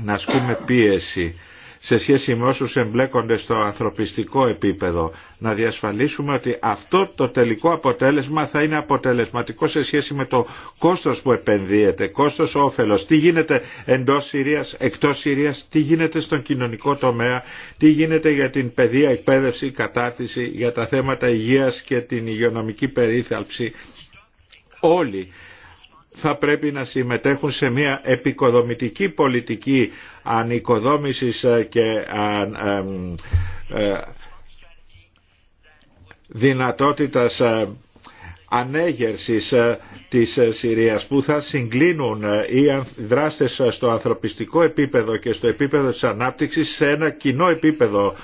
να ασκούμε πίεση σε σχέση με όσους εμπλέκονται στο ανθρωπιστικό επίπεδο, να διασφαλίσουμε ότι αυτό το τελικό αποτέλεσμα θα είναι αποτελεσματικό σε σχέση με το κόστος που επενδύεται, κόστος όφελος, τι γίνεται εντός Συρίας, εκτός Συρίας, τι γίνεται στον κοινωνικό τομέα, τι γίνεται για την παιδεία, εκπαίδευση, κατάρτιση, για τα θέματα υγείας και την υγειονομική περίθαλψη. Όλοι θα πρέπει να συμμετέχουν σε μια επικοδομητική πολιτική ανοικοδόμησης ε, και ε, ε, δυνατότητας ανέγερσης της Συρίας που θα συγκλίνουν οι δράστες στο ανθρωπιστικό επίπεδο και στο επίπεδο της ανάπτυξης σε ένα κοινό επίπεδο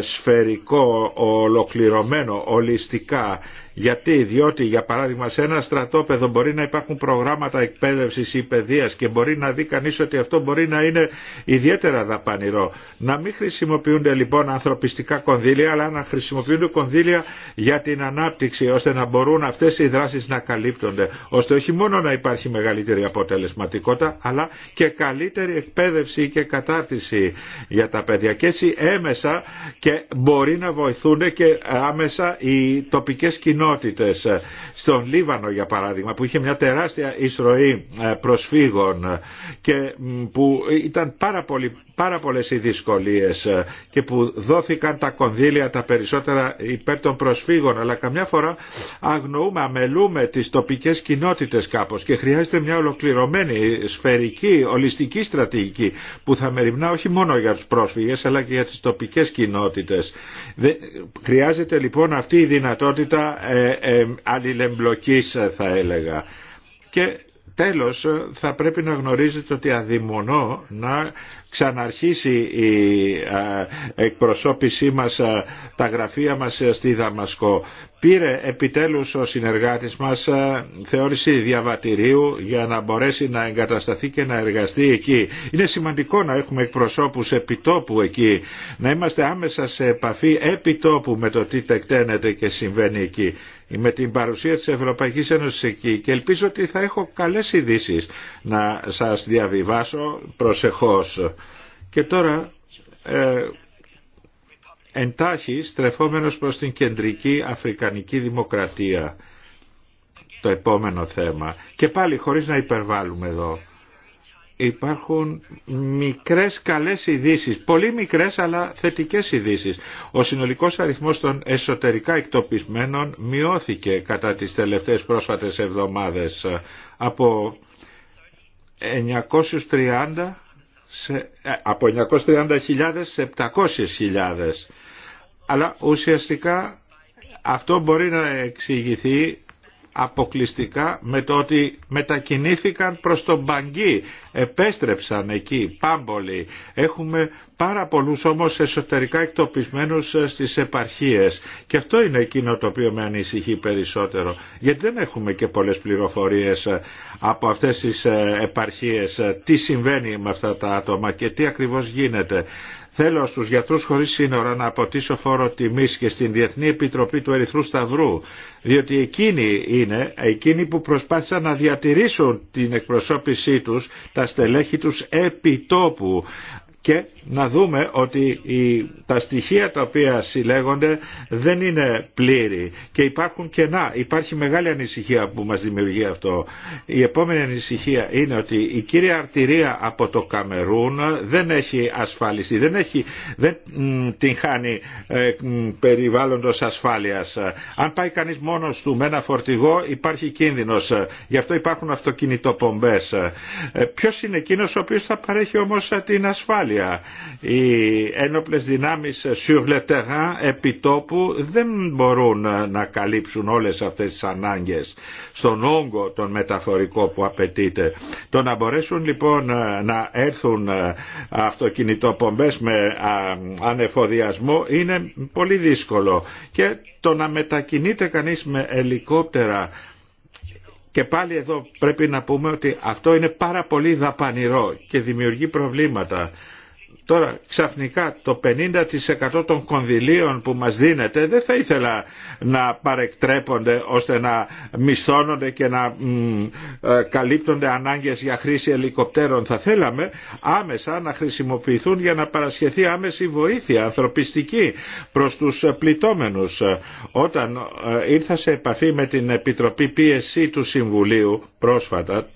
σφαιρικό, ολοκληρωμένο, ολιστικά γιατί, διότι για παράδειγμα σε ένα στρατόπεδο μπορεί να υπάρχουν προγράμματα εκπαίδευση ή παιδεία και μπορεί να δει κανεί ότι αυτό μπορεί να είναι ιδιαίτερα δαπανηρό. Να μην χρησιμοποιούνται λοιπόν ανθρωπιστικά κονδύλια αλλά να χρησιμοποιούνται κονδύλια για την ανάπτυξη ώστε να μπορούν αυτε οι δρασει να καλύπτονται. Ώστε όχι μόνο να υπάρχει μεγαλύτερη αποτελεσματικότητα αλλά και καλύτερη εκπαίδευση και κατάρτιση για τα παιδιά. Και έτσι έμεσα και μπορεί να βοηθούν και άμεσα οι τοπικέ στον Λίβανο για παράδειγμα που είχε μια τεράστια εισρωή ε, προσφύγων ε, και που ήταν πάρα πολύ πάρα πολλές οι δυσκολίες ε, και που δόθηκαν τα κονδύλια τα περισσότερα υπέρ των προσφύγων αλλά καμιά φορά αγνοούμε, αμελούμε τις τοπικές κοινότητες κάπως και χρειάζεται μια ολοκληρωμένη σφαιρική, ολιστική στρατηγική που θα μεριμνά όχι μόνο για τους πρόσφυγες αλλά και για τις τοπικές κοινότητες. Χρειάζεται λοιπόν αυτή η δυνατότητα ε, ε, αλληλεμπλοκής θα έλεγα. Και Τέλος, θα πρέπει να γνωρίζετε ότι αδειμονώ να ξαναρχίσει η εκπροσώπησή μας, τα γραφεία μας ε, στη Δαμασκό. Πήρε επιτέλους ο συνεργάτης μας θεώρηση διαβατηρίου για να μπορέσει να εγκατασταθεί και να εργαστεί εκεί. Είναι σημαντικό να έχουμε εκπροσώπους επιτόπου εκεί, να είμαστε άμεσα σε επαφή επιτόπου με το τι τεκταίνεται και συμβαίνει εκεί με την παρουσία της Ευρωπαϊκής Ένωσης εκεί και ελπίζω ότι θα έχω καλές ειδήσει να σας διαβιβάσω προσεχώς. Και τώρα ε, εντάχει στρεφόμενος προς την κεντρική Αφρικανική Δημοκρατία το επόμενο θέμα. Και πάλι χωρίς να υπερβάλλουμε εδώ υπάρχουν μικρές καλές ειδήσει, πολύ μικρές αλλά θετικές ειδήσει. Ο συνολικός αριθμός των εσωτερικά εκτοπισμένων μειώθηκε κατά τις τελευταίες πρόσφατες εβδομάδες ε, από 930 σε, ε, από 930.000 σε 700.000 αλλά ουσιαστικά αυτό μπορεί να εξηγηθεί αποκλειστικά με το ότι μετακινήθηκαν προς τον Μπαγκή, επέστρεψαν εκεί πάμπολοι. Έχουμε πάρα πολλούς όμως εσωτερικά εκτοπισμένους ε, στις επαρχίες και αυτό είναι εκείνο το οποίο με ανησυχεί περισσότερο γιατί δεν έχουμε και πολλές πληροφορίες ε, από αυτές τις ε, επαρχίες τι συμβαίνει με αυτά τα άτομα και τι ακριβώς γίνεται. Θέλω στους γιατρούς χωρίς σύνορα να αποτίσω φόρο τιμής και στην Διεθνή Επιτροπή του Ερυθρού Σταυρού, διότι εκείνοι είναι, εκείνοι που προσπάθησαν να διατηρήσουν την εκπροσώπησή τους, τα στελέχη τους επιτόπου και να δούμε ότι τα στοιχεία τα οποία συλλέγονται δεν είναι πλήρη και υπάρχουν κενά. Υπάρχει μεγάλη ανησυχία που μας δημιουργεί αυτό. Η επόμενη ανησυχία είναι ότι η κύρια αρτηρία από το Καμερούν δεν έχει ασφάλιση, δεν, έχει, δεν την χάνει ε, μ, περιβάλλοντος ασφάλειας. Αν πάει κανείς μόνος του με ένα φορτηγό υπάρχει κίνδυνος. Γι' αυτό υπάρχουν αυτοκινητοπομπές. Ε, ποιος είναι εκείνος ο οποίος θα παρέχει όμως την ασφάλεια ασφάλεια. Οι ένοπλες δυνάμεις sur le επιτόπου δεν μπορούν να καλύψουν όλες αυτές τις ανάγκες στον όγκο τον μεταφορικό που απαιτείται. Το να μπορέσουν λοιπόν να έρθουν ε, αυτοκινητοπομπές με ανεφοδιασμό είναι πολύ δύσκολο και το να μετακινείται κανείς με ελικόπτερα και πάλι εδώ πρέπει να πούμε ότι αυτό είναι πάρα πολύ δαπανηρό και δημιουργεί προβλήματα. Τώρα ξαφνικά το 50% των κονδυλίων που μας δίνεται δεν θα ήθελα να παρεκτρέπονται ώστε να μισθώνονται και να ε, καλύπτονται ανάγκες για χρήση ελικοπτέρων. Θα θέλαμε άμεσα να χρησιμοποιηθούν για να παρασχεθεί άμεση βοήθεια ανθρωπιστική προς τους πληττόμενους. Όταν ε, ήρθα σε επαφή με την Επιτροπή Πιεσή του Συμβουλίου πρόσφατα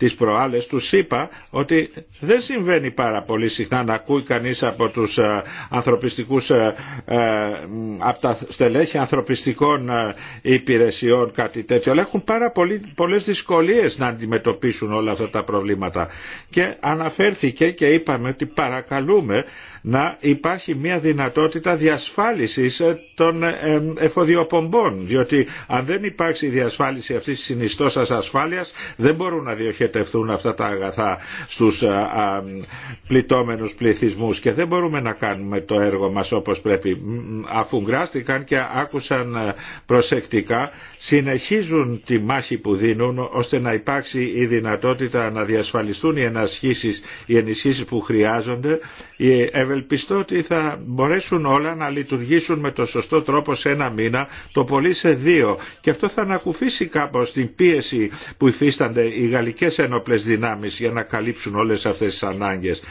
τις προάλλες του είπα ότι δεν συμβαίνει πάρα πολύ συχνά να ακούει κανείς από τους ε, ανθρωπιστικούς ε, ε, από τα στελέχη ανθρωπιστικών υπηρεσιών κάτι τέτοιο αλλά έχουν πάρα πολύ, πολλές δυσκολίες να αντιμετωπίσουν όλα αυτά τα προβλήματα και αναφέρθηκε και είπαμε ότι παρακαλούμε να υπάρχει μια δυνατότητα διασφάλισης ε, των εφοδιοπομπών διότι αν δεν υπάρξει διασφάλιση αυτής της συνιστώσας ασφάλειας δεν μπορούν να διοχετευτούν αυτά τα αγαθά στους ε, πληττόμενους πληθυσμούς και δεν μπορούμε να κάνουμε το έργο μας όπως πρέπει αφού γράστηκαν και άκουσαν ε, προσεκτικά συνεχίζουν τη μάχη που δίνουν ώστε να υπάρξει η δυνατότητα να διασφαλιστούν οι ενασχύσεις, οι ενισχύσεις που χρειάζονται, ευελπιστώ ότι θα μπορέσουν όλα να λειτουργήσουν με το σωστό τρόπο σε ένα μήνα, το πολύ σε δύο. Και αυτό θα ανακουφίσει κάπως την πίεση που υφίστανται οι γαλλικές ενόπλες δυνάμεις για να καλύψουν όλες αυτές τι ανάγκες.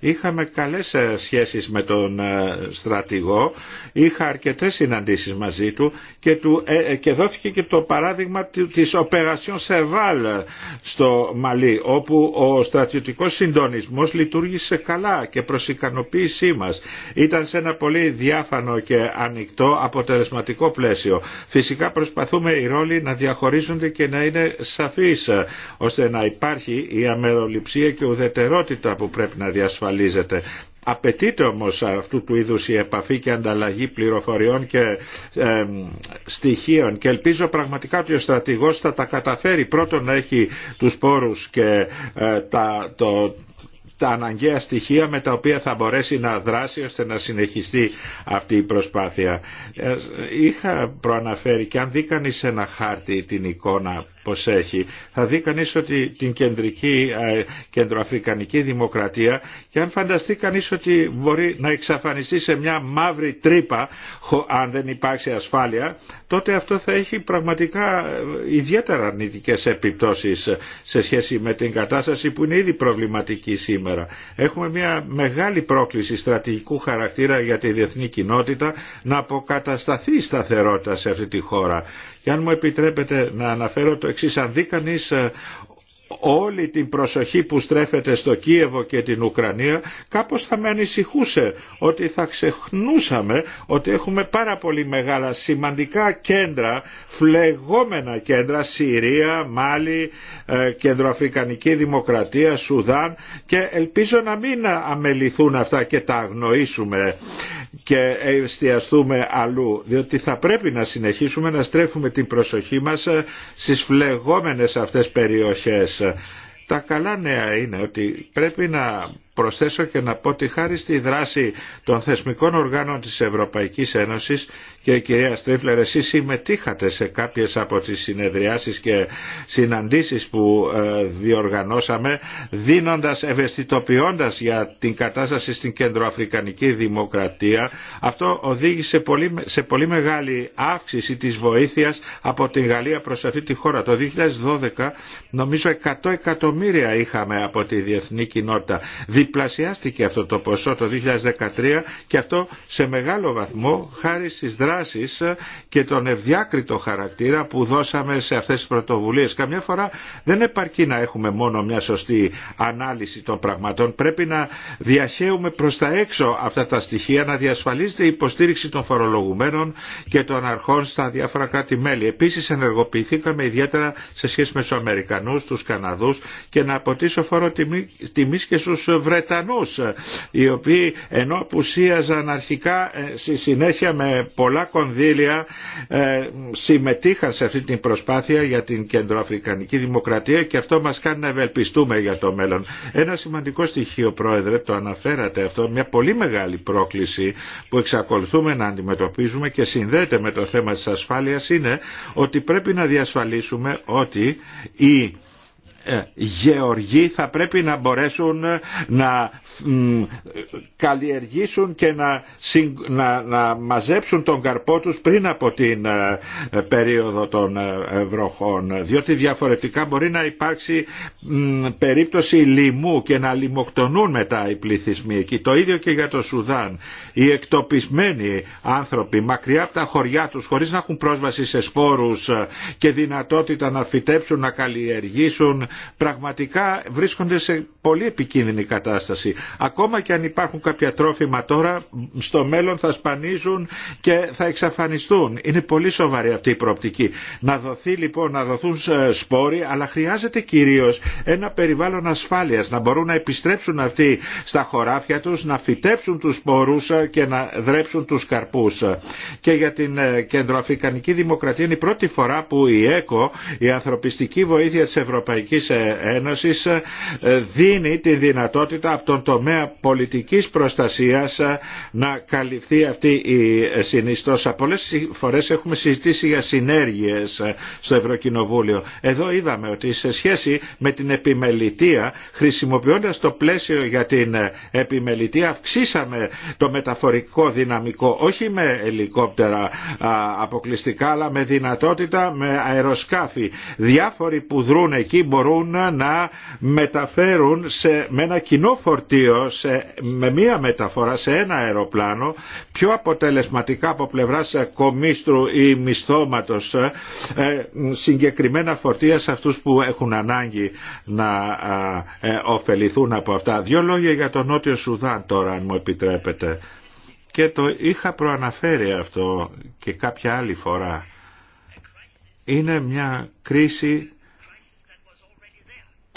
Είχαμε καλές ε, σχέσεις με τον ε, στρατηγό, είχα αρκετές συναντήσεις μαζί του και, του, ε, και δόθηκε και το παράδειγμα της Operation Serval στο Μαλί, όπου ο στρατιωτικό συντονισμό λειτουργήσε καλά και προ ήταν σε ένα πολύ διάφανο και ανοιχτό αποτελεσματικό πλαίσιο. Φυσικά προσπαθούμε οι ρόλοι να διαχωρίζονται και να είναι σαφείς, ώστε να υπάρχει η αμεροληψία και ουδετερότητα που πρέπει να διασφαλίζεται. Απαιτείται όμως αυτού του είδους η επαφή και ανταλλαγή πληροφοριών και στοιχείων και ελπίζω πραγματικά ότι ο στρατηγός θα τα καταφέρει πρώτον να έχει τους πόρους και ε, τα, το, τα αναγκαία στοιχεία με τα οποία θα μπορέσει να δράσει ώστε να συνεχιστεί αυτή η προσπάθεια. Ε, είχα προαναφέρει και αν δει κανείς ένα χάρτη την εικόνα πως έχει. Θα δει κανείς ότι την κεντρική, κεντροαφρικανική δημοκρατία και αν φανταστεί κανείς ότι μπορεί να εξαφανιστεί σε μια μαύρη τρύπα αν δεν υπάρξει ασφάλεια, τότε αυτό θα έχει πραγματικά ε, ιδιαίτερα αρνητικές επιπτώσεις σε σχέση με την κατάσταση που είναι ήδη προβληματική σήμερα. Έχουμε μια μεγάλη πρόκληση στρατηγικού χαρακτήρα για τη διεθνή κοινότητα να αποκατασταθεί η σταθερότητα σε αυτή τη χώρα και αν μου επιτρέπετε να αναφέρω το εξής, αν δει ε, όλη την προσοχή που στρέφεται στο Κίεβο και την Ουκρανία κάπως θα με ανησυχούσε ότι θα ξεχνούσαμε ότι έχουμε πάρα πολύ μεγάλα σημαντικά κέντρα, φλεγόμενα κέντρα, Συρία, Μάλι, ε, Κεντροαφρικανική Δημοκρατία, Σουδάν και ελπίζω να μην αμεληθούν αυτά και τα αγνοήσουμε και εστιαστούμε αλλού διότι θα πρέπει να συνεχίσουμε να στρέφουμε την προσοχή μας ε, στις φλεγόμενες αυτές περιοχές ε, τα καλά νέα είναι ότι πρέπει να προσθέσω και να πω ότι χάρη στη δράση των θεσμικών οργάνων της Ευρωπαϊκής Ένωσης και κυρία Στρίφλερ εσείς συμμετείχατε σε κάποιες από τις συνεδριάσεις και συναντήσεις που ε, διοργανώσαμε δίνοντας, ευαισθητοποιώντας για την κατάσταση στην κεντροαφρικανική δημοκρατία. Αυτό οδήγησε πολύ, σε πολύ μεγάλη αύξηση της βοήθειας από την Γαλλία προς αυτή τη χώρα. Το 2012 νομίζω 100 εκατομμύρια είχαμε από τη διεθνή κοινότητα διπλασιάστηκε αυτό το ποσό το 2013 και αυτό σε μεγάλο βαθμό χάρη στις δράσεις και τον ευδιάκριτο χαρακτήρα που δώσαμε σε αυτές τις πρωτοβουλίες. Καμιά φορά δεν επαρκεί να έχουμε μόνο μια σωστή ανάλυση των πραγματών. Πρέπει να διαχέουμε προς τα έξω αυτά τα στοιχεία, να διασφαλίζεται η υποστήριξη των φορολογουμένων και των αρχών στα διάφορα κράτη-μέλη. Επίσης ενεργοποιηθήκαμε ιδιαίτερα σε σχέση με τους Αμερικανούς, τους Καναδούς και να αποτίσω φόρο τιμή, τιμής και στους Βρετανούς οι οποίοι ενώ απουσίαζαν αρχικά ε, στη συνέχεια με πολλά κονδύλια ε, συμμετείχαν σε αυτή την προσπάθεια για την κεντροαφρικανική δημοκρατία και αυτό μας κάνει να ευελπιστούμε για το μέλλον. Ένα σημαντικό στοιχείο πρόεδρε το αναφέρατε αυτό μια πολύ μεγάλη πρόκληση που εξακολουθούμε να αντιμετωπίζουμε και συνδέεται με το θέμα της ασφάλειας είναι ότι πρέπει να διασφαλίσουμε ότι η ε, γεωργοί θα πρέπει να μπορέσουν ε, να καλλιεργήσουν και να, να, να μαζέψουν τον καρπό τους πριν από την ε, περίοδο των βροχών διότι διαφορετικά μπορεί να υπάρξει περίπτωση λιμού και να λιμοκτονούν μετά οι πληθυσμοί εκεί. Το ίδιο και για το Σουδάν. Οι εκτοπισμένοι άνθρωποι μακριά από τα χωριά τους χωρίς να έχουν πρόσβαση σε σπόρους και δυνατότητα να φυτέψουν, να καλλιεργήσουν πραγματικά βρίσκονται σε πολύ επικίνδυνη κατάσταση. Ακόμα και αν υπάρχουν κάποια τρόφιμα τώρα, στο μέλλον θα σπανίζουν και θα εξαφανιστούν. Είναι πολύ σοβαρή αυτή η προοπτική. Να δοθεί λοιπόν, να δοθούν ε, σπόροι, αλλά χρειάζεται κυρίως ένα περιβάλλον ασφάλειας, να μπορούν να επιστρέψουν αυτοί στα χωράφια τους, να φυτέψουν τους σπόρους ε, και να δρέψουν τους καρπούς. Και για την ε, Κεντροαφρικανική Δημοκρατία είναι η πρώτη φορά που η ΕΚΟ, η ανθρωπιστική βοήθεια τη Ευρωπαϊκή. Ένωσης ε, δίνει τη δυνατότητα από τον τομέα πολιτικής προστασίας ε, να καλυφθεί αυτή η ε, συνιστόσα. Πολλές φορές έχουμε συζητήσει για συνέργειες στο Ευρωκοινοβούλιο. Εδώ είδαμε ότι σε σχέση με την επιμελητία, χρησιμοποιώντας το πλαίσιο για την επιμελητία, αυξήσαμε το μεταφορικό δυναμικό, όχι με ελικόπτερα αποκλειστικά, αλλά με δυνατότητα με αεροσκάφη. Διάφοροι που δρούν εκεί μπορούν μπορούν να μεταφέρουν σε, με ένα κοινό φορτίο, με μία μεταφορά σε ένα αεροπλάνο, πιο αποτελεσματικά από πλευράς κομίστρου ή μισθώματος ε, ε, συγκεκριμένα φορτία σε αυτούς που έχουν ανάγκη να ε, ωφεληθούν από αυτά. Δύο λόγια για τον Νότιο Σουδάν τώρα, αν μου επιτρέπετε. Και το είχα προαναφέρει αυτό και κάποια άλλη φορά. Είναι μια κρίση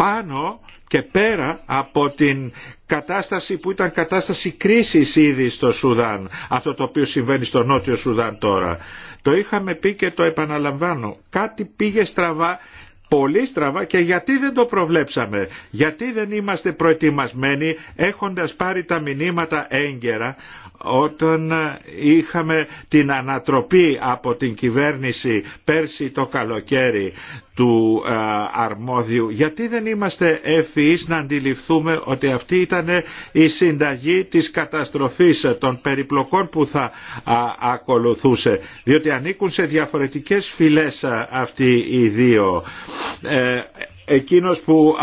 πάνω και πέρα από την κατάσταση που ήταν κατάσταση κρίσης ήδη στο Σουδάν, αυτό το οποίο συμβαίνει στο Νότιο Σουδάν τώρα. Το είχαμε πει και το επαναλαμβάνω. Κάτι πήγε στραβά πολύ στραβά και γιατί δεν το προβλέψαμε. Γιατί δεν είμαστε προετοιμασμένοι έχοντας πάρει τα μηνύματα έγκαιρα όταν είχαμε την ανατροπή από την κυβέρνηση πέρσι το καλοκαίρι του ε, αρμόδιου γιατί δεν είμαστε ευφυείς να αντιληφθούμε ότι αυτή ήταν η συνταγή της καταστροφής των περιπλοκών που θα ακολουθούσε διότι ανήκουν σε διαφορετικές φυλές αυτοί οι δύο ε, εκείνος που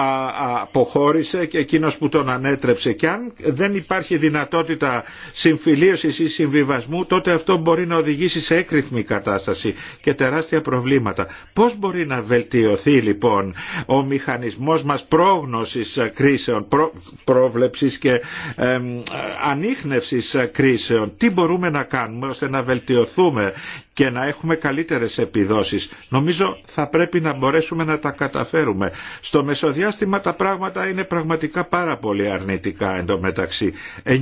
αποχώρησε και εκείνος που τον ανέτρεψε. Και αν δεν υπάρχει δυνατότητα συμφιλίωσης ή συμβιβασμού, τότε αυτό μπορεί να οδηγήσει σε έκρηθμη κατάσταση και τεράστια προβλήματα. Πώς μπορεί να βελτιωθεί λοιπόν ο μηχανισμός μας πρόγνωσης κρίσεων, προ, πρόβλεψης και ε, κρίσεων. Τι μπορούμε να κάνουμε ώστε να βελτιωθούμε και να έχουμε καλύτερες επιδόσεις. Νομίζω θα πρέπει να μπορέσουμε να τα καταφέρουμε. Στο μεσοδιάστημα τα πράγματα είναι πραγματικά πάρα πολύ αρνητικά εντωμεταξύ. 900.000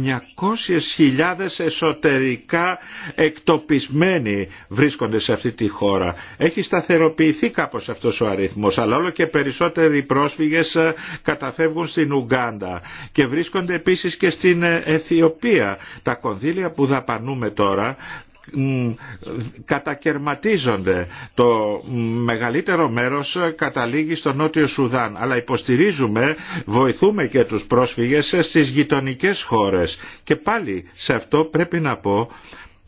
εσωτερικά εκτοπισμένοι βρίσκονται σε αυτή τη χώρα. Έχει σταθεροποιηθεί κάπως αυτός ο αριθμός, αλλά όλο και περισσότεροι πρόσφυγες ε, καταφεύγουν στην Ουγγάντα... και βρίσκονται επίσης και στην ε, Αιθιοπία. Τα κονδύλια που δαπανούμε τώρα κατακαιρματίζονται. Το μεγαλύτερο μέρος καταλήγει στο Νότιο Σουδάν, αλλά υποστηρίζουμε, βοηθούμε και τους πρόσφυγες στις γειτονικές χώρες. Και πάλι σε αυτό πρέπει να πω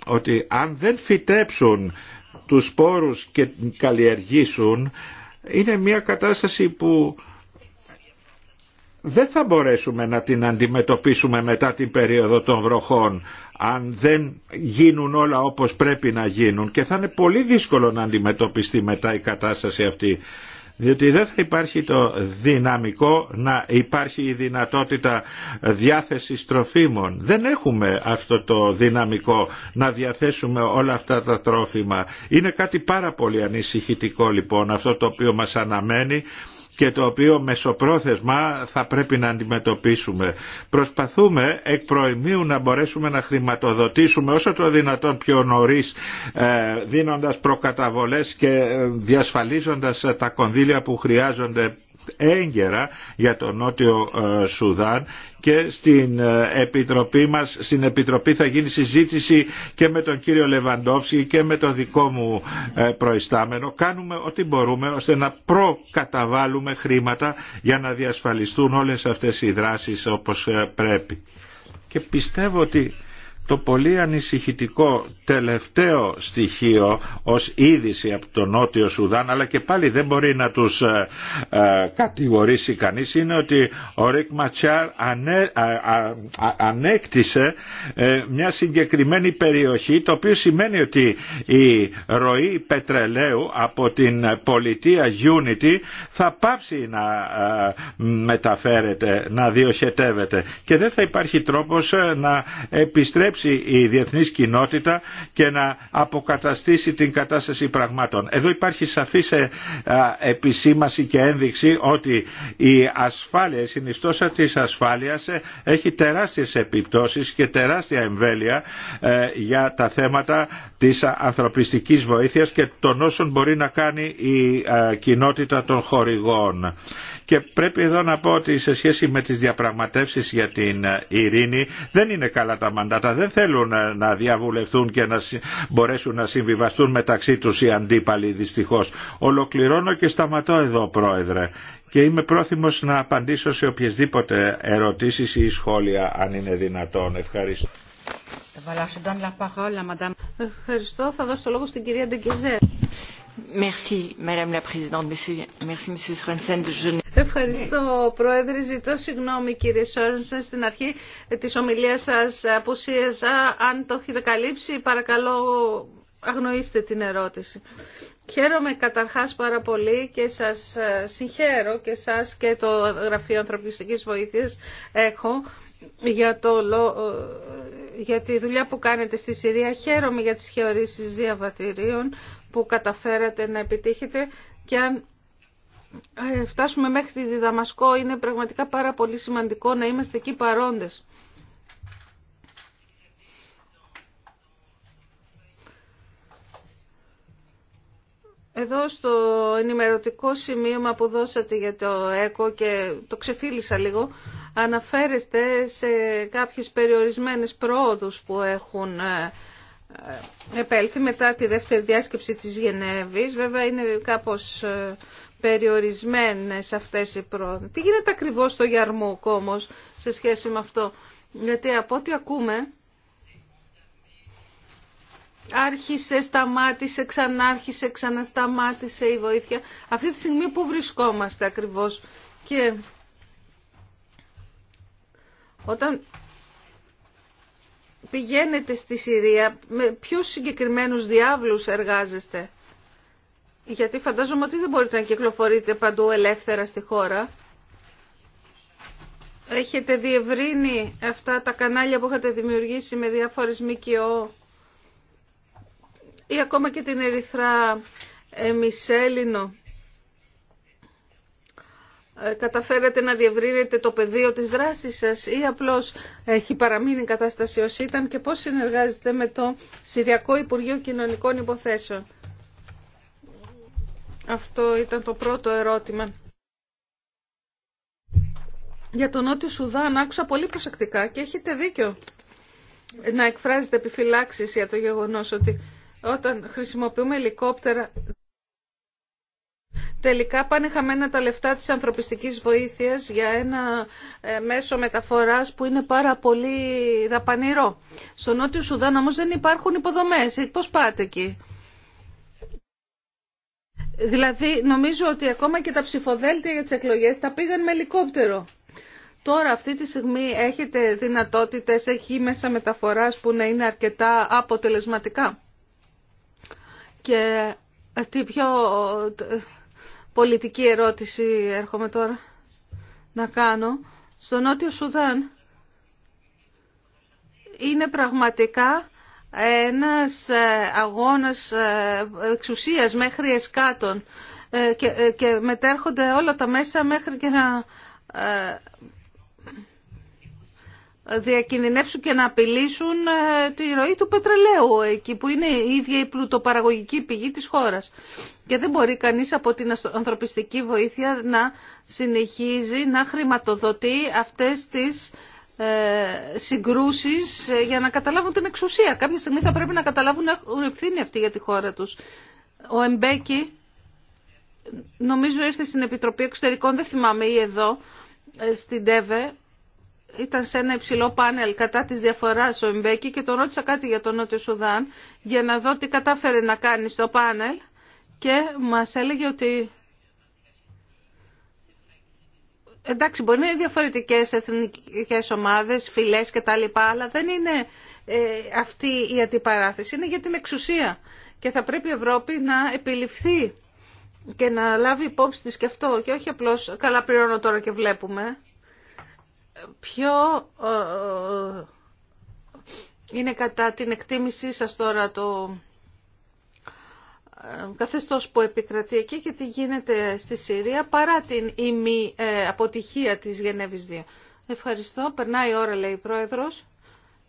ότι αν δεν φυτέψουν τους σπόρους και καλλιεργήσουν, είναι μια κατάσταση που δεν θα μπορέσουμε να την αντιμετωπίσουμε μετά την περίοδο των βροχών αν δεν γίνουν όλα όπως πρέπει να γίνουν και θα είναι πολύ δύσκολο να αντιμετωπιστεί μετά η κατάσταση αυτή διότι δεν θα υπάρχει το δυναμικό να υπάρχει η δυνατότητα διάθεσης τροφίμων. Δεν έχουμε αυτό το δυναμικό να διαθέσουμε όλα αυτά τα τρόφιμα. Είναι κάτι πάρα πολύ ανησυχητικό λοιπόν αυτό το οποίο μας αναμένει και το οποίο μεσοπρόθεσμα θα πρέπει να αντιμετωπίσουμε. Προσπαθούμε εκ προημίου να μπορέσουμε να χρηματοδοτήσουμε όσο το δυνατόν πιο νωρίς ε, δίνοντας προκαταβολές και ε, διασφαλίζοντας τα κονδύλια που χρειάζονται έγκαιρα για τον Νότιο ε, Σουδάν και στην ε, Επιτροπή μας, στην Επιτροπή θα γίνει συζήτηση και με τον κύριο Λεβαντόφσκι και με τον δικό μου ε, προϊστάμενο. Κάνουμε ό,τι μπορούμε ώστε να προκαταβάλουμε χρήματα για να διασφαλιστούν όλες αυτές οι δράσεις όπως πρέπει. Και πιστεύω ότι το πολύ ανησυχητικό τελευταίο στοιχείο ως είδηση από τον Νότιο Σουδάν αλλά και πάλι δεν μπορεί να τους ε, ε κατηγορήσει κανείς είναι ότι ο Ρικ Ματσάρ ανέκτησε ε, μια συγκεκριμένη περιοχή το οποίο σημαίνει ότι η ροή πετρελαίου από την πολιτεία Unity θα πάψει να ε, μεταφέρεται, να διοχετεύεται και δεν θα υπάρχει τρόπος να επιστρέψει ανακάμψει η διεθνής κοινότητα και να αποκαταστήσει την κατάσταση πραγμάτων. Εδώ υπάρχει σαφής ε, επισήμαση και ένδειξη ότι η ασφάλεια, η συνιστόσα της ασφάλειας ε, έχει τεράστιες επιπτώσεις και τεράστια εμβέλεια ε, για τα θέματα της ανθρωπιστικής βοήθειας και των όσων μπορεί να κάνει η κοινότητα των χορηγών. Και πρέπει εδώ να πω ότι σε σχέση με τις διαπραγματεύσεις για την ε, ειρήνη δεν είναι καλά τα μαντάτα. Δεν θέλουν ε, να διαβουλευτούν και να μπορέσουν να συμβιβαστούν μεταξύ τους οι αντίπαλοι δυστυχώς. Ολοκληρώνω και σταματώ εδώ πρόεδρε και είμαι πρόθυμος να απαντήσω σε οποιασδήποτε ερωτήσεις ή σχόλια αν είναι δυνατόν. Ευχαριστώ. Ευχαριστώ. Θα δώσω το λόγο στην κυρία Ντεγκεζέ. Ευχαριστώ, Πρόεδρε. Ζητώ συγγνώμη, κύριε Σόρνσεν, στην αρχή της ομιλίας σας απουσίαζα. Αν το έχετε καλύψει, παρακαλώ αγνοήστε την ερώτηση. Χαίρομαι καταρχάς πάρα πολύ και σας συγχαίρω και σας και το Γραφείο Ανθρωπιστικής Βοήθειας έχω για, το, για τη δουλειά που κάνετε στη Συρία. Χαίρομαι για τις χειορίσεις διαβατηρίων που καταφέρατε να επιτύχετε και αν ε, φτάσουμε μέχρι τη Δαμασκό είναι πραγματικά πάρα πολύ σημαντικό να είμαστε εκεί παρόντες. Εδώ στο ενημερωτικό σημείωμα που δώσατε για το ΕΚΟ και το ξεφίλησα λίγο, αναφέρεστε σε κάποιες περιορισμένες πρόοδους που έχουν ε, ε, επέλθει μετά τη δεύτερη διάσκεψη της Γενέβης. Βέβαια είναι κάπως ε, περιορισμένες αυτές οι πρόοδοι. Τι γίνεται ακριβώς στο Γιαρμούκ όμως σε σχέση με αυτό. Γιατί από ό,τι ακούμε άρχισε, σταμάτησε, ξανάρχισε, ξανασταμάτησε η βοήθεια. Αυτή τη στιγμή που βρισκόμαστε ακριβώς όταν πηγαίνετε στη Συρία, με ποιους συγκεκριμένους διάβλους εργάζεστε. Γιατί φαντάζομαι ότι δεν μπορείτε να κυκλοφορείτε παντού ελεύθερα στη χώρα. Έχετε διευρύνει αυτά τα κανάλια που είχατε δημιουργήσει με διάφορες ΜΚΟ ή ακόμα και την Ερυθρά Μισέλινο ε, καταφέρατε να διευρύνετε το πεδίο της δράσης σας ή απλώς έχει παραμείνει η κατάσταση ως ήταν και πώς συνεργάζεστε με το Συριακό Υπουργείο Κοινωνικών Υποθέσεων. Αυτό ήταν το πρώτο ερώτημα. Για τον Νότιο Σουδάν άκουσα πολύ προσεκτικά και έχετε δίκιο να εκφράζετε επιφυλάξεις για το γεγονός ότι όταν χρησιμοποιούμε ελικόπτερα τελικά πάνε χαμένα τα λεφτά της ανθρωπιστικής βοήθειας για ένα ε, μέσο μεταφοράς που είναι πάρα πολύ δαπανηρό. Στο Νότιο Σουδάν όμως δεν υπάρχουν υποδομές. Ε, πώς πάτε εκεί. Δηλαδή νομίζω ότι ακόμα και τα ψηφοδέλτια για τις εκλογές τα πήγαν με ελικόπτερο. Τώρα αυτή τη στιγμή έχετε δυνατότητες, έχει μέσα μεταφοράς που να είναι αρκετά αποτελεσματικά. Και ε, τι πιο πολιτική ερώτηση έρχομαι τώρα να κάνω. Στο Νότιο Σουδάν είναι πραγματικά ένας ε, αγώνας ε, εξουσίας μέχρι εσκάτων ε, και μετέρχονται όλα τα μέσα μέχρι και να διακινδυνεύσουν και να απειλήσουν ε, τη ροή του πετρελαίου εκεί που είναι η ίδια η πλουτοπαραγωγική πηγή της χώρας. Και δεν μπορεί κανείς από την ανθρωπιστική βοήθεια να συνεχίζει να χρηματοδοτεί αυτές τις ε, συγκρούσεις ε, για να καταλάβουν την εξουσία. Κάποια στιγμή θα πρέπει να καταλάβουν να έχουν ευθύνη αυτοί για τη χώρα τους. Ο Εμπέκη, νομίζω ήρθε στην Επιτροπή Εξωτερικών, δεν θυμάμαι ή εδώ, στην ΤΕΒΕ, ήταν σε ένα υψηλό πάνελ κατά της διαφοράς ο Μπέκη και τον ρώτησα κάτι για τον Νότιο Σουδάν για να δω τι κατάφερε να κάνει στο πάνελ και μας έλεγε ότι εντάξει μπορεί να είναι διαφορετικές εθνικές ομάδες, φυλές και τα λοιπά, αλλά δεν είναι ε, αυτή η αντιπαράθεση, είναι για την εξουσία και θα πρέπει η Ευρώπη να επιληφθεί και να λάβει υπόψη της και αυτό και όχι απλώς καλά πληρώνω τώρα και βλέπουμε ποιο ε, ε, είναι κατά την εκτίμησή σας τώρα το ε, καθεστώς που επικρατεί εκεί και τι γίνεται στη Συρία παρά την ημι αποτυχία της Γενέβης 2. Ευχαριστώ. Περνάει η ώρα, λέει η Πρόεδρος.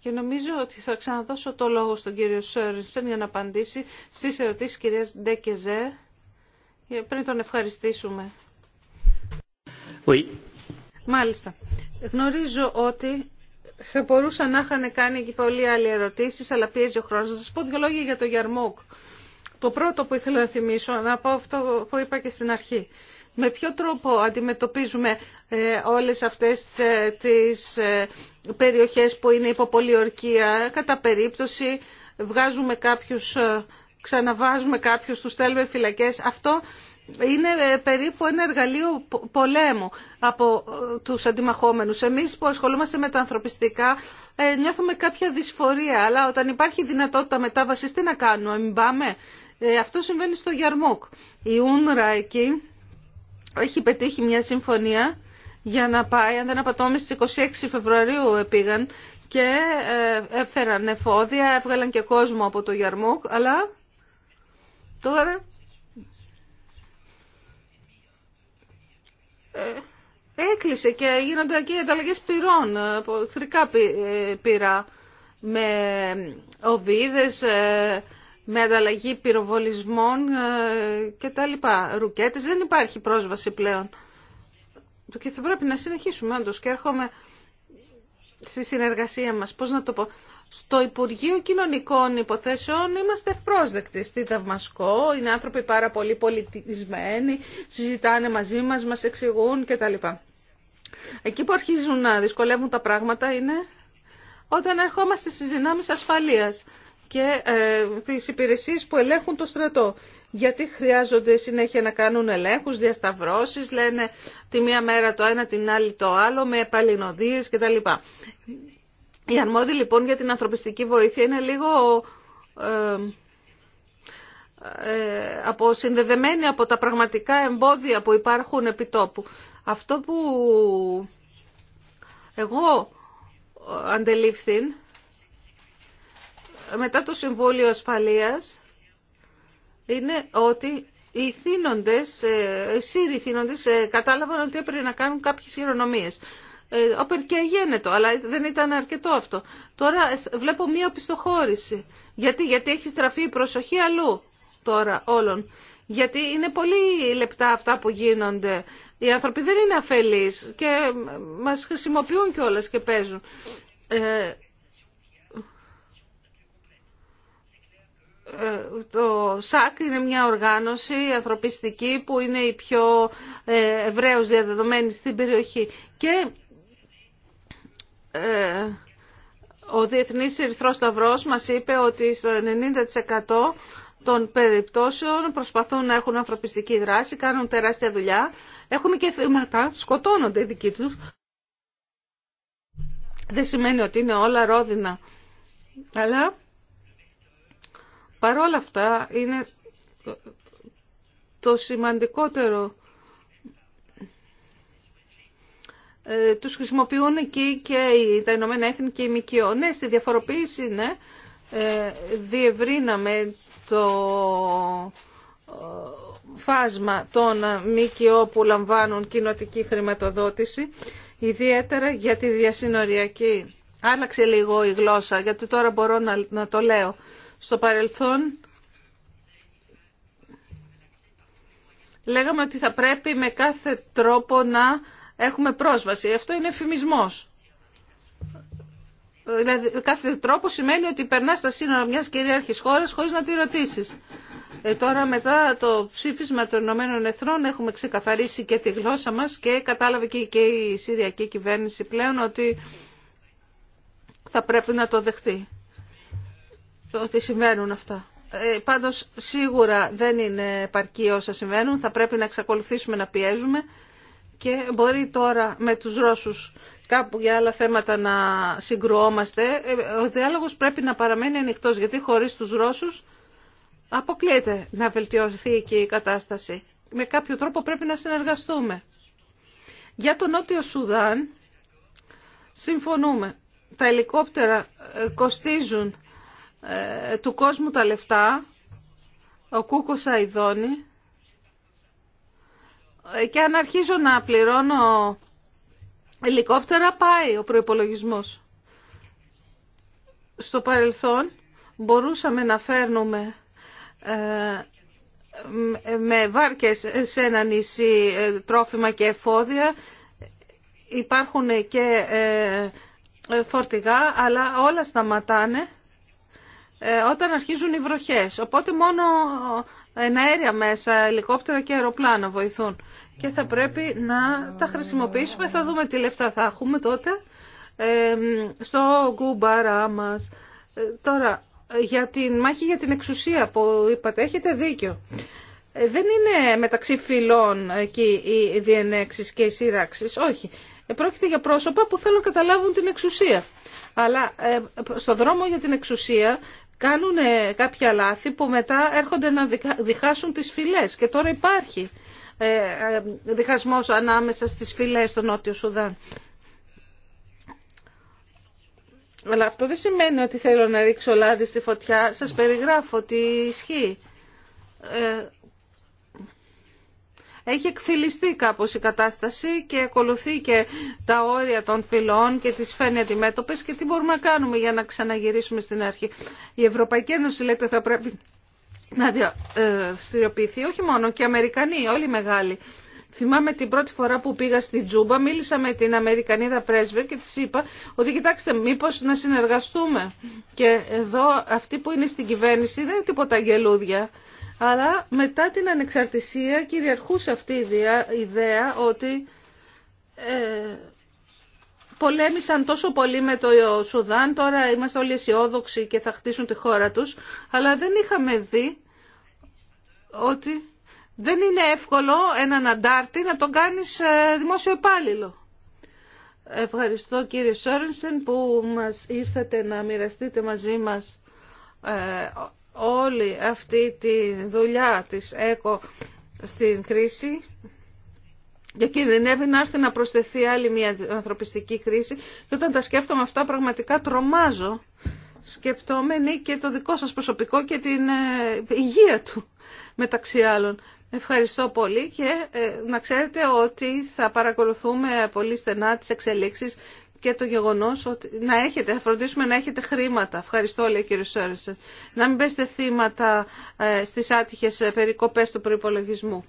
Και νομίζω ότι θα ξαναδώσω το λόγο στον κύριο Σέρνσεν για να απαντήσει στις ερωτήσεις της κυρίας Ντέκεζε πριν τον ευχαριστήσουμε. Μάλιστα. Γνωρίζω ότι θα μπορούσαν να είχαν κάνει και πολλοί άλλοι ερωτήσει, αλλά πιέζει ο χρόνο. Να σα πω δύο λόγια για το Γιαρμόκ. Το πρώτο που ήθελα να θυμίσω, να πω αυτό που είπα και στην αρχή. Με ποιο τρόπο αντιμετωπίζουμε ε, όλες αυτές ε, τις ε, περιοχές που είναι υποπολιορκία. Κατά περίπτωση βγάζουμε κάποιους, ξαναβάζουμε κάποιους, τους στέλνουμε φυλακές. Αυτό είναι ε, περίπου ένα εργαλείο πολέμου από ε, τους αντιμαχόμενους. Εμείς που ασχολούμαστε με τα ανθρωπιστικά ε, νιώθουμε κάποια δυσφορία, αλλά όταν υπάρχει δυνατότητα μετάβασης τι να κάνουμε, μην πάμε. Αυτό συμβαίνει στο Γιαρμούκ. Η Ούνρα εκεί έχει πετύχει μια συμφωνία για να πάει, αν δεν απατώμε στις 26 Φεβρουαρίου πήγαν και έφεραν εφόδια, έβγαλαν και κόσμο από το Γιαρμούκ, αλλά τώρα Ε, έκλεισε και γίνονται και ανταλλαγέ πυρών, ε, θρικά πυρά, ε, με οβίδες, με ανταλλαγή πυροβολισμών και τα λοιπά. Ρουκέτες, δεν υπάρχει πρόσβαση πλέον. Και θα πρέπει να συνεχίσουμε όντως και έρχομαι στη συνεργασία μας. Πώς να το πω στο Υπουργείο Κοινωνικών Υποθέσεων είμαστε ευπρόσδεκτοι. Στη Δαυμασκό είναι άνθρωποι πάρα πολύ πολιτισμένοι, συζητάνε μαζί μας, μας εξηγούν κτλ. Εκεί που αρχίζουν να δυσκολεύουν τα πράγματα είναι όταν ερχόμαστε στις δυνάμεις ασφαλείας και ε, τις υπηρεσίες που ελέγχουν το στρατό. Γιατί χρειάζονται συνέχεια να κάνουν ελέγχους, διασταυρώσεις, λένε τη μία μέρα το ένα, την άλλη το άλλο, με επαλληνοδίες κτλ. Οι αρμόδιοι λοιπόν για την ανθρωπιστική βοήθεια είναι λίγο ε, ε, από από τα πραγματικά εμπόδια που υπάρχουν επί τόπου. Αυτό που εγώ ε, αντελήφθην μετά το Συμβούλιο Ασφαλείας είναι ότι οι θύνοντες, οι θύνοντες κατάλαβαν ότι έπρεπε να κάνουν κάποιες χειρονομίες. Ε, όπερ και γένετο, αλλά δεν ήταν αρκετό αυτό. Τώρα βλέπω μία πιστοχώρηση. Γιατί, γιατί έχει στραφεί η προσοχή αλλού τώρα όλων. Γιατί είναι πολύ λεπτά αυτά που γίνονται. Οι άνθρωποι δεν είναι αφελείς και μας χρησιμοποιούν κιόλας και παίζουν. Ε, ε, το ΣΑΚ είναι μια οργάνωση ανθρωπιστική που είναι η πιο ευρέως διαδεδομένη στην περιοχή. Και ε, ο Διεθνής Ερυθρός Σταυρός μας είπε ότι στο 90% των περιπτώσεων προσπαθούν να έχουν ανθρωπιστική δράση, κάνουν τεράστια δουλειά, έχουν και θύματα, σκοτώνονται οι δικοί τους. Δεν σημαίνει ότι είναι όλα ρόδινα. Αλλά παρόλα αυτά είναι το σημαντικότερο Ε, τους χρησιμοποιούν εκεί και τα Ηνωμένα Έθνη και η ΜΚΟ. Ναι, στη διαφοροποίηση ναι, ε, διευρύναμε το ε, φάσμα των ΜΚΟ που λαμβάνουν κοινοτική χρηματοδότηση, ιδιαίτερα για τη διασυνοριακή. Άλλαξε λίγο η γλώσσα, γιατί τώρα μπορώ να, το λέω. Στο παρελθόν λέγαμε ότι θα πρέπει με κάθε τρόπο να έχουμε πρόσβαση. Αυτό είναι εφημισμός. Δηλαδή, κάθε τρόπο σημαίνει ότι περνά στα σύνορα μια κυρίαρχη χώρα χωρί να τη ρωτήσει. Ε, τώρα μετά το ψήφισμα των Ηνωμένων Εθνών έχουμε ξεκαθαρίσει και τη γλώσσα μας και κατάλαβε και, και η Συριακή κυβέρνηση πλέον ότι θα πρέπει να το δεχτεί. ότι συμβαίνουν αυτά. Ε, πάντως σίγουρα δεν είναι επαρκή όσα συμβαίνουν. Θα πρέπει να εξακολουθήσουμε να πιέζουμε και μπορεί τώρα με τους Ρώσους κάπου για άλλα θέματα να συγκρουόμαστε. Ε, ο διάλογος πρέπει να παραμένει ανοιχτός γιατί χωρίς τους Ρώσους αποκλείεται να βελτιωθεί και η κατάσταση. Με κάποιο τρόπο πρέπει να συνεργαστούμε. Για τον Νότιο Σουδάν συμφωνούμε. Τα ελικόπτερα ε, κοστίζουν ε, του κόσμου τα λεφτά. Ο Κούκος Αϊδόνη ε, και αν αρχίζω να πληρώνω ελικόπτερα πάει ο προϋπολογισμός. Στο παρελθόν μπορούσαμε να φέρνουμε ε, με βάρκες σε ένα νησί ε, τρόφιμα και εφόδια. Υπάρχουν και φορτηγά, αλλά όλα σταματάνε όταν αρχίζουν οι βροχές. Οπότε μόνο εναέρια μέσα, ελικόπτερα και αεροπλάνα βοηθούν. Και θα πρέπει να τα χρησιμοποιήσουμε, θα δούμε τι λεφτά θα έχουμε τότε στο γκουμπάρα μας. Ε, τώρα, για την μάχη για την εξουσία που είπατε, έχετε δίκιο. Ε, δεν είναι μεταξύ φυλών εκεί οι διενέξεις και οι σύραξεις. όχι. Ε, πρόκειται για πρόσωπα που θέλουν να καταλάβουν την εξουσία. Αλλά στο δρόμο για την εξουσία κάνουν κάποια λάθη που μετά έρχονται να διχάσουν τις φυλές. Και τώρα υπάρχει ε, ε, διχασμός ανάμεσα στις φυλές στο Νότιο Σουδάν. Αλλά αυτό δεν σημαίνει ότι θέλω να ρίξω λάδι στη φωτιά. Σας περιγράφω ότι ισχύει. Ε, έχει εκφυλιστεί κάπως η κατάσταση και ακολουθεί και τα όρια των φυλών και τις φαίνει αντιμέτωπε, και τι μπορούμε να κάνουμε για να ξαναγυρίσουμε στην αρχή. Η Ευρωπαϊκή Ένωση λέτε θα πρέπει να διαστηριοποιηθεί, ε, όχι μόνο και οι Αμερικανοί, όλοι οι μεγάλοι. Θυμάμαι την πρώτη φορά που πήγα στην Τζούμπα, μίλησα με την Αμερικανίδα πρέσβερ και της είπα ότι κοιτάξτε μήπως να συνεργαστούμε. Και εδώ αυτοί που είναι στην κυβέρνηση δεν είναι τίποτα γελούδια. Αλλά μετά την ανεξαρτησία κυριαρχούσε αυτή η ιδέα ότι ε, πολέμησαν τόσο πολύ με το Σουδάν, τώρα είμαστε όλοι αισιόδοξοι και θα χτίσουν τη χώρα τους, αλλά δεν είχαμε δει ότι δεν είναι εύκολο έναν αντάρτη να τον κάνεις ε, δημόσιο υπάλληλο. Ευχαριστώ κύριε Σόρενσεν που μας ήρθατε να μοιραστείτε μαζί μας ε, όλη αυτή τη δουλειά της ΕΚΟ στην κρίση και κινδυνεύει να έρθει να προσθεθεί άλλη μια ανθρωπιστική κρίση και όταν τα σκέφτομαι αυτά πραγματικά τρομάζω σκεπτόμενοι και το δικό σας προσωπικό και την ε, υγεία του μεταξύ άλλων. Ευχαριστώ πολύ και ε, να ξέρετε ότι θα παρακολουθούμε πολύ στενά τις εξελίξεις και το γεγονός ότι να έχετε, θα φροντίσουμε να έχετε χρήματα. Ευχαριστώ, λέει ο κύριο Σόρεσεν. Να μην πέστε θύματα ε, στις άτυχες ε, περικοπές του προϋπολογισμού.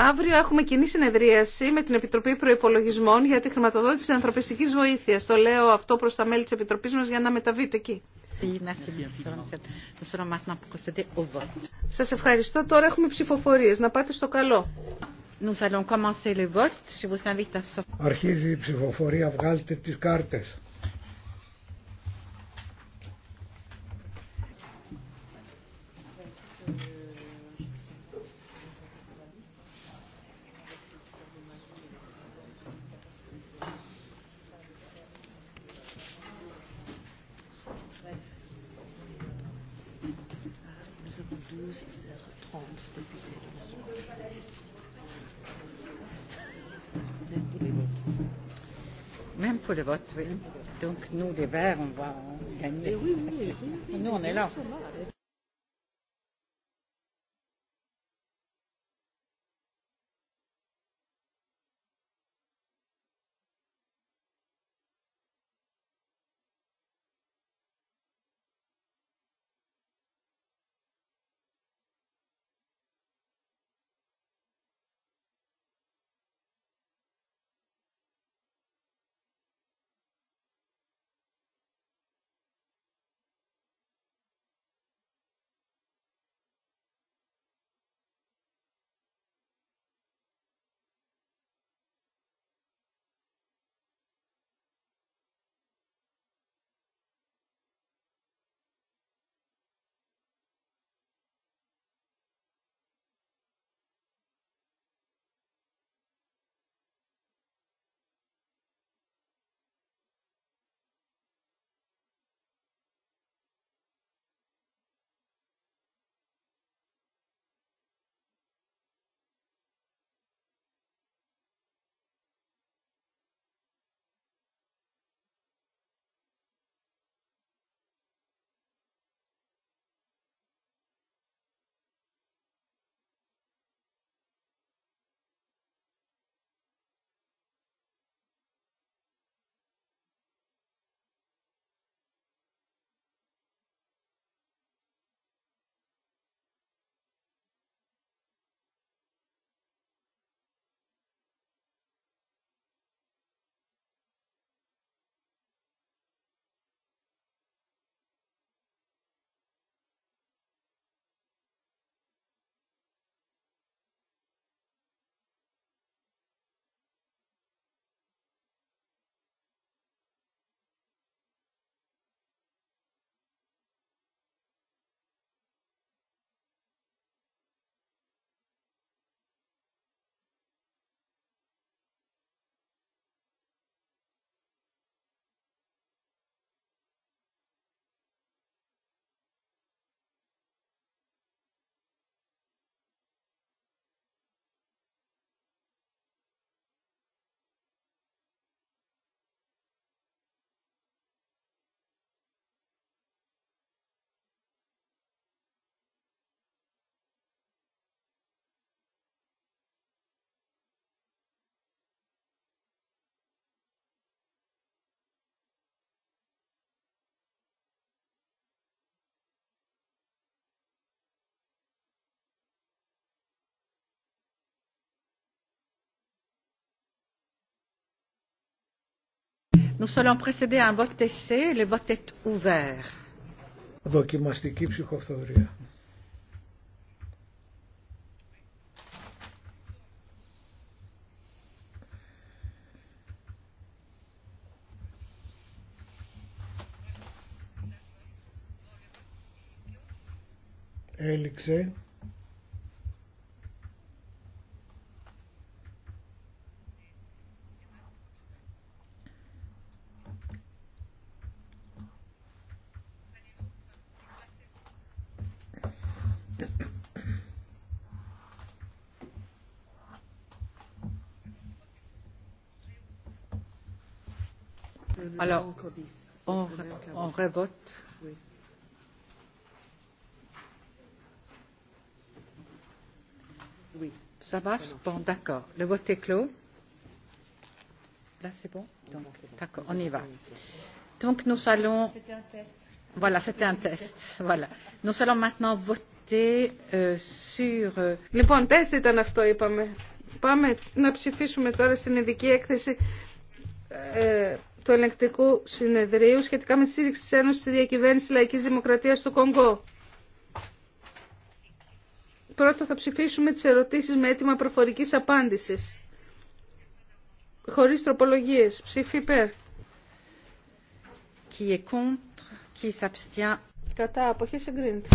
Αύριο έχουμε κοινή συνεδρίαση με την Επιτροπή Προπολογισμών για τη χρηματοδότηση ανθρωπιστική βοήθεια. Το λέω αυτό προ τα μέλη τη Επιτροπή μα για να μεταβείτε εκεί. Σας ευχαριστώ. Τώρα έχουμε ψηφοφορίες. Να πάτε στο καλό. Αρχίζει η ψηφοφορία. Βγάλτε τις κάρτες. pour le vote, oui. Donc nous, les Verts, on va gagner. Et oui, oui, oui, Nous, on est là. Nous allons procéder à un vote essai. Le vote est ouvert. Δοκιμαστική ψυχοφθορία. Έληξε. Alors, on, on revote. Oui. Ça marche Bon, d'accord. Le vote est clos. Là, c'est bon Donc, d'accord, on y va. Donc, nous allons... Voilà, c'était un test. Voilà. Nous allons maintenant voter sur... Λοιπόν, τεστ ήταν αυτό, είπαμε. Πάμε να ψηφίσουμε τώρα στην ειδική έκθεση ε, του ελεγκτικού συνεδρίου σχετικά με τη στήριξη της Ένωσης στη διακυβέρνηση λαϊκής δημοκρατίας του Κονγκό. Πρώτα θα ψηφίσουμε τις ερωτήσεις με αίτημα προφορικής απάντησης. Χωρίς τροπολογίες. Ψήφι υπέρ. Κατά, αποχές εγκρίνεται.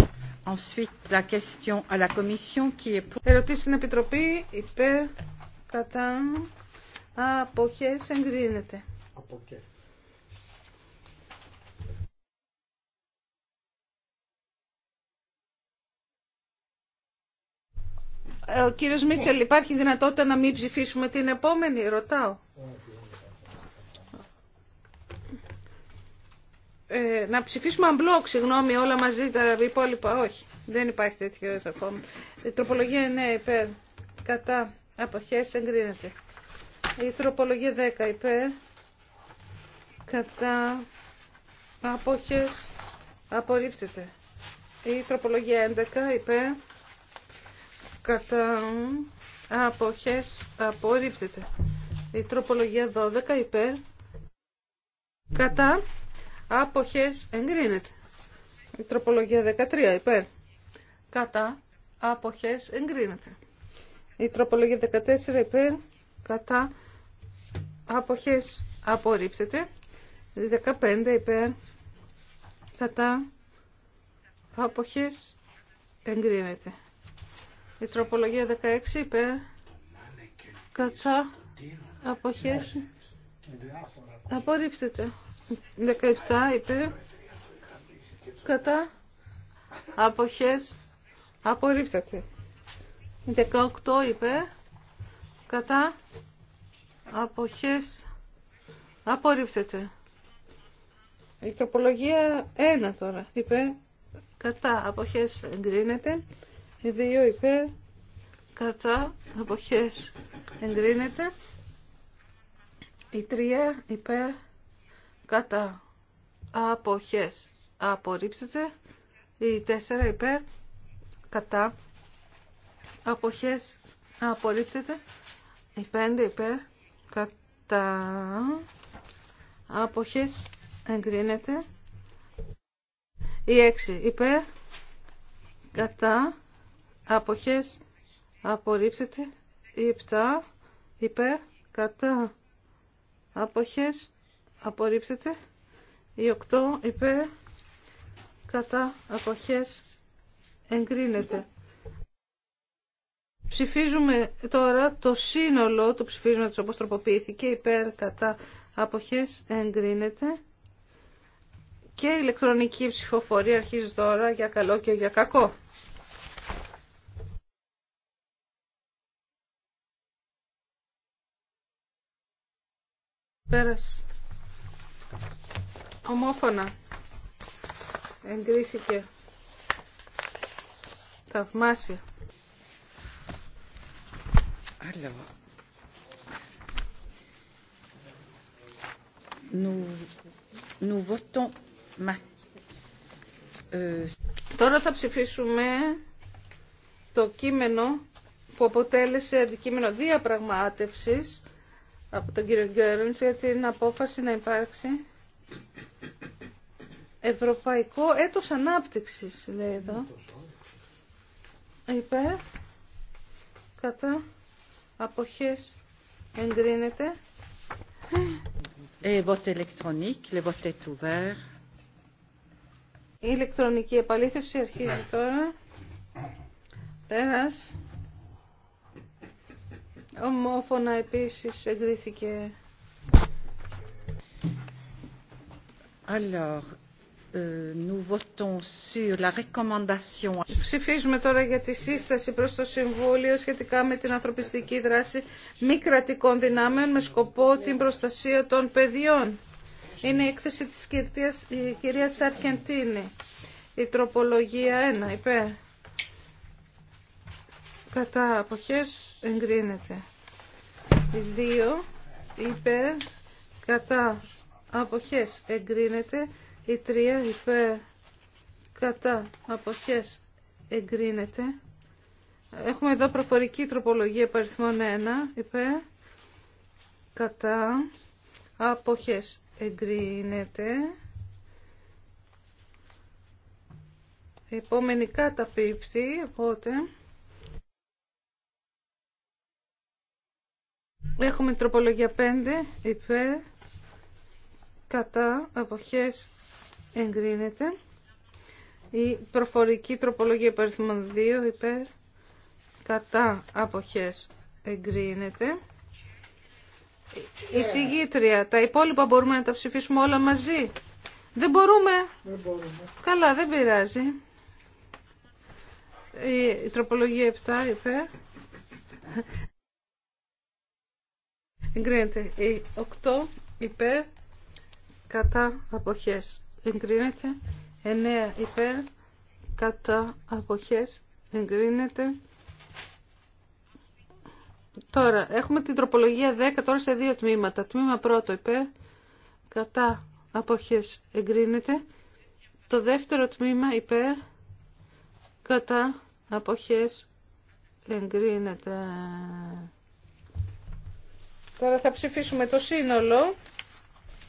Ensuite, la question à la Commission qui est pour... στην Επιτροπή, υπέρ, κατά, αποχές εγκρίνεται. Okay. Ε, ο κύριος Μίτσελ, υπάρχει δυνατότητα να μην ψηφίσουμε την επόμενη, ρωτάω. Ε, να ψηφίσουμε unblock, συγγνώμη, όλα μαζί τα υπόλοιπα. Όχι, δεν υπάρχει τέτοιο ενδεχόμενο. Η τροπολογία είναι υπέρ. Κατά αποχές εγκρίνεται. Η τροπολογία 10 υπέρ κατά απόχες απορρίπτεται. Η τροπολογία 11 ειπέ κατά απόχες απορρίπτεται. Η τροπολογία 12 ειπέ κατά απόχες εγκρίνεται. Η τροπολογία 13 υπέρ κατά απόχες εγκρίνεται. Η τροπολογία 14 ειπέ κατά απόχες απορρίπτεται. 15 υπέρ κατά αποχές εγκρίνεται. Η τροπολογία 16 υπέρ κατά αποχές απορρίφθηκε. 17 υπέρ κατά αποχές απορρίφθηκε. 18 υπέρ κατά αποχές απορρίφθηκε. Η τροπολογία 1 τώρα. Υπέρ. Κατά. Αποχές εγκρίνεται. Η 2 υπέρ. Κατά. Αποχές εγκρίνεται. Η 3 υπέρ. Κατά. Αποχές απορρίπτεται. Η 4 υπέρ. Κατά. Αποχές απορρίπτεται. Η 5 υπέρ. Κατά. Αποχές εγκρίνεται. Η 6 υπέρ, κατά, αποχές, απορρίπτεται. Η 7 υπέρ, κατά, αποχές, απορρίπτεται. Η 8 υπέρ, κατά, αποχές, εγκρίνεται. Ψηφίζουμε τώρα το σύνολο του ψηφίσματος όπως τροποποιήθηκε υπέρ κατά αποχές εγκρίνεται και η ηλεκτρονική ψηφοφορία αρχίζει τώρα για καλό και για κακό. Πέρασε. Ομόφωνα. Εγκρίθηκε. Θαυμάσια. Άλλο. Nous, nous ε, τώρα θα ψηφίσουμε το κείμενο που αποτέλεσε αντικείμενο διαπραγμάτευσης από τον κύριο Γκέρνς για την απόφαση να υπάρξει Ευρωπαϊκό έτος ανάπτυξης, λέει εδώ. Υπέρ, κατά, αποχές, εγκρίνεται. Et vote électronique, le vote est η ηλεκτρονική επαλήθευση αρχίζει ναι. τώρα. Ένας. Ομόφωνα επίσης εγκρίθηκε. Alors, euh, nous votons sur la recommandation. Ψηφίζουμε τώρα για τη σύσταση προς το Συμβούλιο σχετικά με την ανθρωπιστική δράση μη κρατικών δυνάμεων με σκοπό την προστασία των παιδιών. Είναι η έκθεση της κυρίας, κυρίας Αρχεντίνη. Η τροπολογία 1 υπέρ. Κατά αποχές εγκρίνεται. Η 2 υπέρ. Κατά αποχές εγκρίνεται. Η 3 υπέρ. Κατά αποχές εγκρίνεται. Έχουμε εδώ προφορική τροπολογία παριθμών 1 υπέρ. Κατά αποχές εγκρίνεται. Επόμενη καταπίπτει, οπότε... Έχουμε τροπολογία 5, υπέρ, κατά, αποχές, εγκρίνεται. Η προφορική τροπολογία υπαριθμών 2, υπέρ, κατά, αποχές, εγκρίνεται. Η συγγήτρια. Τα υπόλοιπα μπορούμε να τα ψηφίσουμε όλα μαζί. Δεν μπορούμε. Δεν μπορούμε. Καλά, δεν πειράζει. Η τροπολογία 7 υπέρ. Εγκρίνεται. Η 8 υπέρ κατά αποχές. Εγκρίνεται. 9 υπέρ κατά αποχές. Εγκρίνεται. Τώρα, έχουμε την τροπολογία 10 τώρα σε δύο τμήματα. Τμήμα πρώτο υπέρ, κατά αποχές εγκρίνεται. Το δεύτερο τμήμα υπέρ, κατά αποχές εγκρίνεται. Τώρα θα ψηφίσουμε το σύνολο,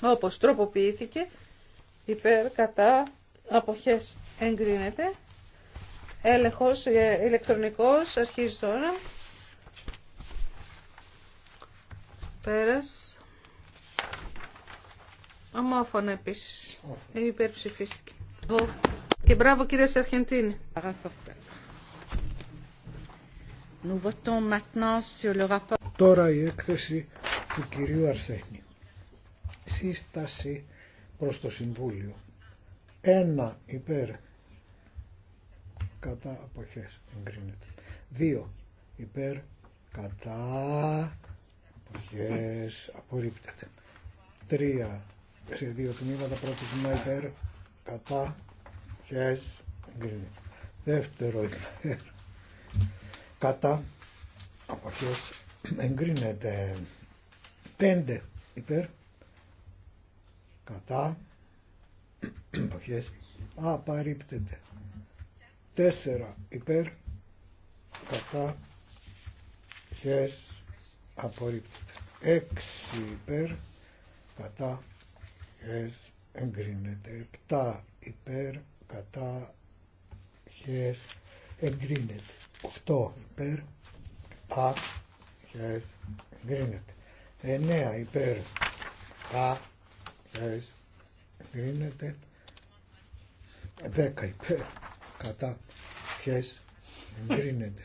όπως τροποποιήθηκε, υπέρ, κατά, αποχές εγκρίνεται. Έλεγχος ε, ηλεκτρονικός αρχίζει τώρα. Πέρας. Ομόφωνα επίσης. Υπερψηφίστηκε. Και μπράβο κύριε Σαρχεντίνη. Τώρα η έκθεση του κυρίου Αρσένη. Σύσταση προς το Συμβούλιο. Ένα υπέρ κατά αποχές Δύο υπέρ κατά Yes, απορρίπτεται. τρία σε δύο τμήματα πρώτο τμήμα υπέρ κατά yes, εγκρίνεται. Δεύτερο υπέρ κατά yes, εγκρίνεται. Πέντε υπέρ κατά yes, απαρρίπτεται. τέσσερα υπέρ κατά χες απορρίπτεται 6 υπέρ κατά χε, εγκρίνεται 7 υπέρ κατά χες εγκρίνεται 8 υπέρ κατά χες εγκρίνεται 9 υπέρ κατά χες εγκρίνεται 10 υπέρ κατά χες εγκρίνεται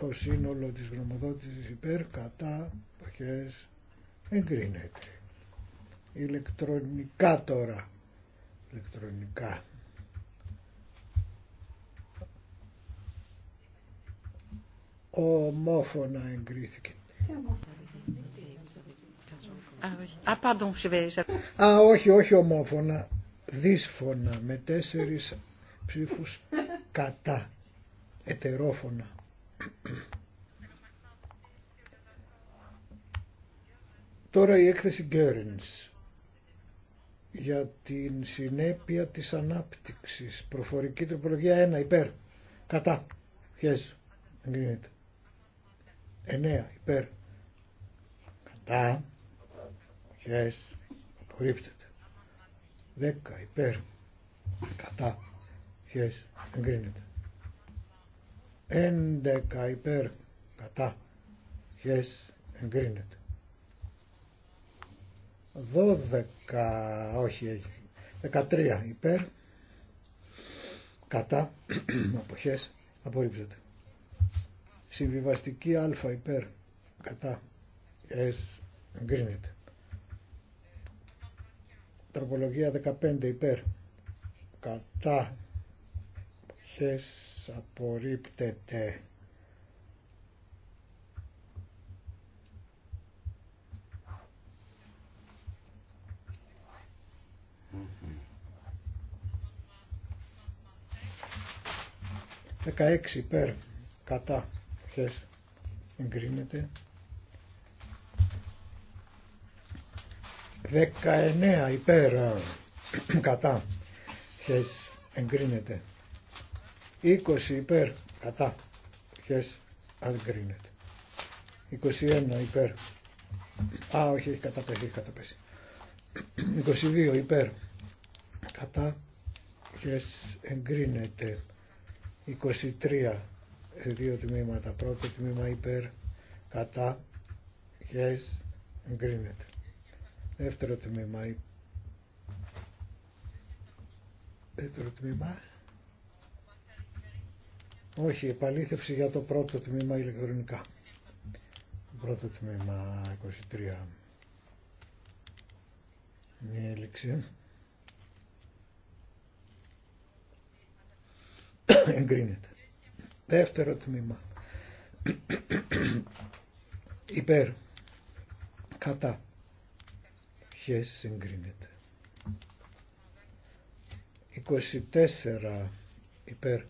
το σύνολο της γνωμοδότησης υπέρ κατά αποχές εγκρίνεται ηλεκτρονικά τώρα ηλεκτρονικά ομόφωνα εγκρίθηκε Α, όχι, όχι ομόφωνα, δύσφωνα με τέσσερις ψήφους κατά, ετερόφωνα. Τώρα η έκθεση Γκέρινς για την συνέπεια της ανάπτυξης. Προφορική τροπολογία 1 υπέρ. Κατά. Χες. Εγκρίνεται. 9 υπέρ. Κατά. Χες. απορρίφτεται 10 υπέρ. Κατά. Χες. Εγκρίνεται. 11 υπέρ κατά χες εγκρίνεται 12 όχι 13 υπέρ κατά [CLEARS THROAT] από χες απορρίψεται συμβιβαστική α υπέρ κατά χες εγκρίνεται τροπολογία 15 υπέρ κατά χες απορρίπτεται. 16 υπέρ κατά χθες εγκρίνεται. 19 υπέρ [CLEARS THROAT] κατά χθες εγκρίνεται. 20 υπέρ κατά χες αν 21 υπέρ α όχι έχει καταπέσει 22 υπέρ κατά χες εγκρίνεται 23 δύο τμήματα πρώτο τμήμα υπέρ κατά χες εγκρίνεται δεύτερο τμήμα δεύτερο τμήμα όχι, επαλήθευση για το πρώτο τμήμα ηλεκτρονικά. Πρώτο τμήμα 23. Μια έλεξη. Εγκρίνεται. Δεύτερο τμήμα. Υπέρ. Κατά. Χες εγκρίνεται. 24 υπέρ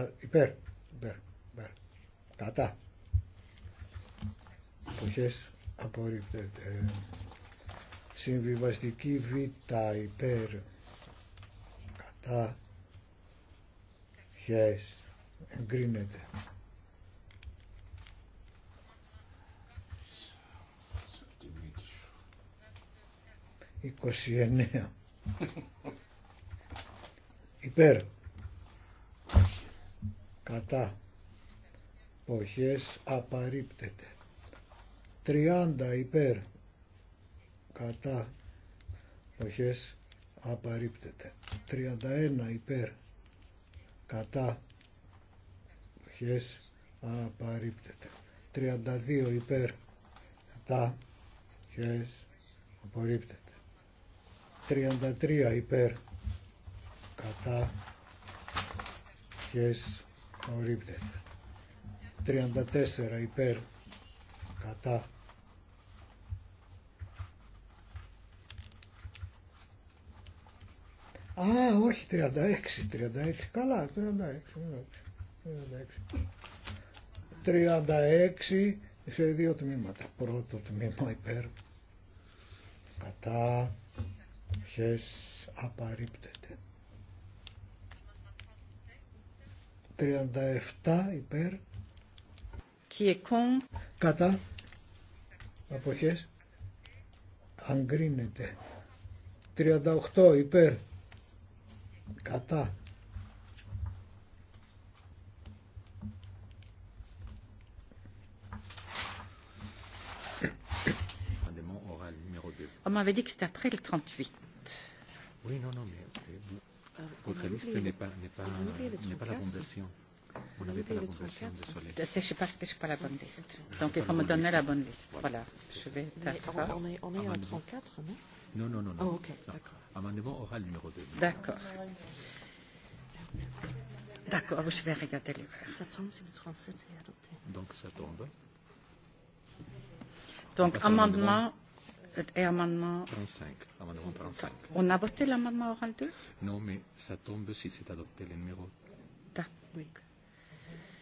υπέρ, υπέρ, υπέρ, κατά. Εποχές απορρίπτεται. Συμβιβαστική Β υπέρ, κατά. Χες, εγκρίνεται. 29 [LAUGHS] Υπέρ κατά αποχές απαρρίπτεται 30 υπέρ κατά αποχές απαρρίπτεται 31 υπέρ κατά αποχές απαρρίπτεται 32 υπέρ κατά αποχές απορρίπτεται 33 υπέρ κατά χες Απορρίπτεται. 34 υπέρ κατά Α, όχι, 36, 36, καλά, 36, 36, 36 σε δύο τμήματα. Πρώτο τμήμα υπέρ, κατά, χες, απαρρίπτεται. 37 υπέρ κατά αποχές αγκρίνεται 38 υπέρ κατά On m'avait dit que c'était après le 38. Oui, non, non, mais Votre liste n'est pas, n'est pas, la bonne version. Vous n'avez pas la bonne version, désolé. Je sais pas, je pas la bonne liste. Donc il faut me donner la bonne liste. Voilà. Je vais faire ça. On est, à 34, non Non, non, non. non. ok, d'accord. Amendement oral numéro 2. D'accord. D'accord, je vais regarder le verre. Ça tombe si le 37 est adopté. Donc ça tombe. Donc amendement et amendement 35. Amendement On a voté l'amendement oral 2 Non, mais ça tombe si c'est adopté le numéro.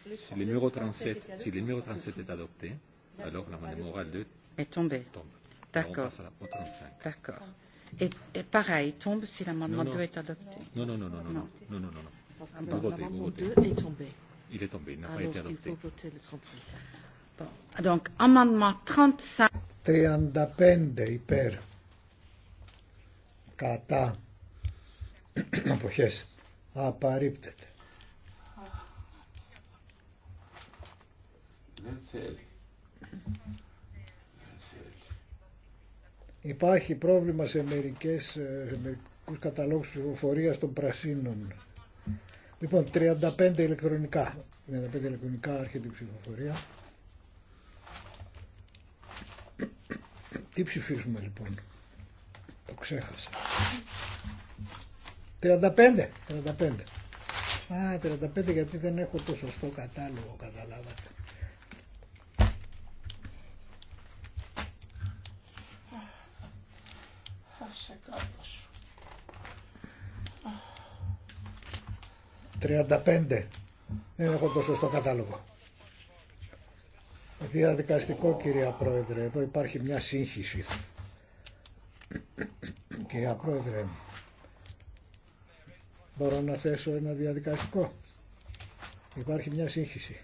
Si le numéro 37, si le numéro 37 est adopté, alors l'amendement oral 2 est tombé. Tombe. D'accord. D'accord. Et, pareil, tombe si l'amendement 2 est adopté. Non, non, non, non, non, non, non, non, non. Il est tombé, il n'a pas été adopté. Donc, amendement 35. 35 υπέρ κατά αποχές απαρρίπτεται. Υπάρχει πρόβλημα σε, μερικές, ε, σε μερικούς καταλόγους ψηφοφορίας των πρασίνων. Λοιπόν, 35 ηλεκτρονικά. 35 ηλεκτρονικά άρχεται η ψηφοφορία. Τι ψηφίζουμε λοιπόν. Το ξέχασα. 35. 35. Α, 35 γιατί δεν έχω το σωστό κατάλογο, καταλάβατε. 35. Δεν έχω το σωστό κατάλογο. Διαδικαστικό κυρία Πρόεδρε, εδώ υπάρχει μια σύγχυση. Κυρία Πρόεδρε, μπορώ να θέσω ένα διαδικαστικό. Υπάρχει μια σύγχυση.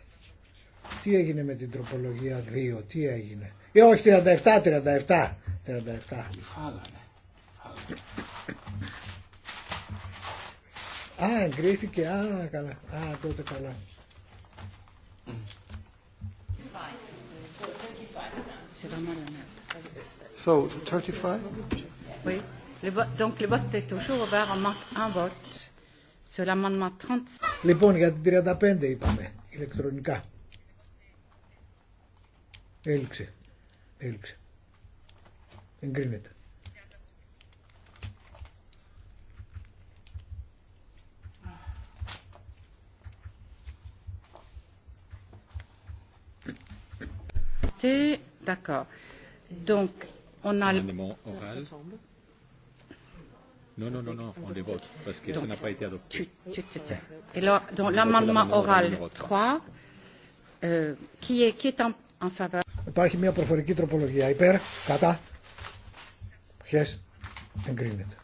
Τι έγινε με την τροπολογία 2, τι έγινε. Ε, όχι 37, 37, 37. Α, εγκρίθηκε, α, καλά, α, τότε καλά. So, is it 35? Oui. Le vote, donc le vote est toujours ouvert, on manque un vote. Sur l'amendement 30. Λοιπόν, για την 35 είπαμε, ηλεκτρονικά. Έλξε. Έλξε. Εγκρίνεται. Και D'accord. Donc, on a... Amendement oral. Non, non, non, non, on les vote, parce que donc, ça n'a pas été adopté. Tu, tu, tu, Et là, donc l'amendement oral 3, euh, qui, est, qui est en, en faveur Υπάρχει μια προφορική τροπολογία. Υπέρ, κατά, ποιες εγκρίνεται.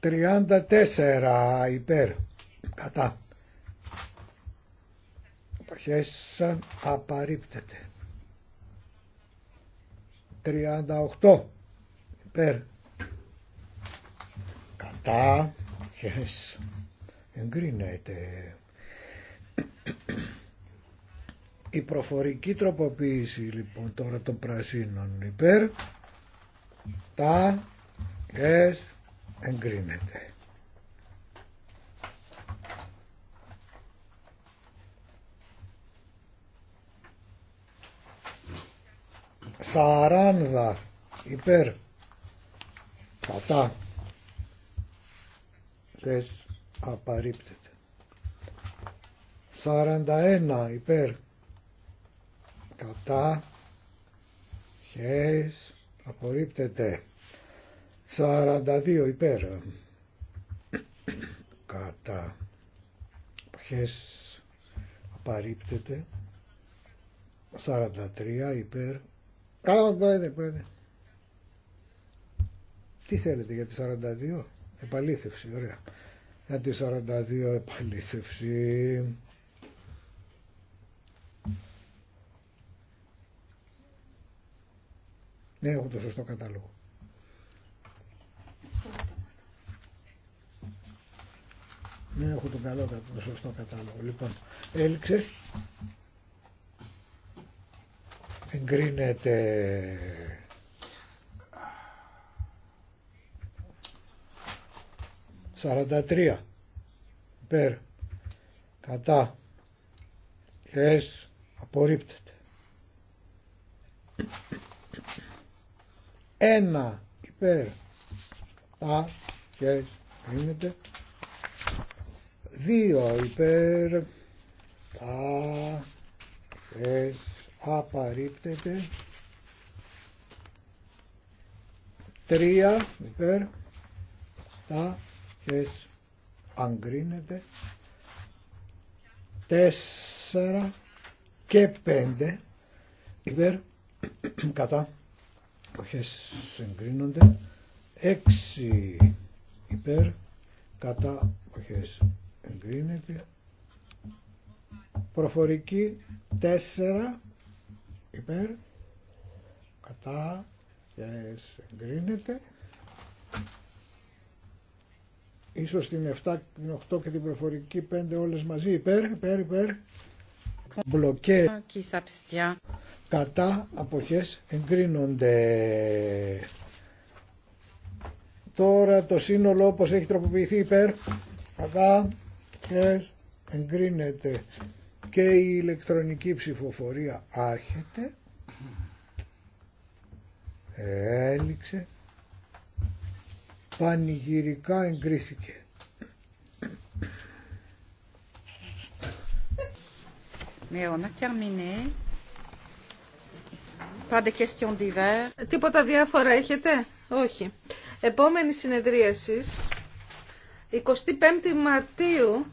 Τριάντα τέσσερα υπέρ, κατά χέσαν απαρρίπτεται 38 υπέρ κατά χες εγκρίνεται η προφορική τροποποίηση λοιπόν τώρα των πρασίνων υπέρ τα χες εγκρίνεται Σαράνδα υπέρ κατά τες απαρρίπτεται ένα, υπέρ κατά χες απορρίπτεται δύο, υπέρ κατά χες απαρρίπτεται 43 υπέρ Καλά, πρόεδρε, πρόεδρε. Τι θέλετε για τη 42, επαλήθευση, ωραία. Για τη 42 επαλήθευση. Δεν έχω το σωστό κατάλογο. Δεν έχω το καλό, το σωστό κατάλογο. Λοιπόν, έληξε. Εγκρίνεται 43 υπέρ κατά χε απορρίπτεται. 1 υπέρ κατά χε εγκρίνεται. 2 υπέρ κατά χε απαρρίπτεται 3 υπέρ τα εσ αγκρίνεται 4 και 5 υπέρ κατά εποχές εγκρίνονται 6 υπέρ κατά εποχές εγκρίνεται προφορική 4 υπέρ κατά και εγκρίνεται ίσως την 7, την 8 και την προφορική 5 όλες μαζί υπέρ, υπέρ, υπέρ μπλοκέ κατά αποχές εγκρίνονται τώρα το σύνολο όπως έχει τροποποιηθεί υπέρ κατά και εγκρίνεται και η ηλεκτρονική ψηφοφορία άρχεται έληξε πανηγυρικά εγκρίθηκε Mais on a terminé. Pas de Τίποτα διάφορα έχετε? Όχι. Επόμενη συνεδρίαση 25 Μαρτίου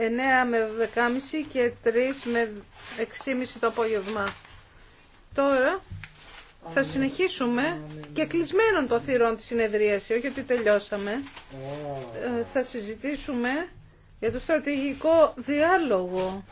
9 με 12.30 και 3 με 6.30 το απόγευμα. Τώρα θα συνεχίσουμε και κλεισμένον το θυρών της συνεδρίαση, όχι ότι τελειώσαμε. Ε, θα συζητήσουμε για το στρατηγικό διάλογο.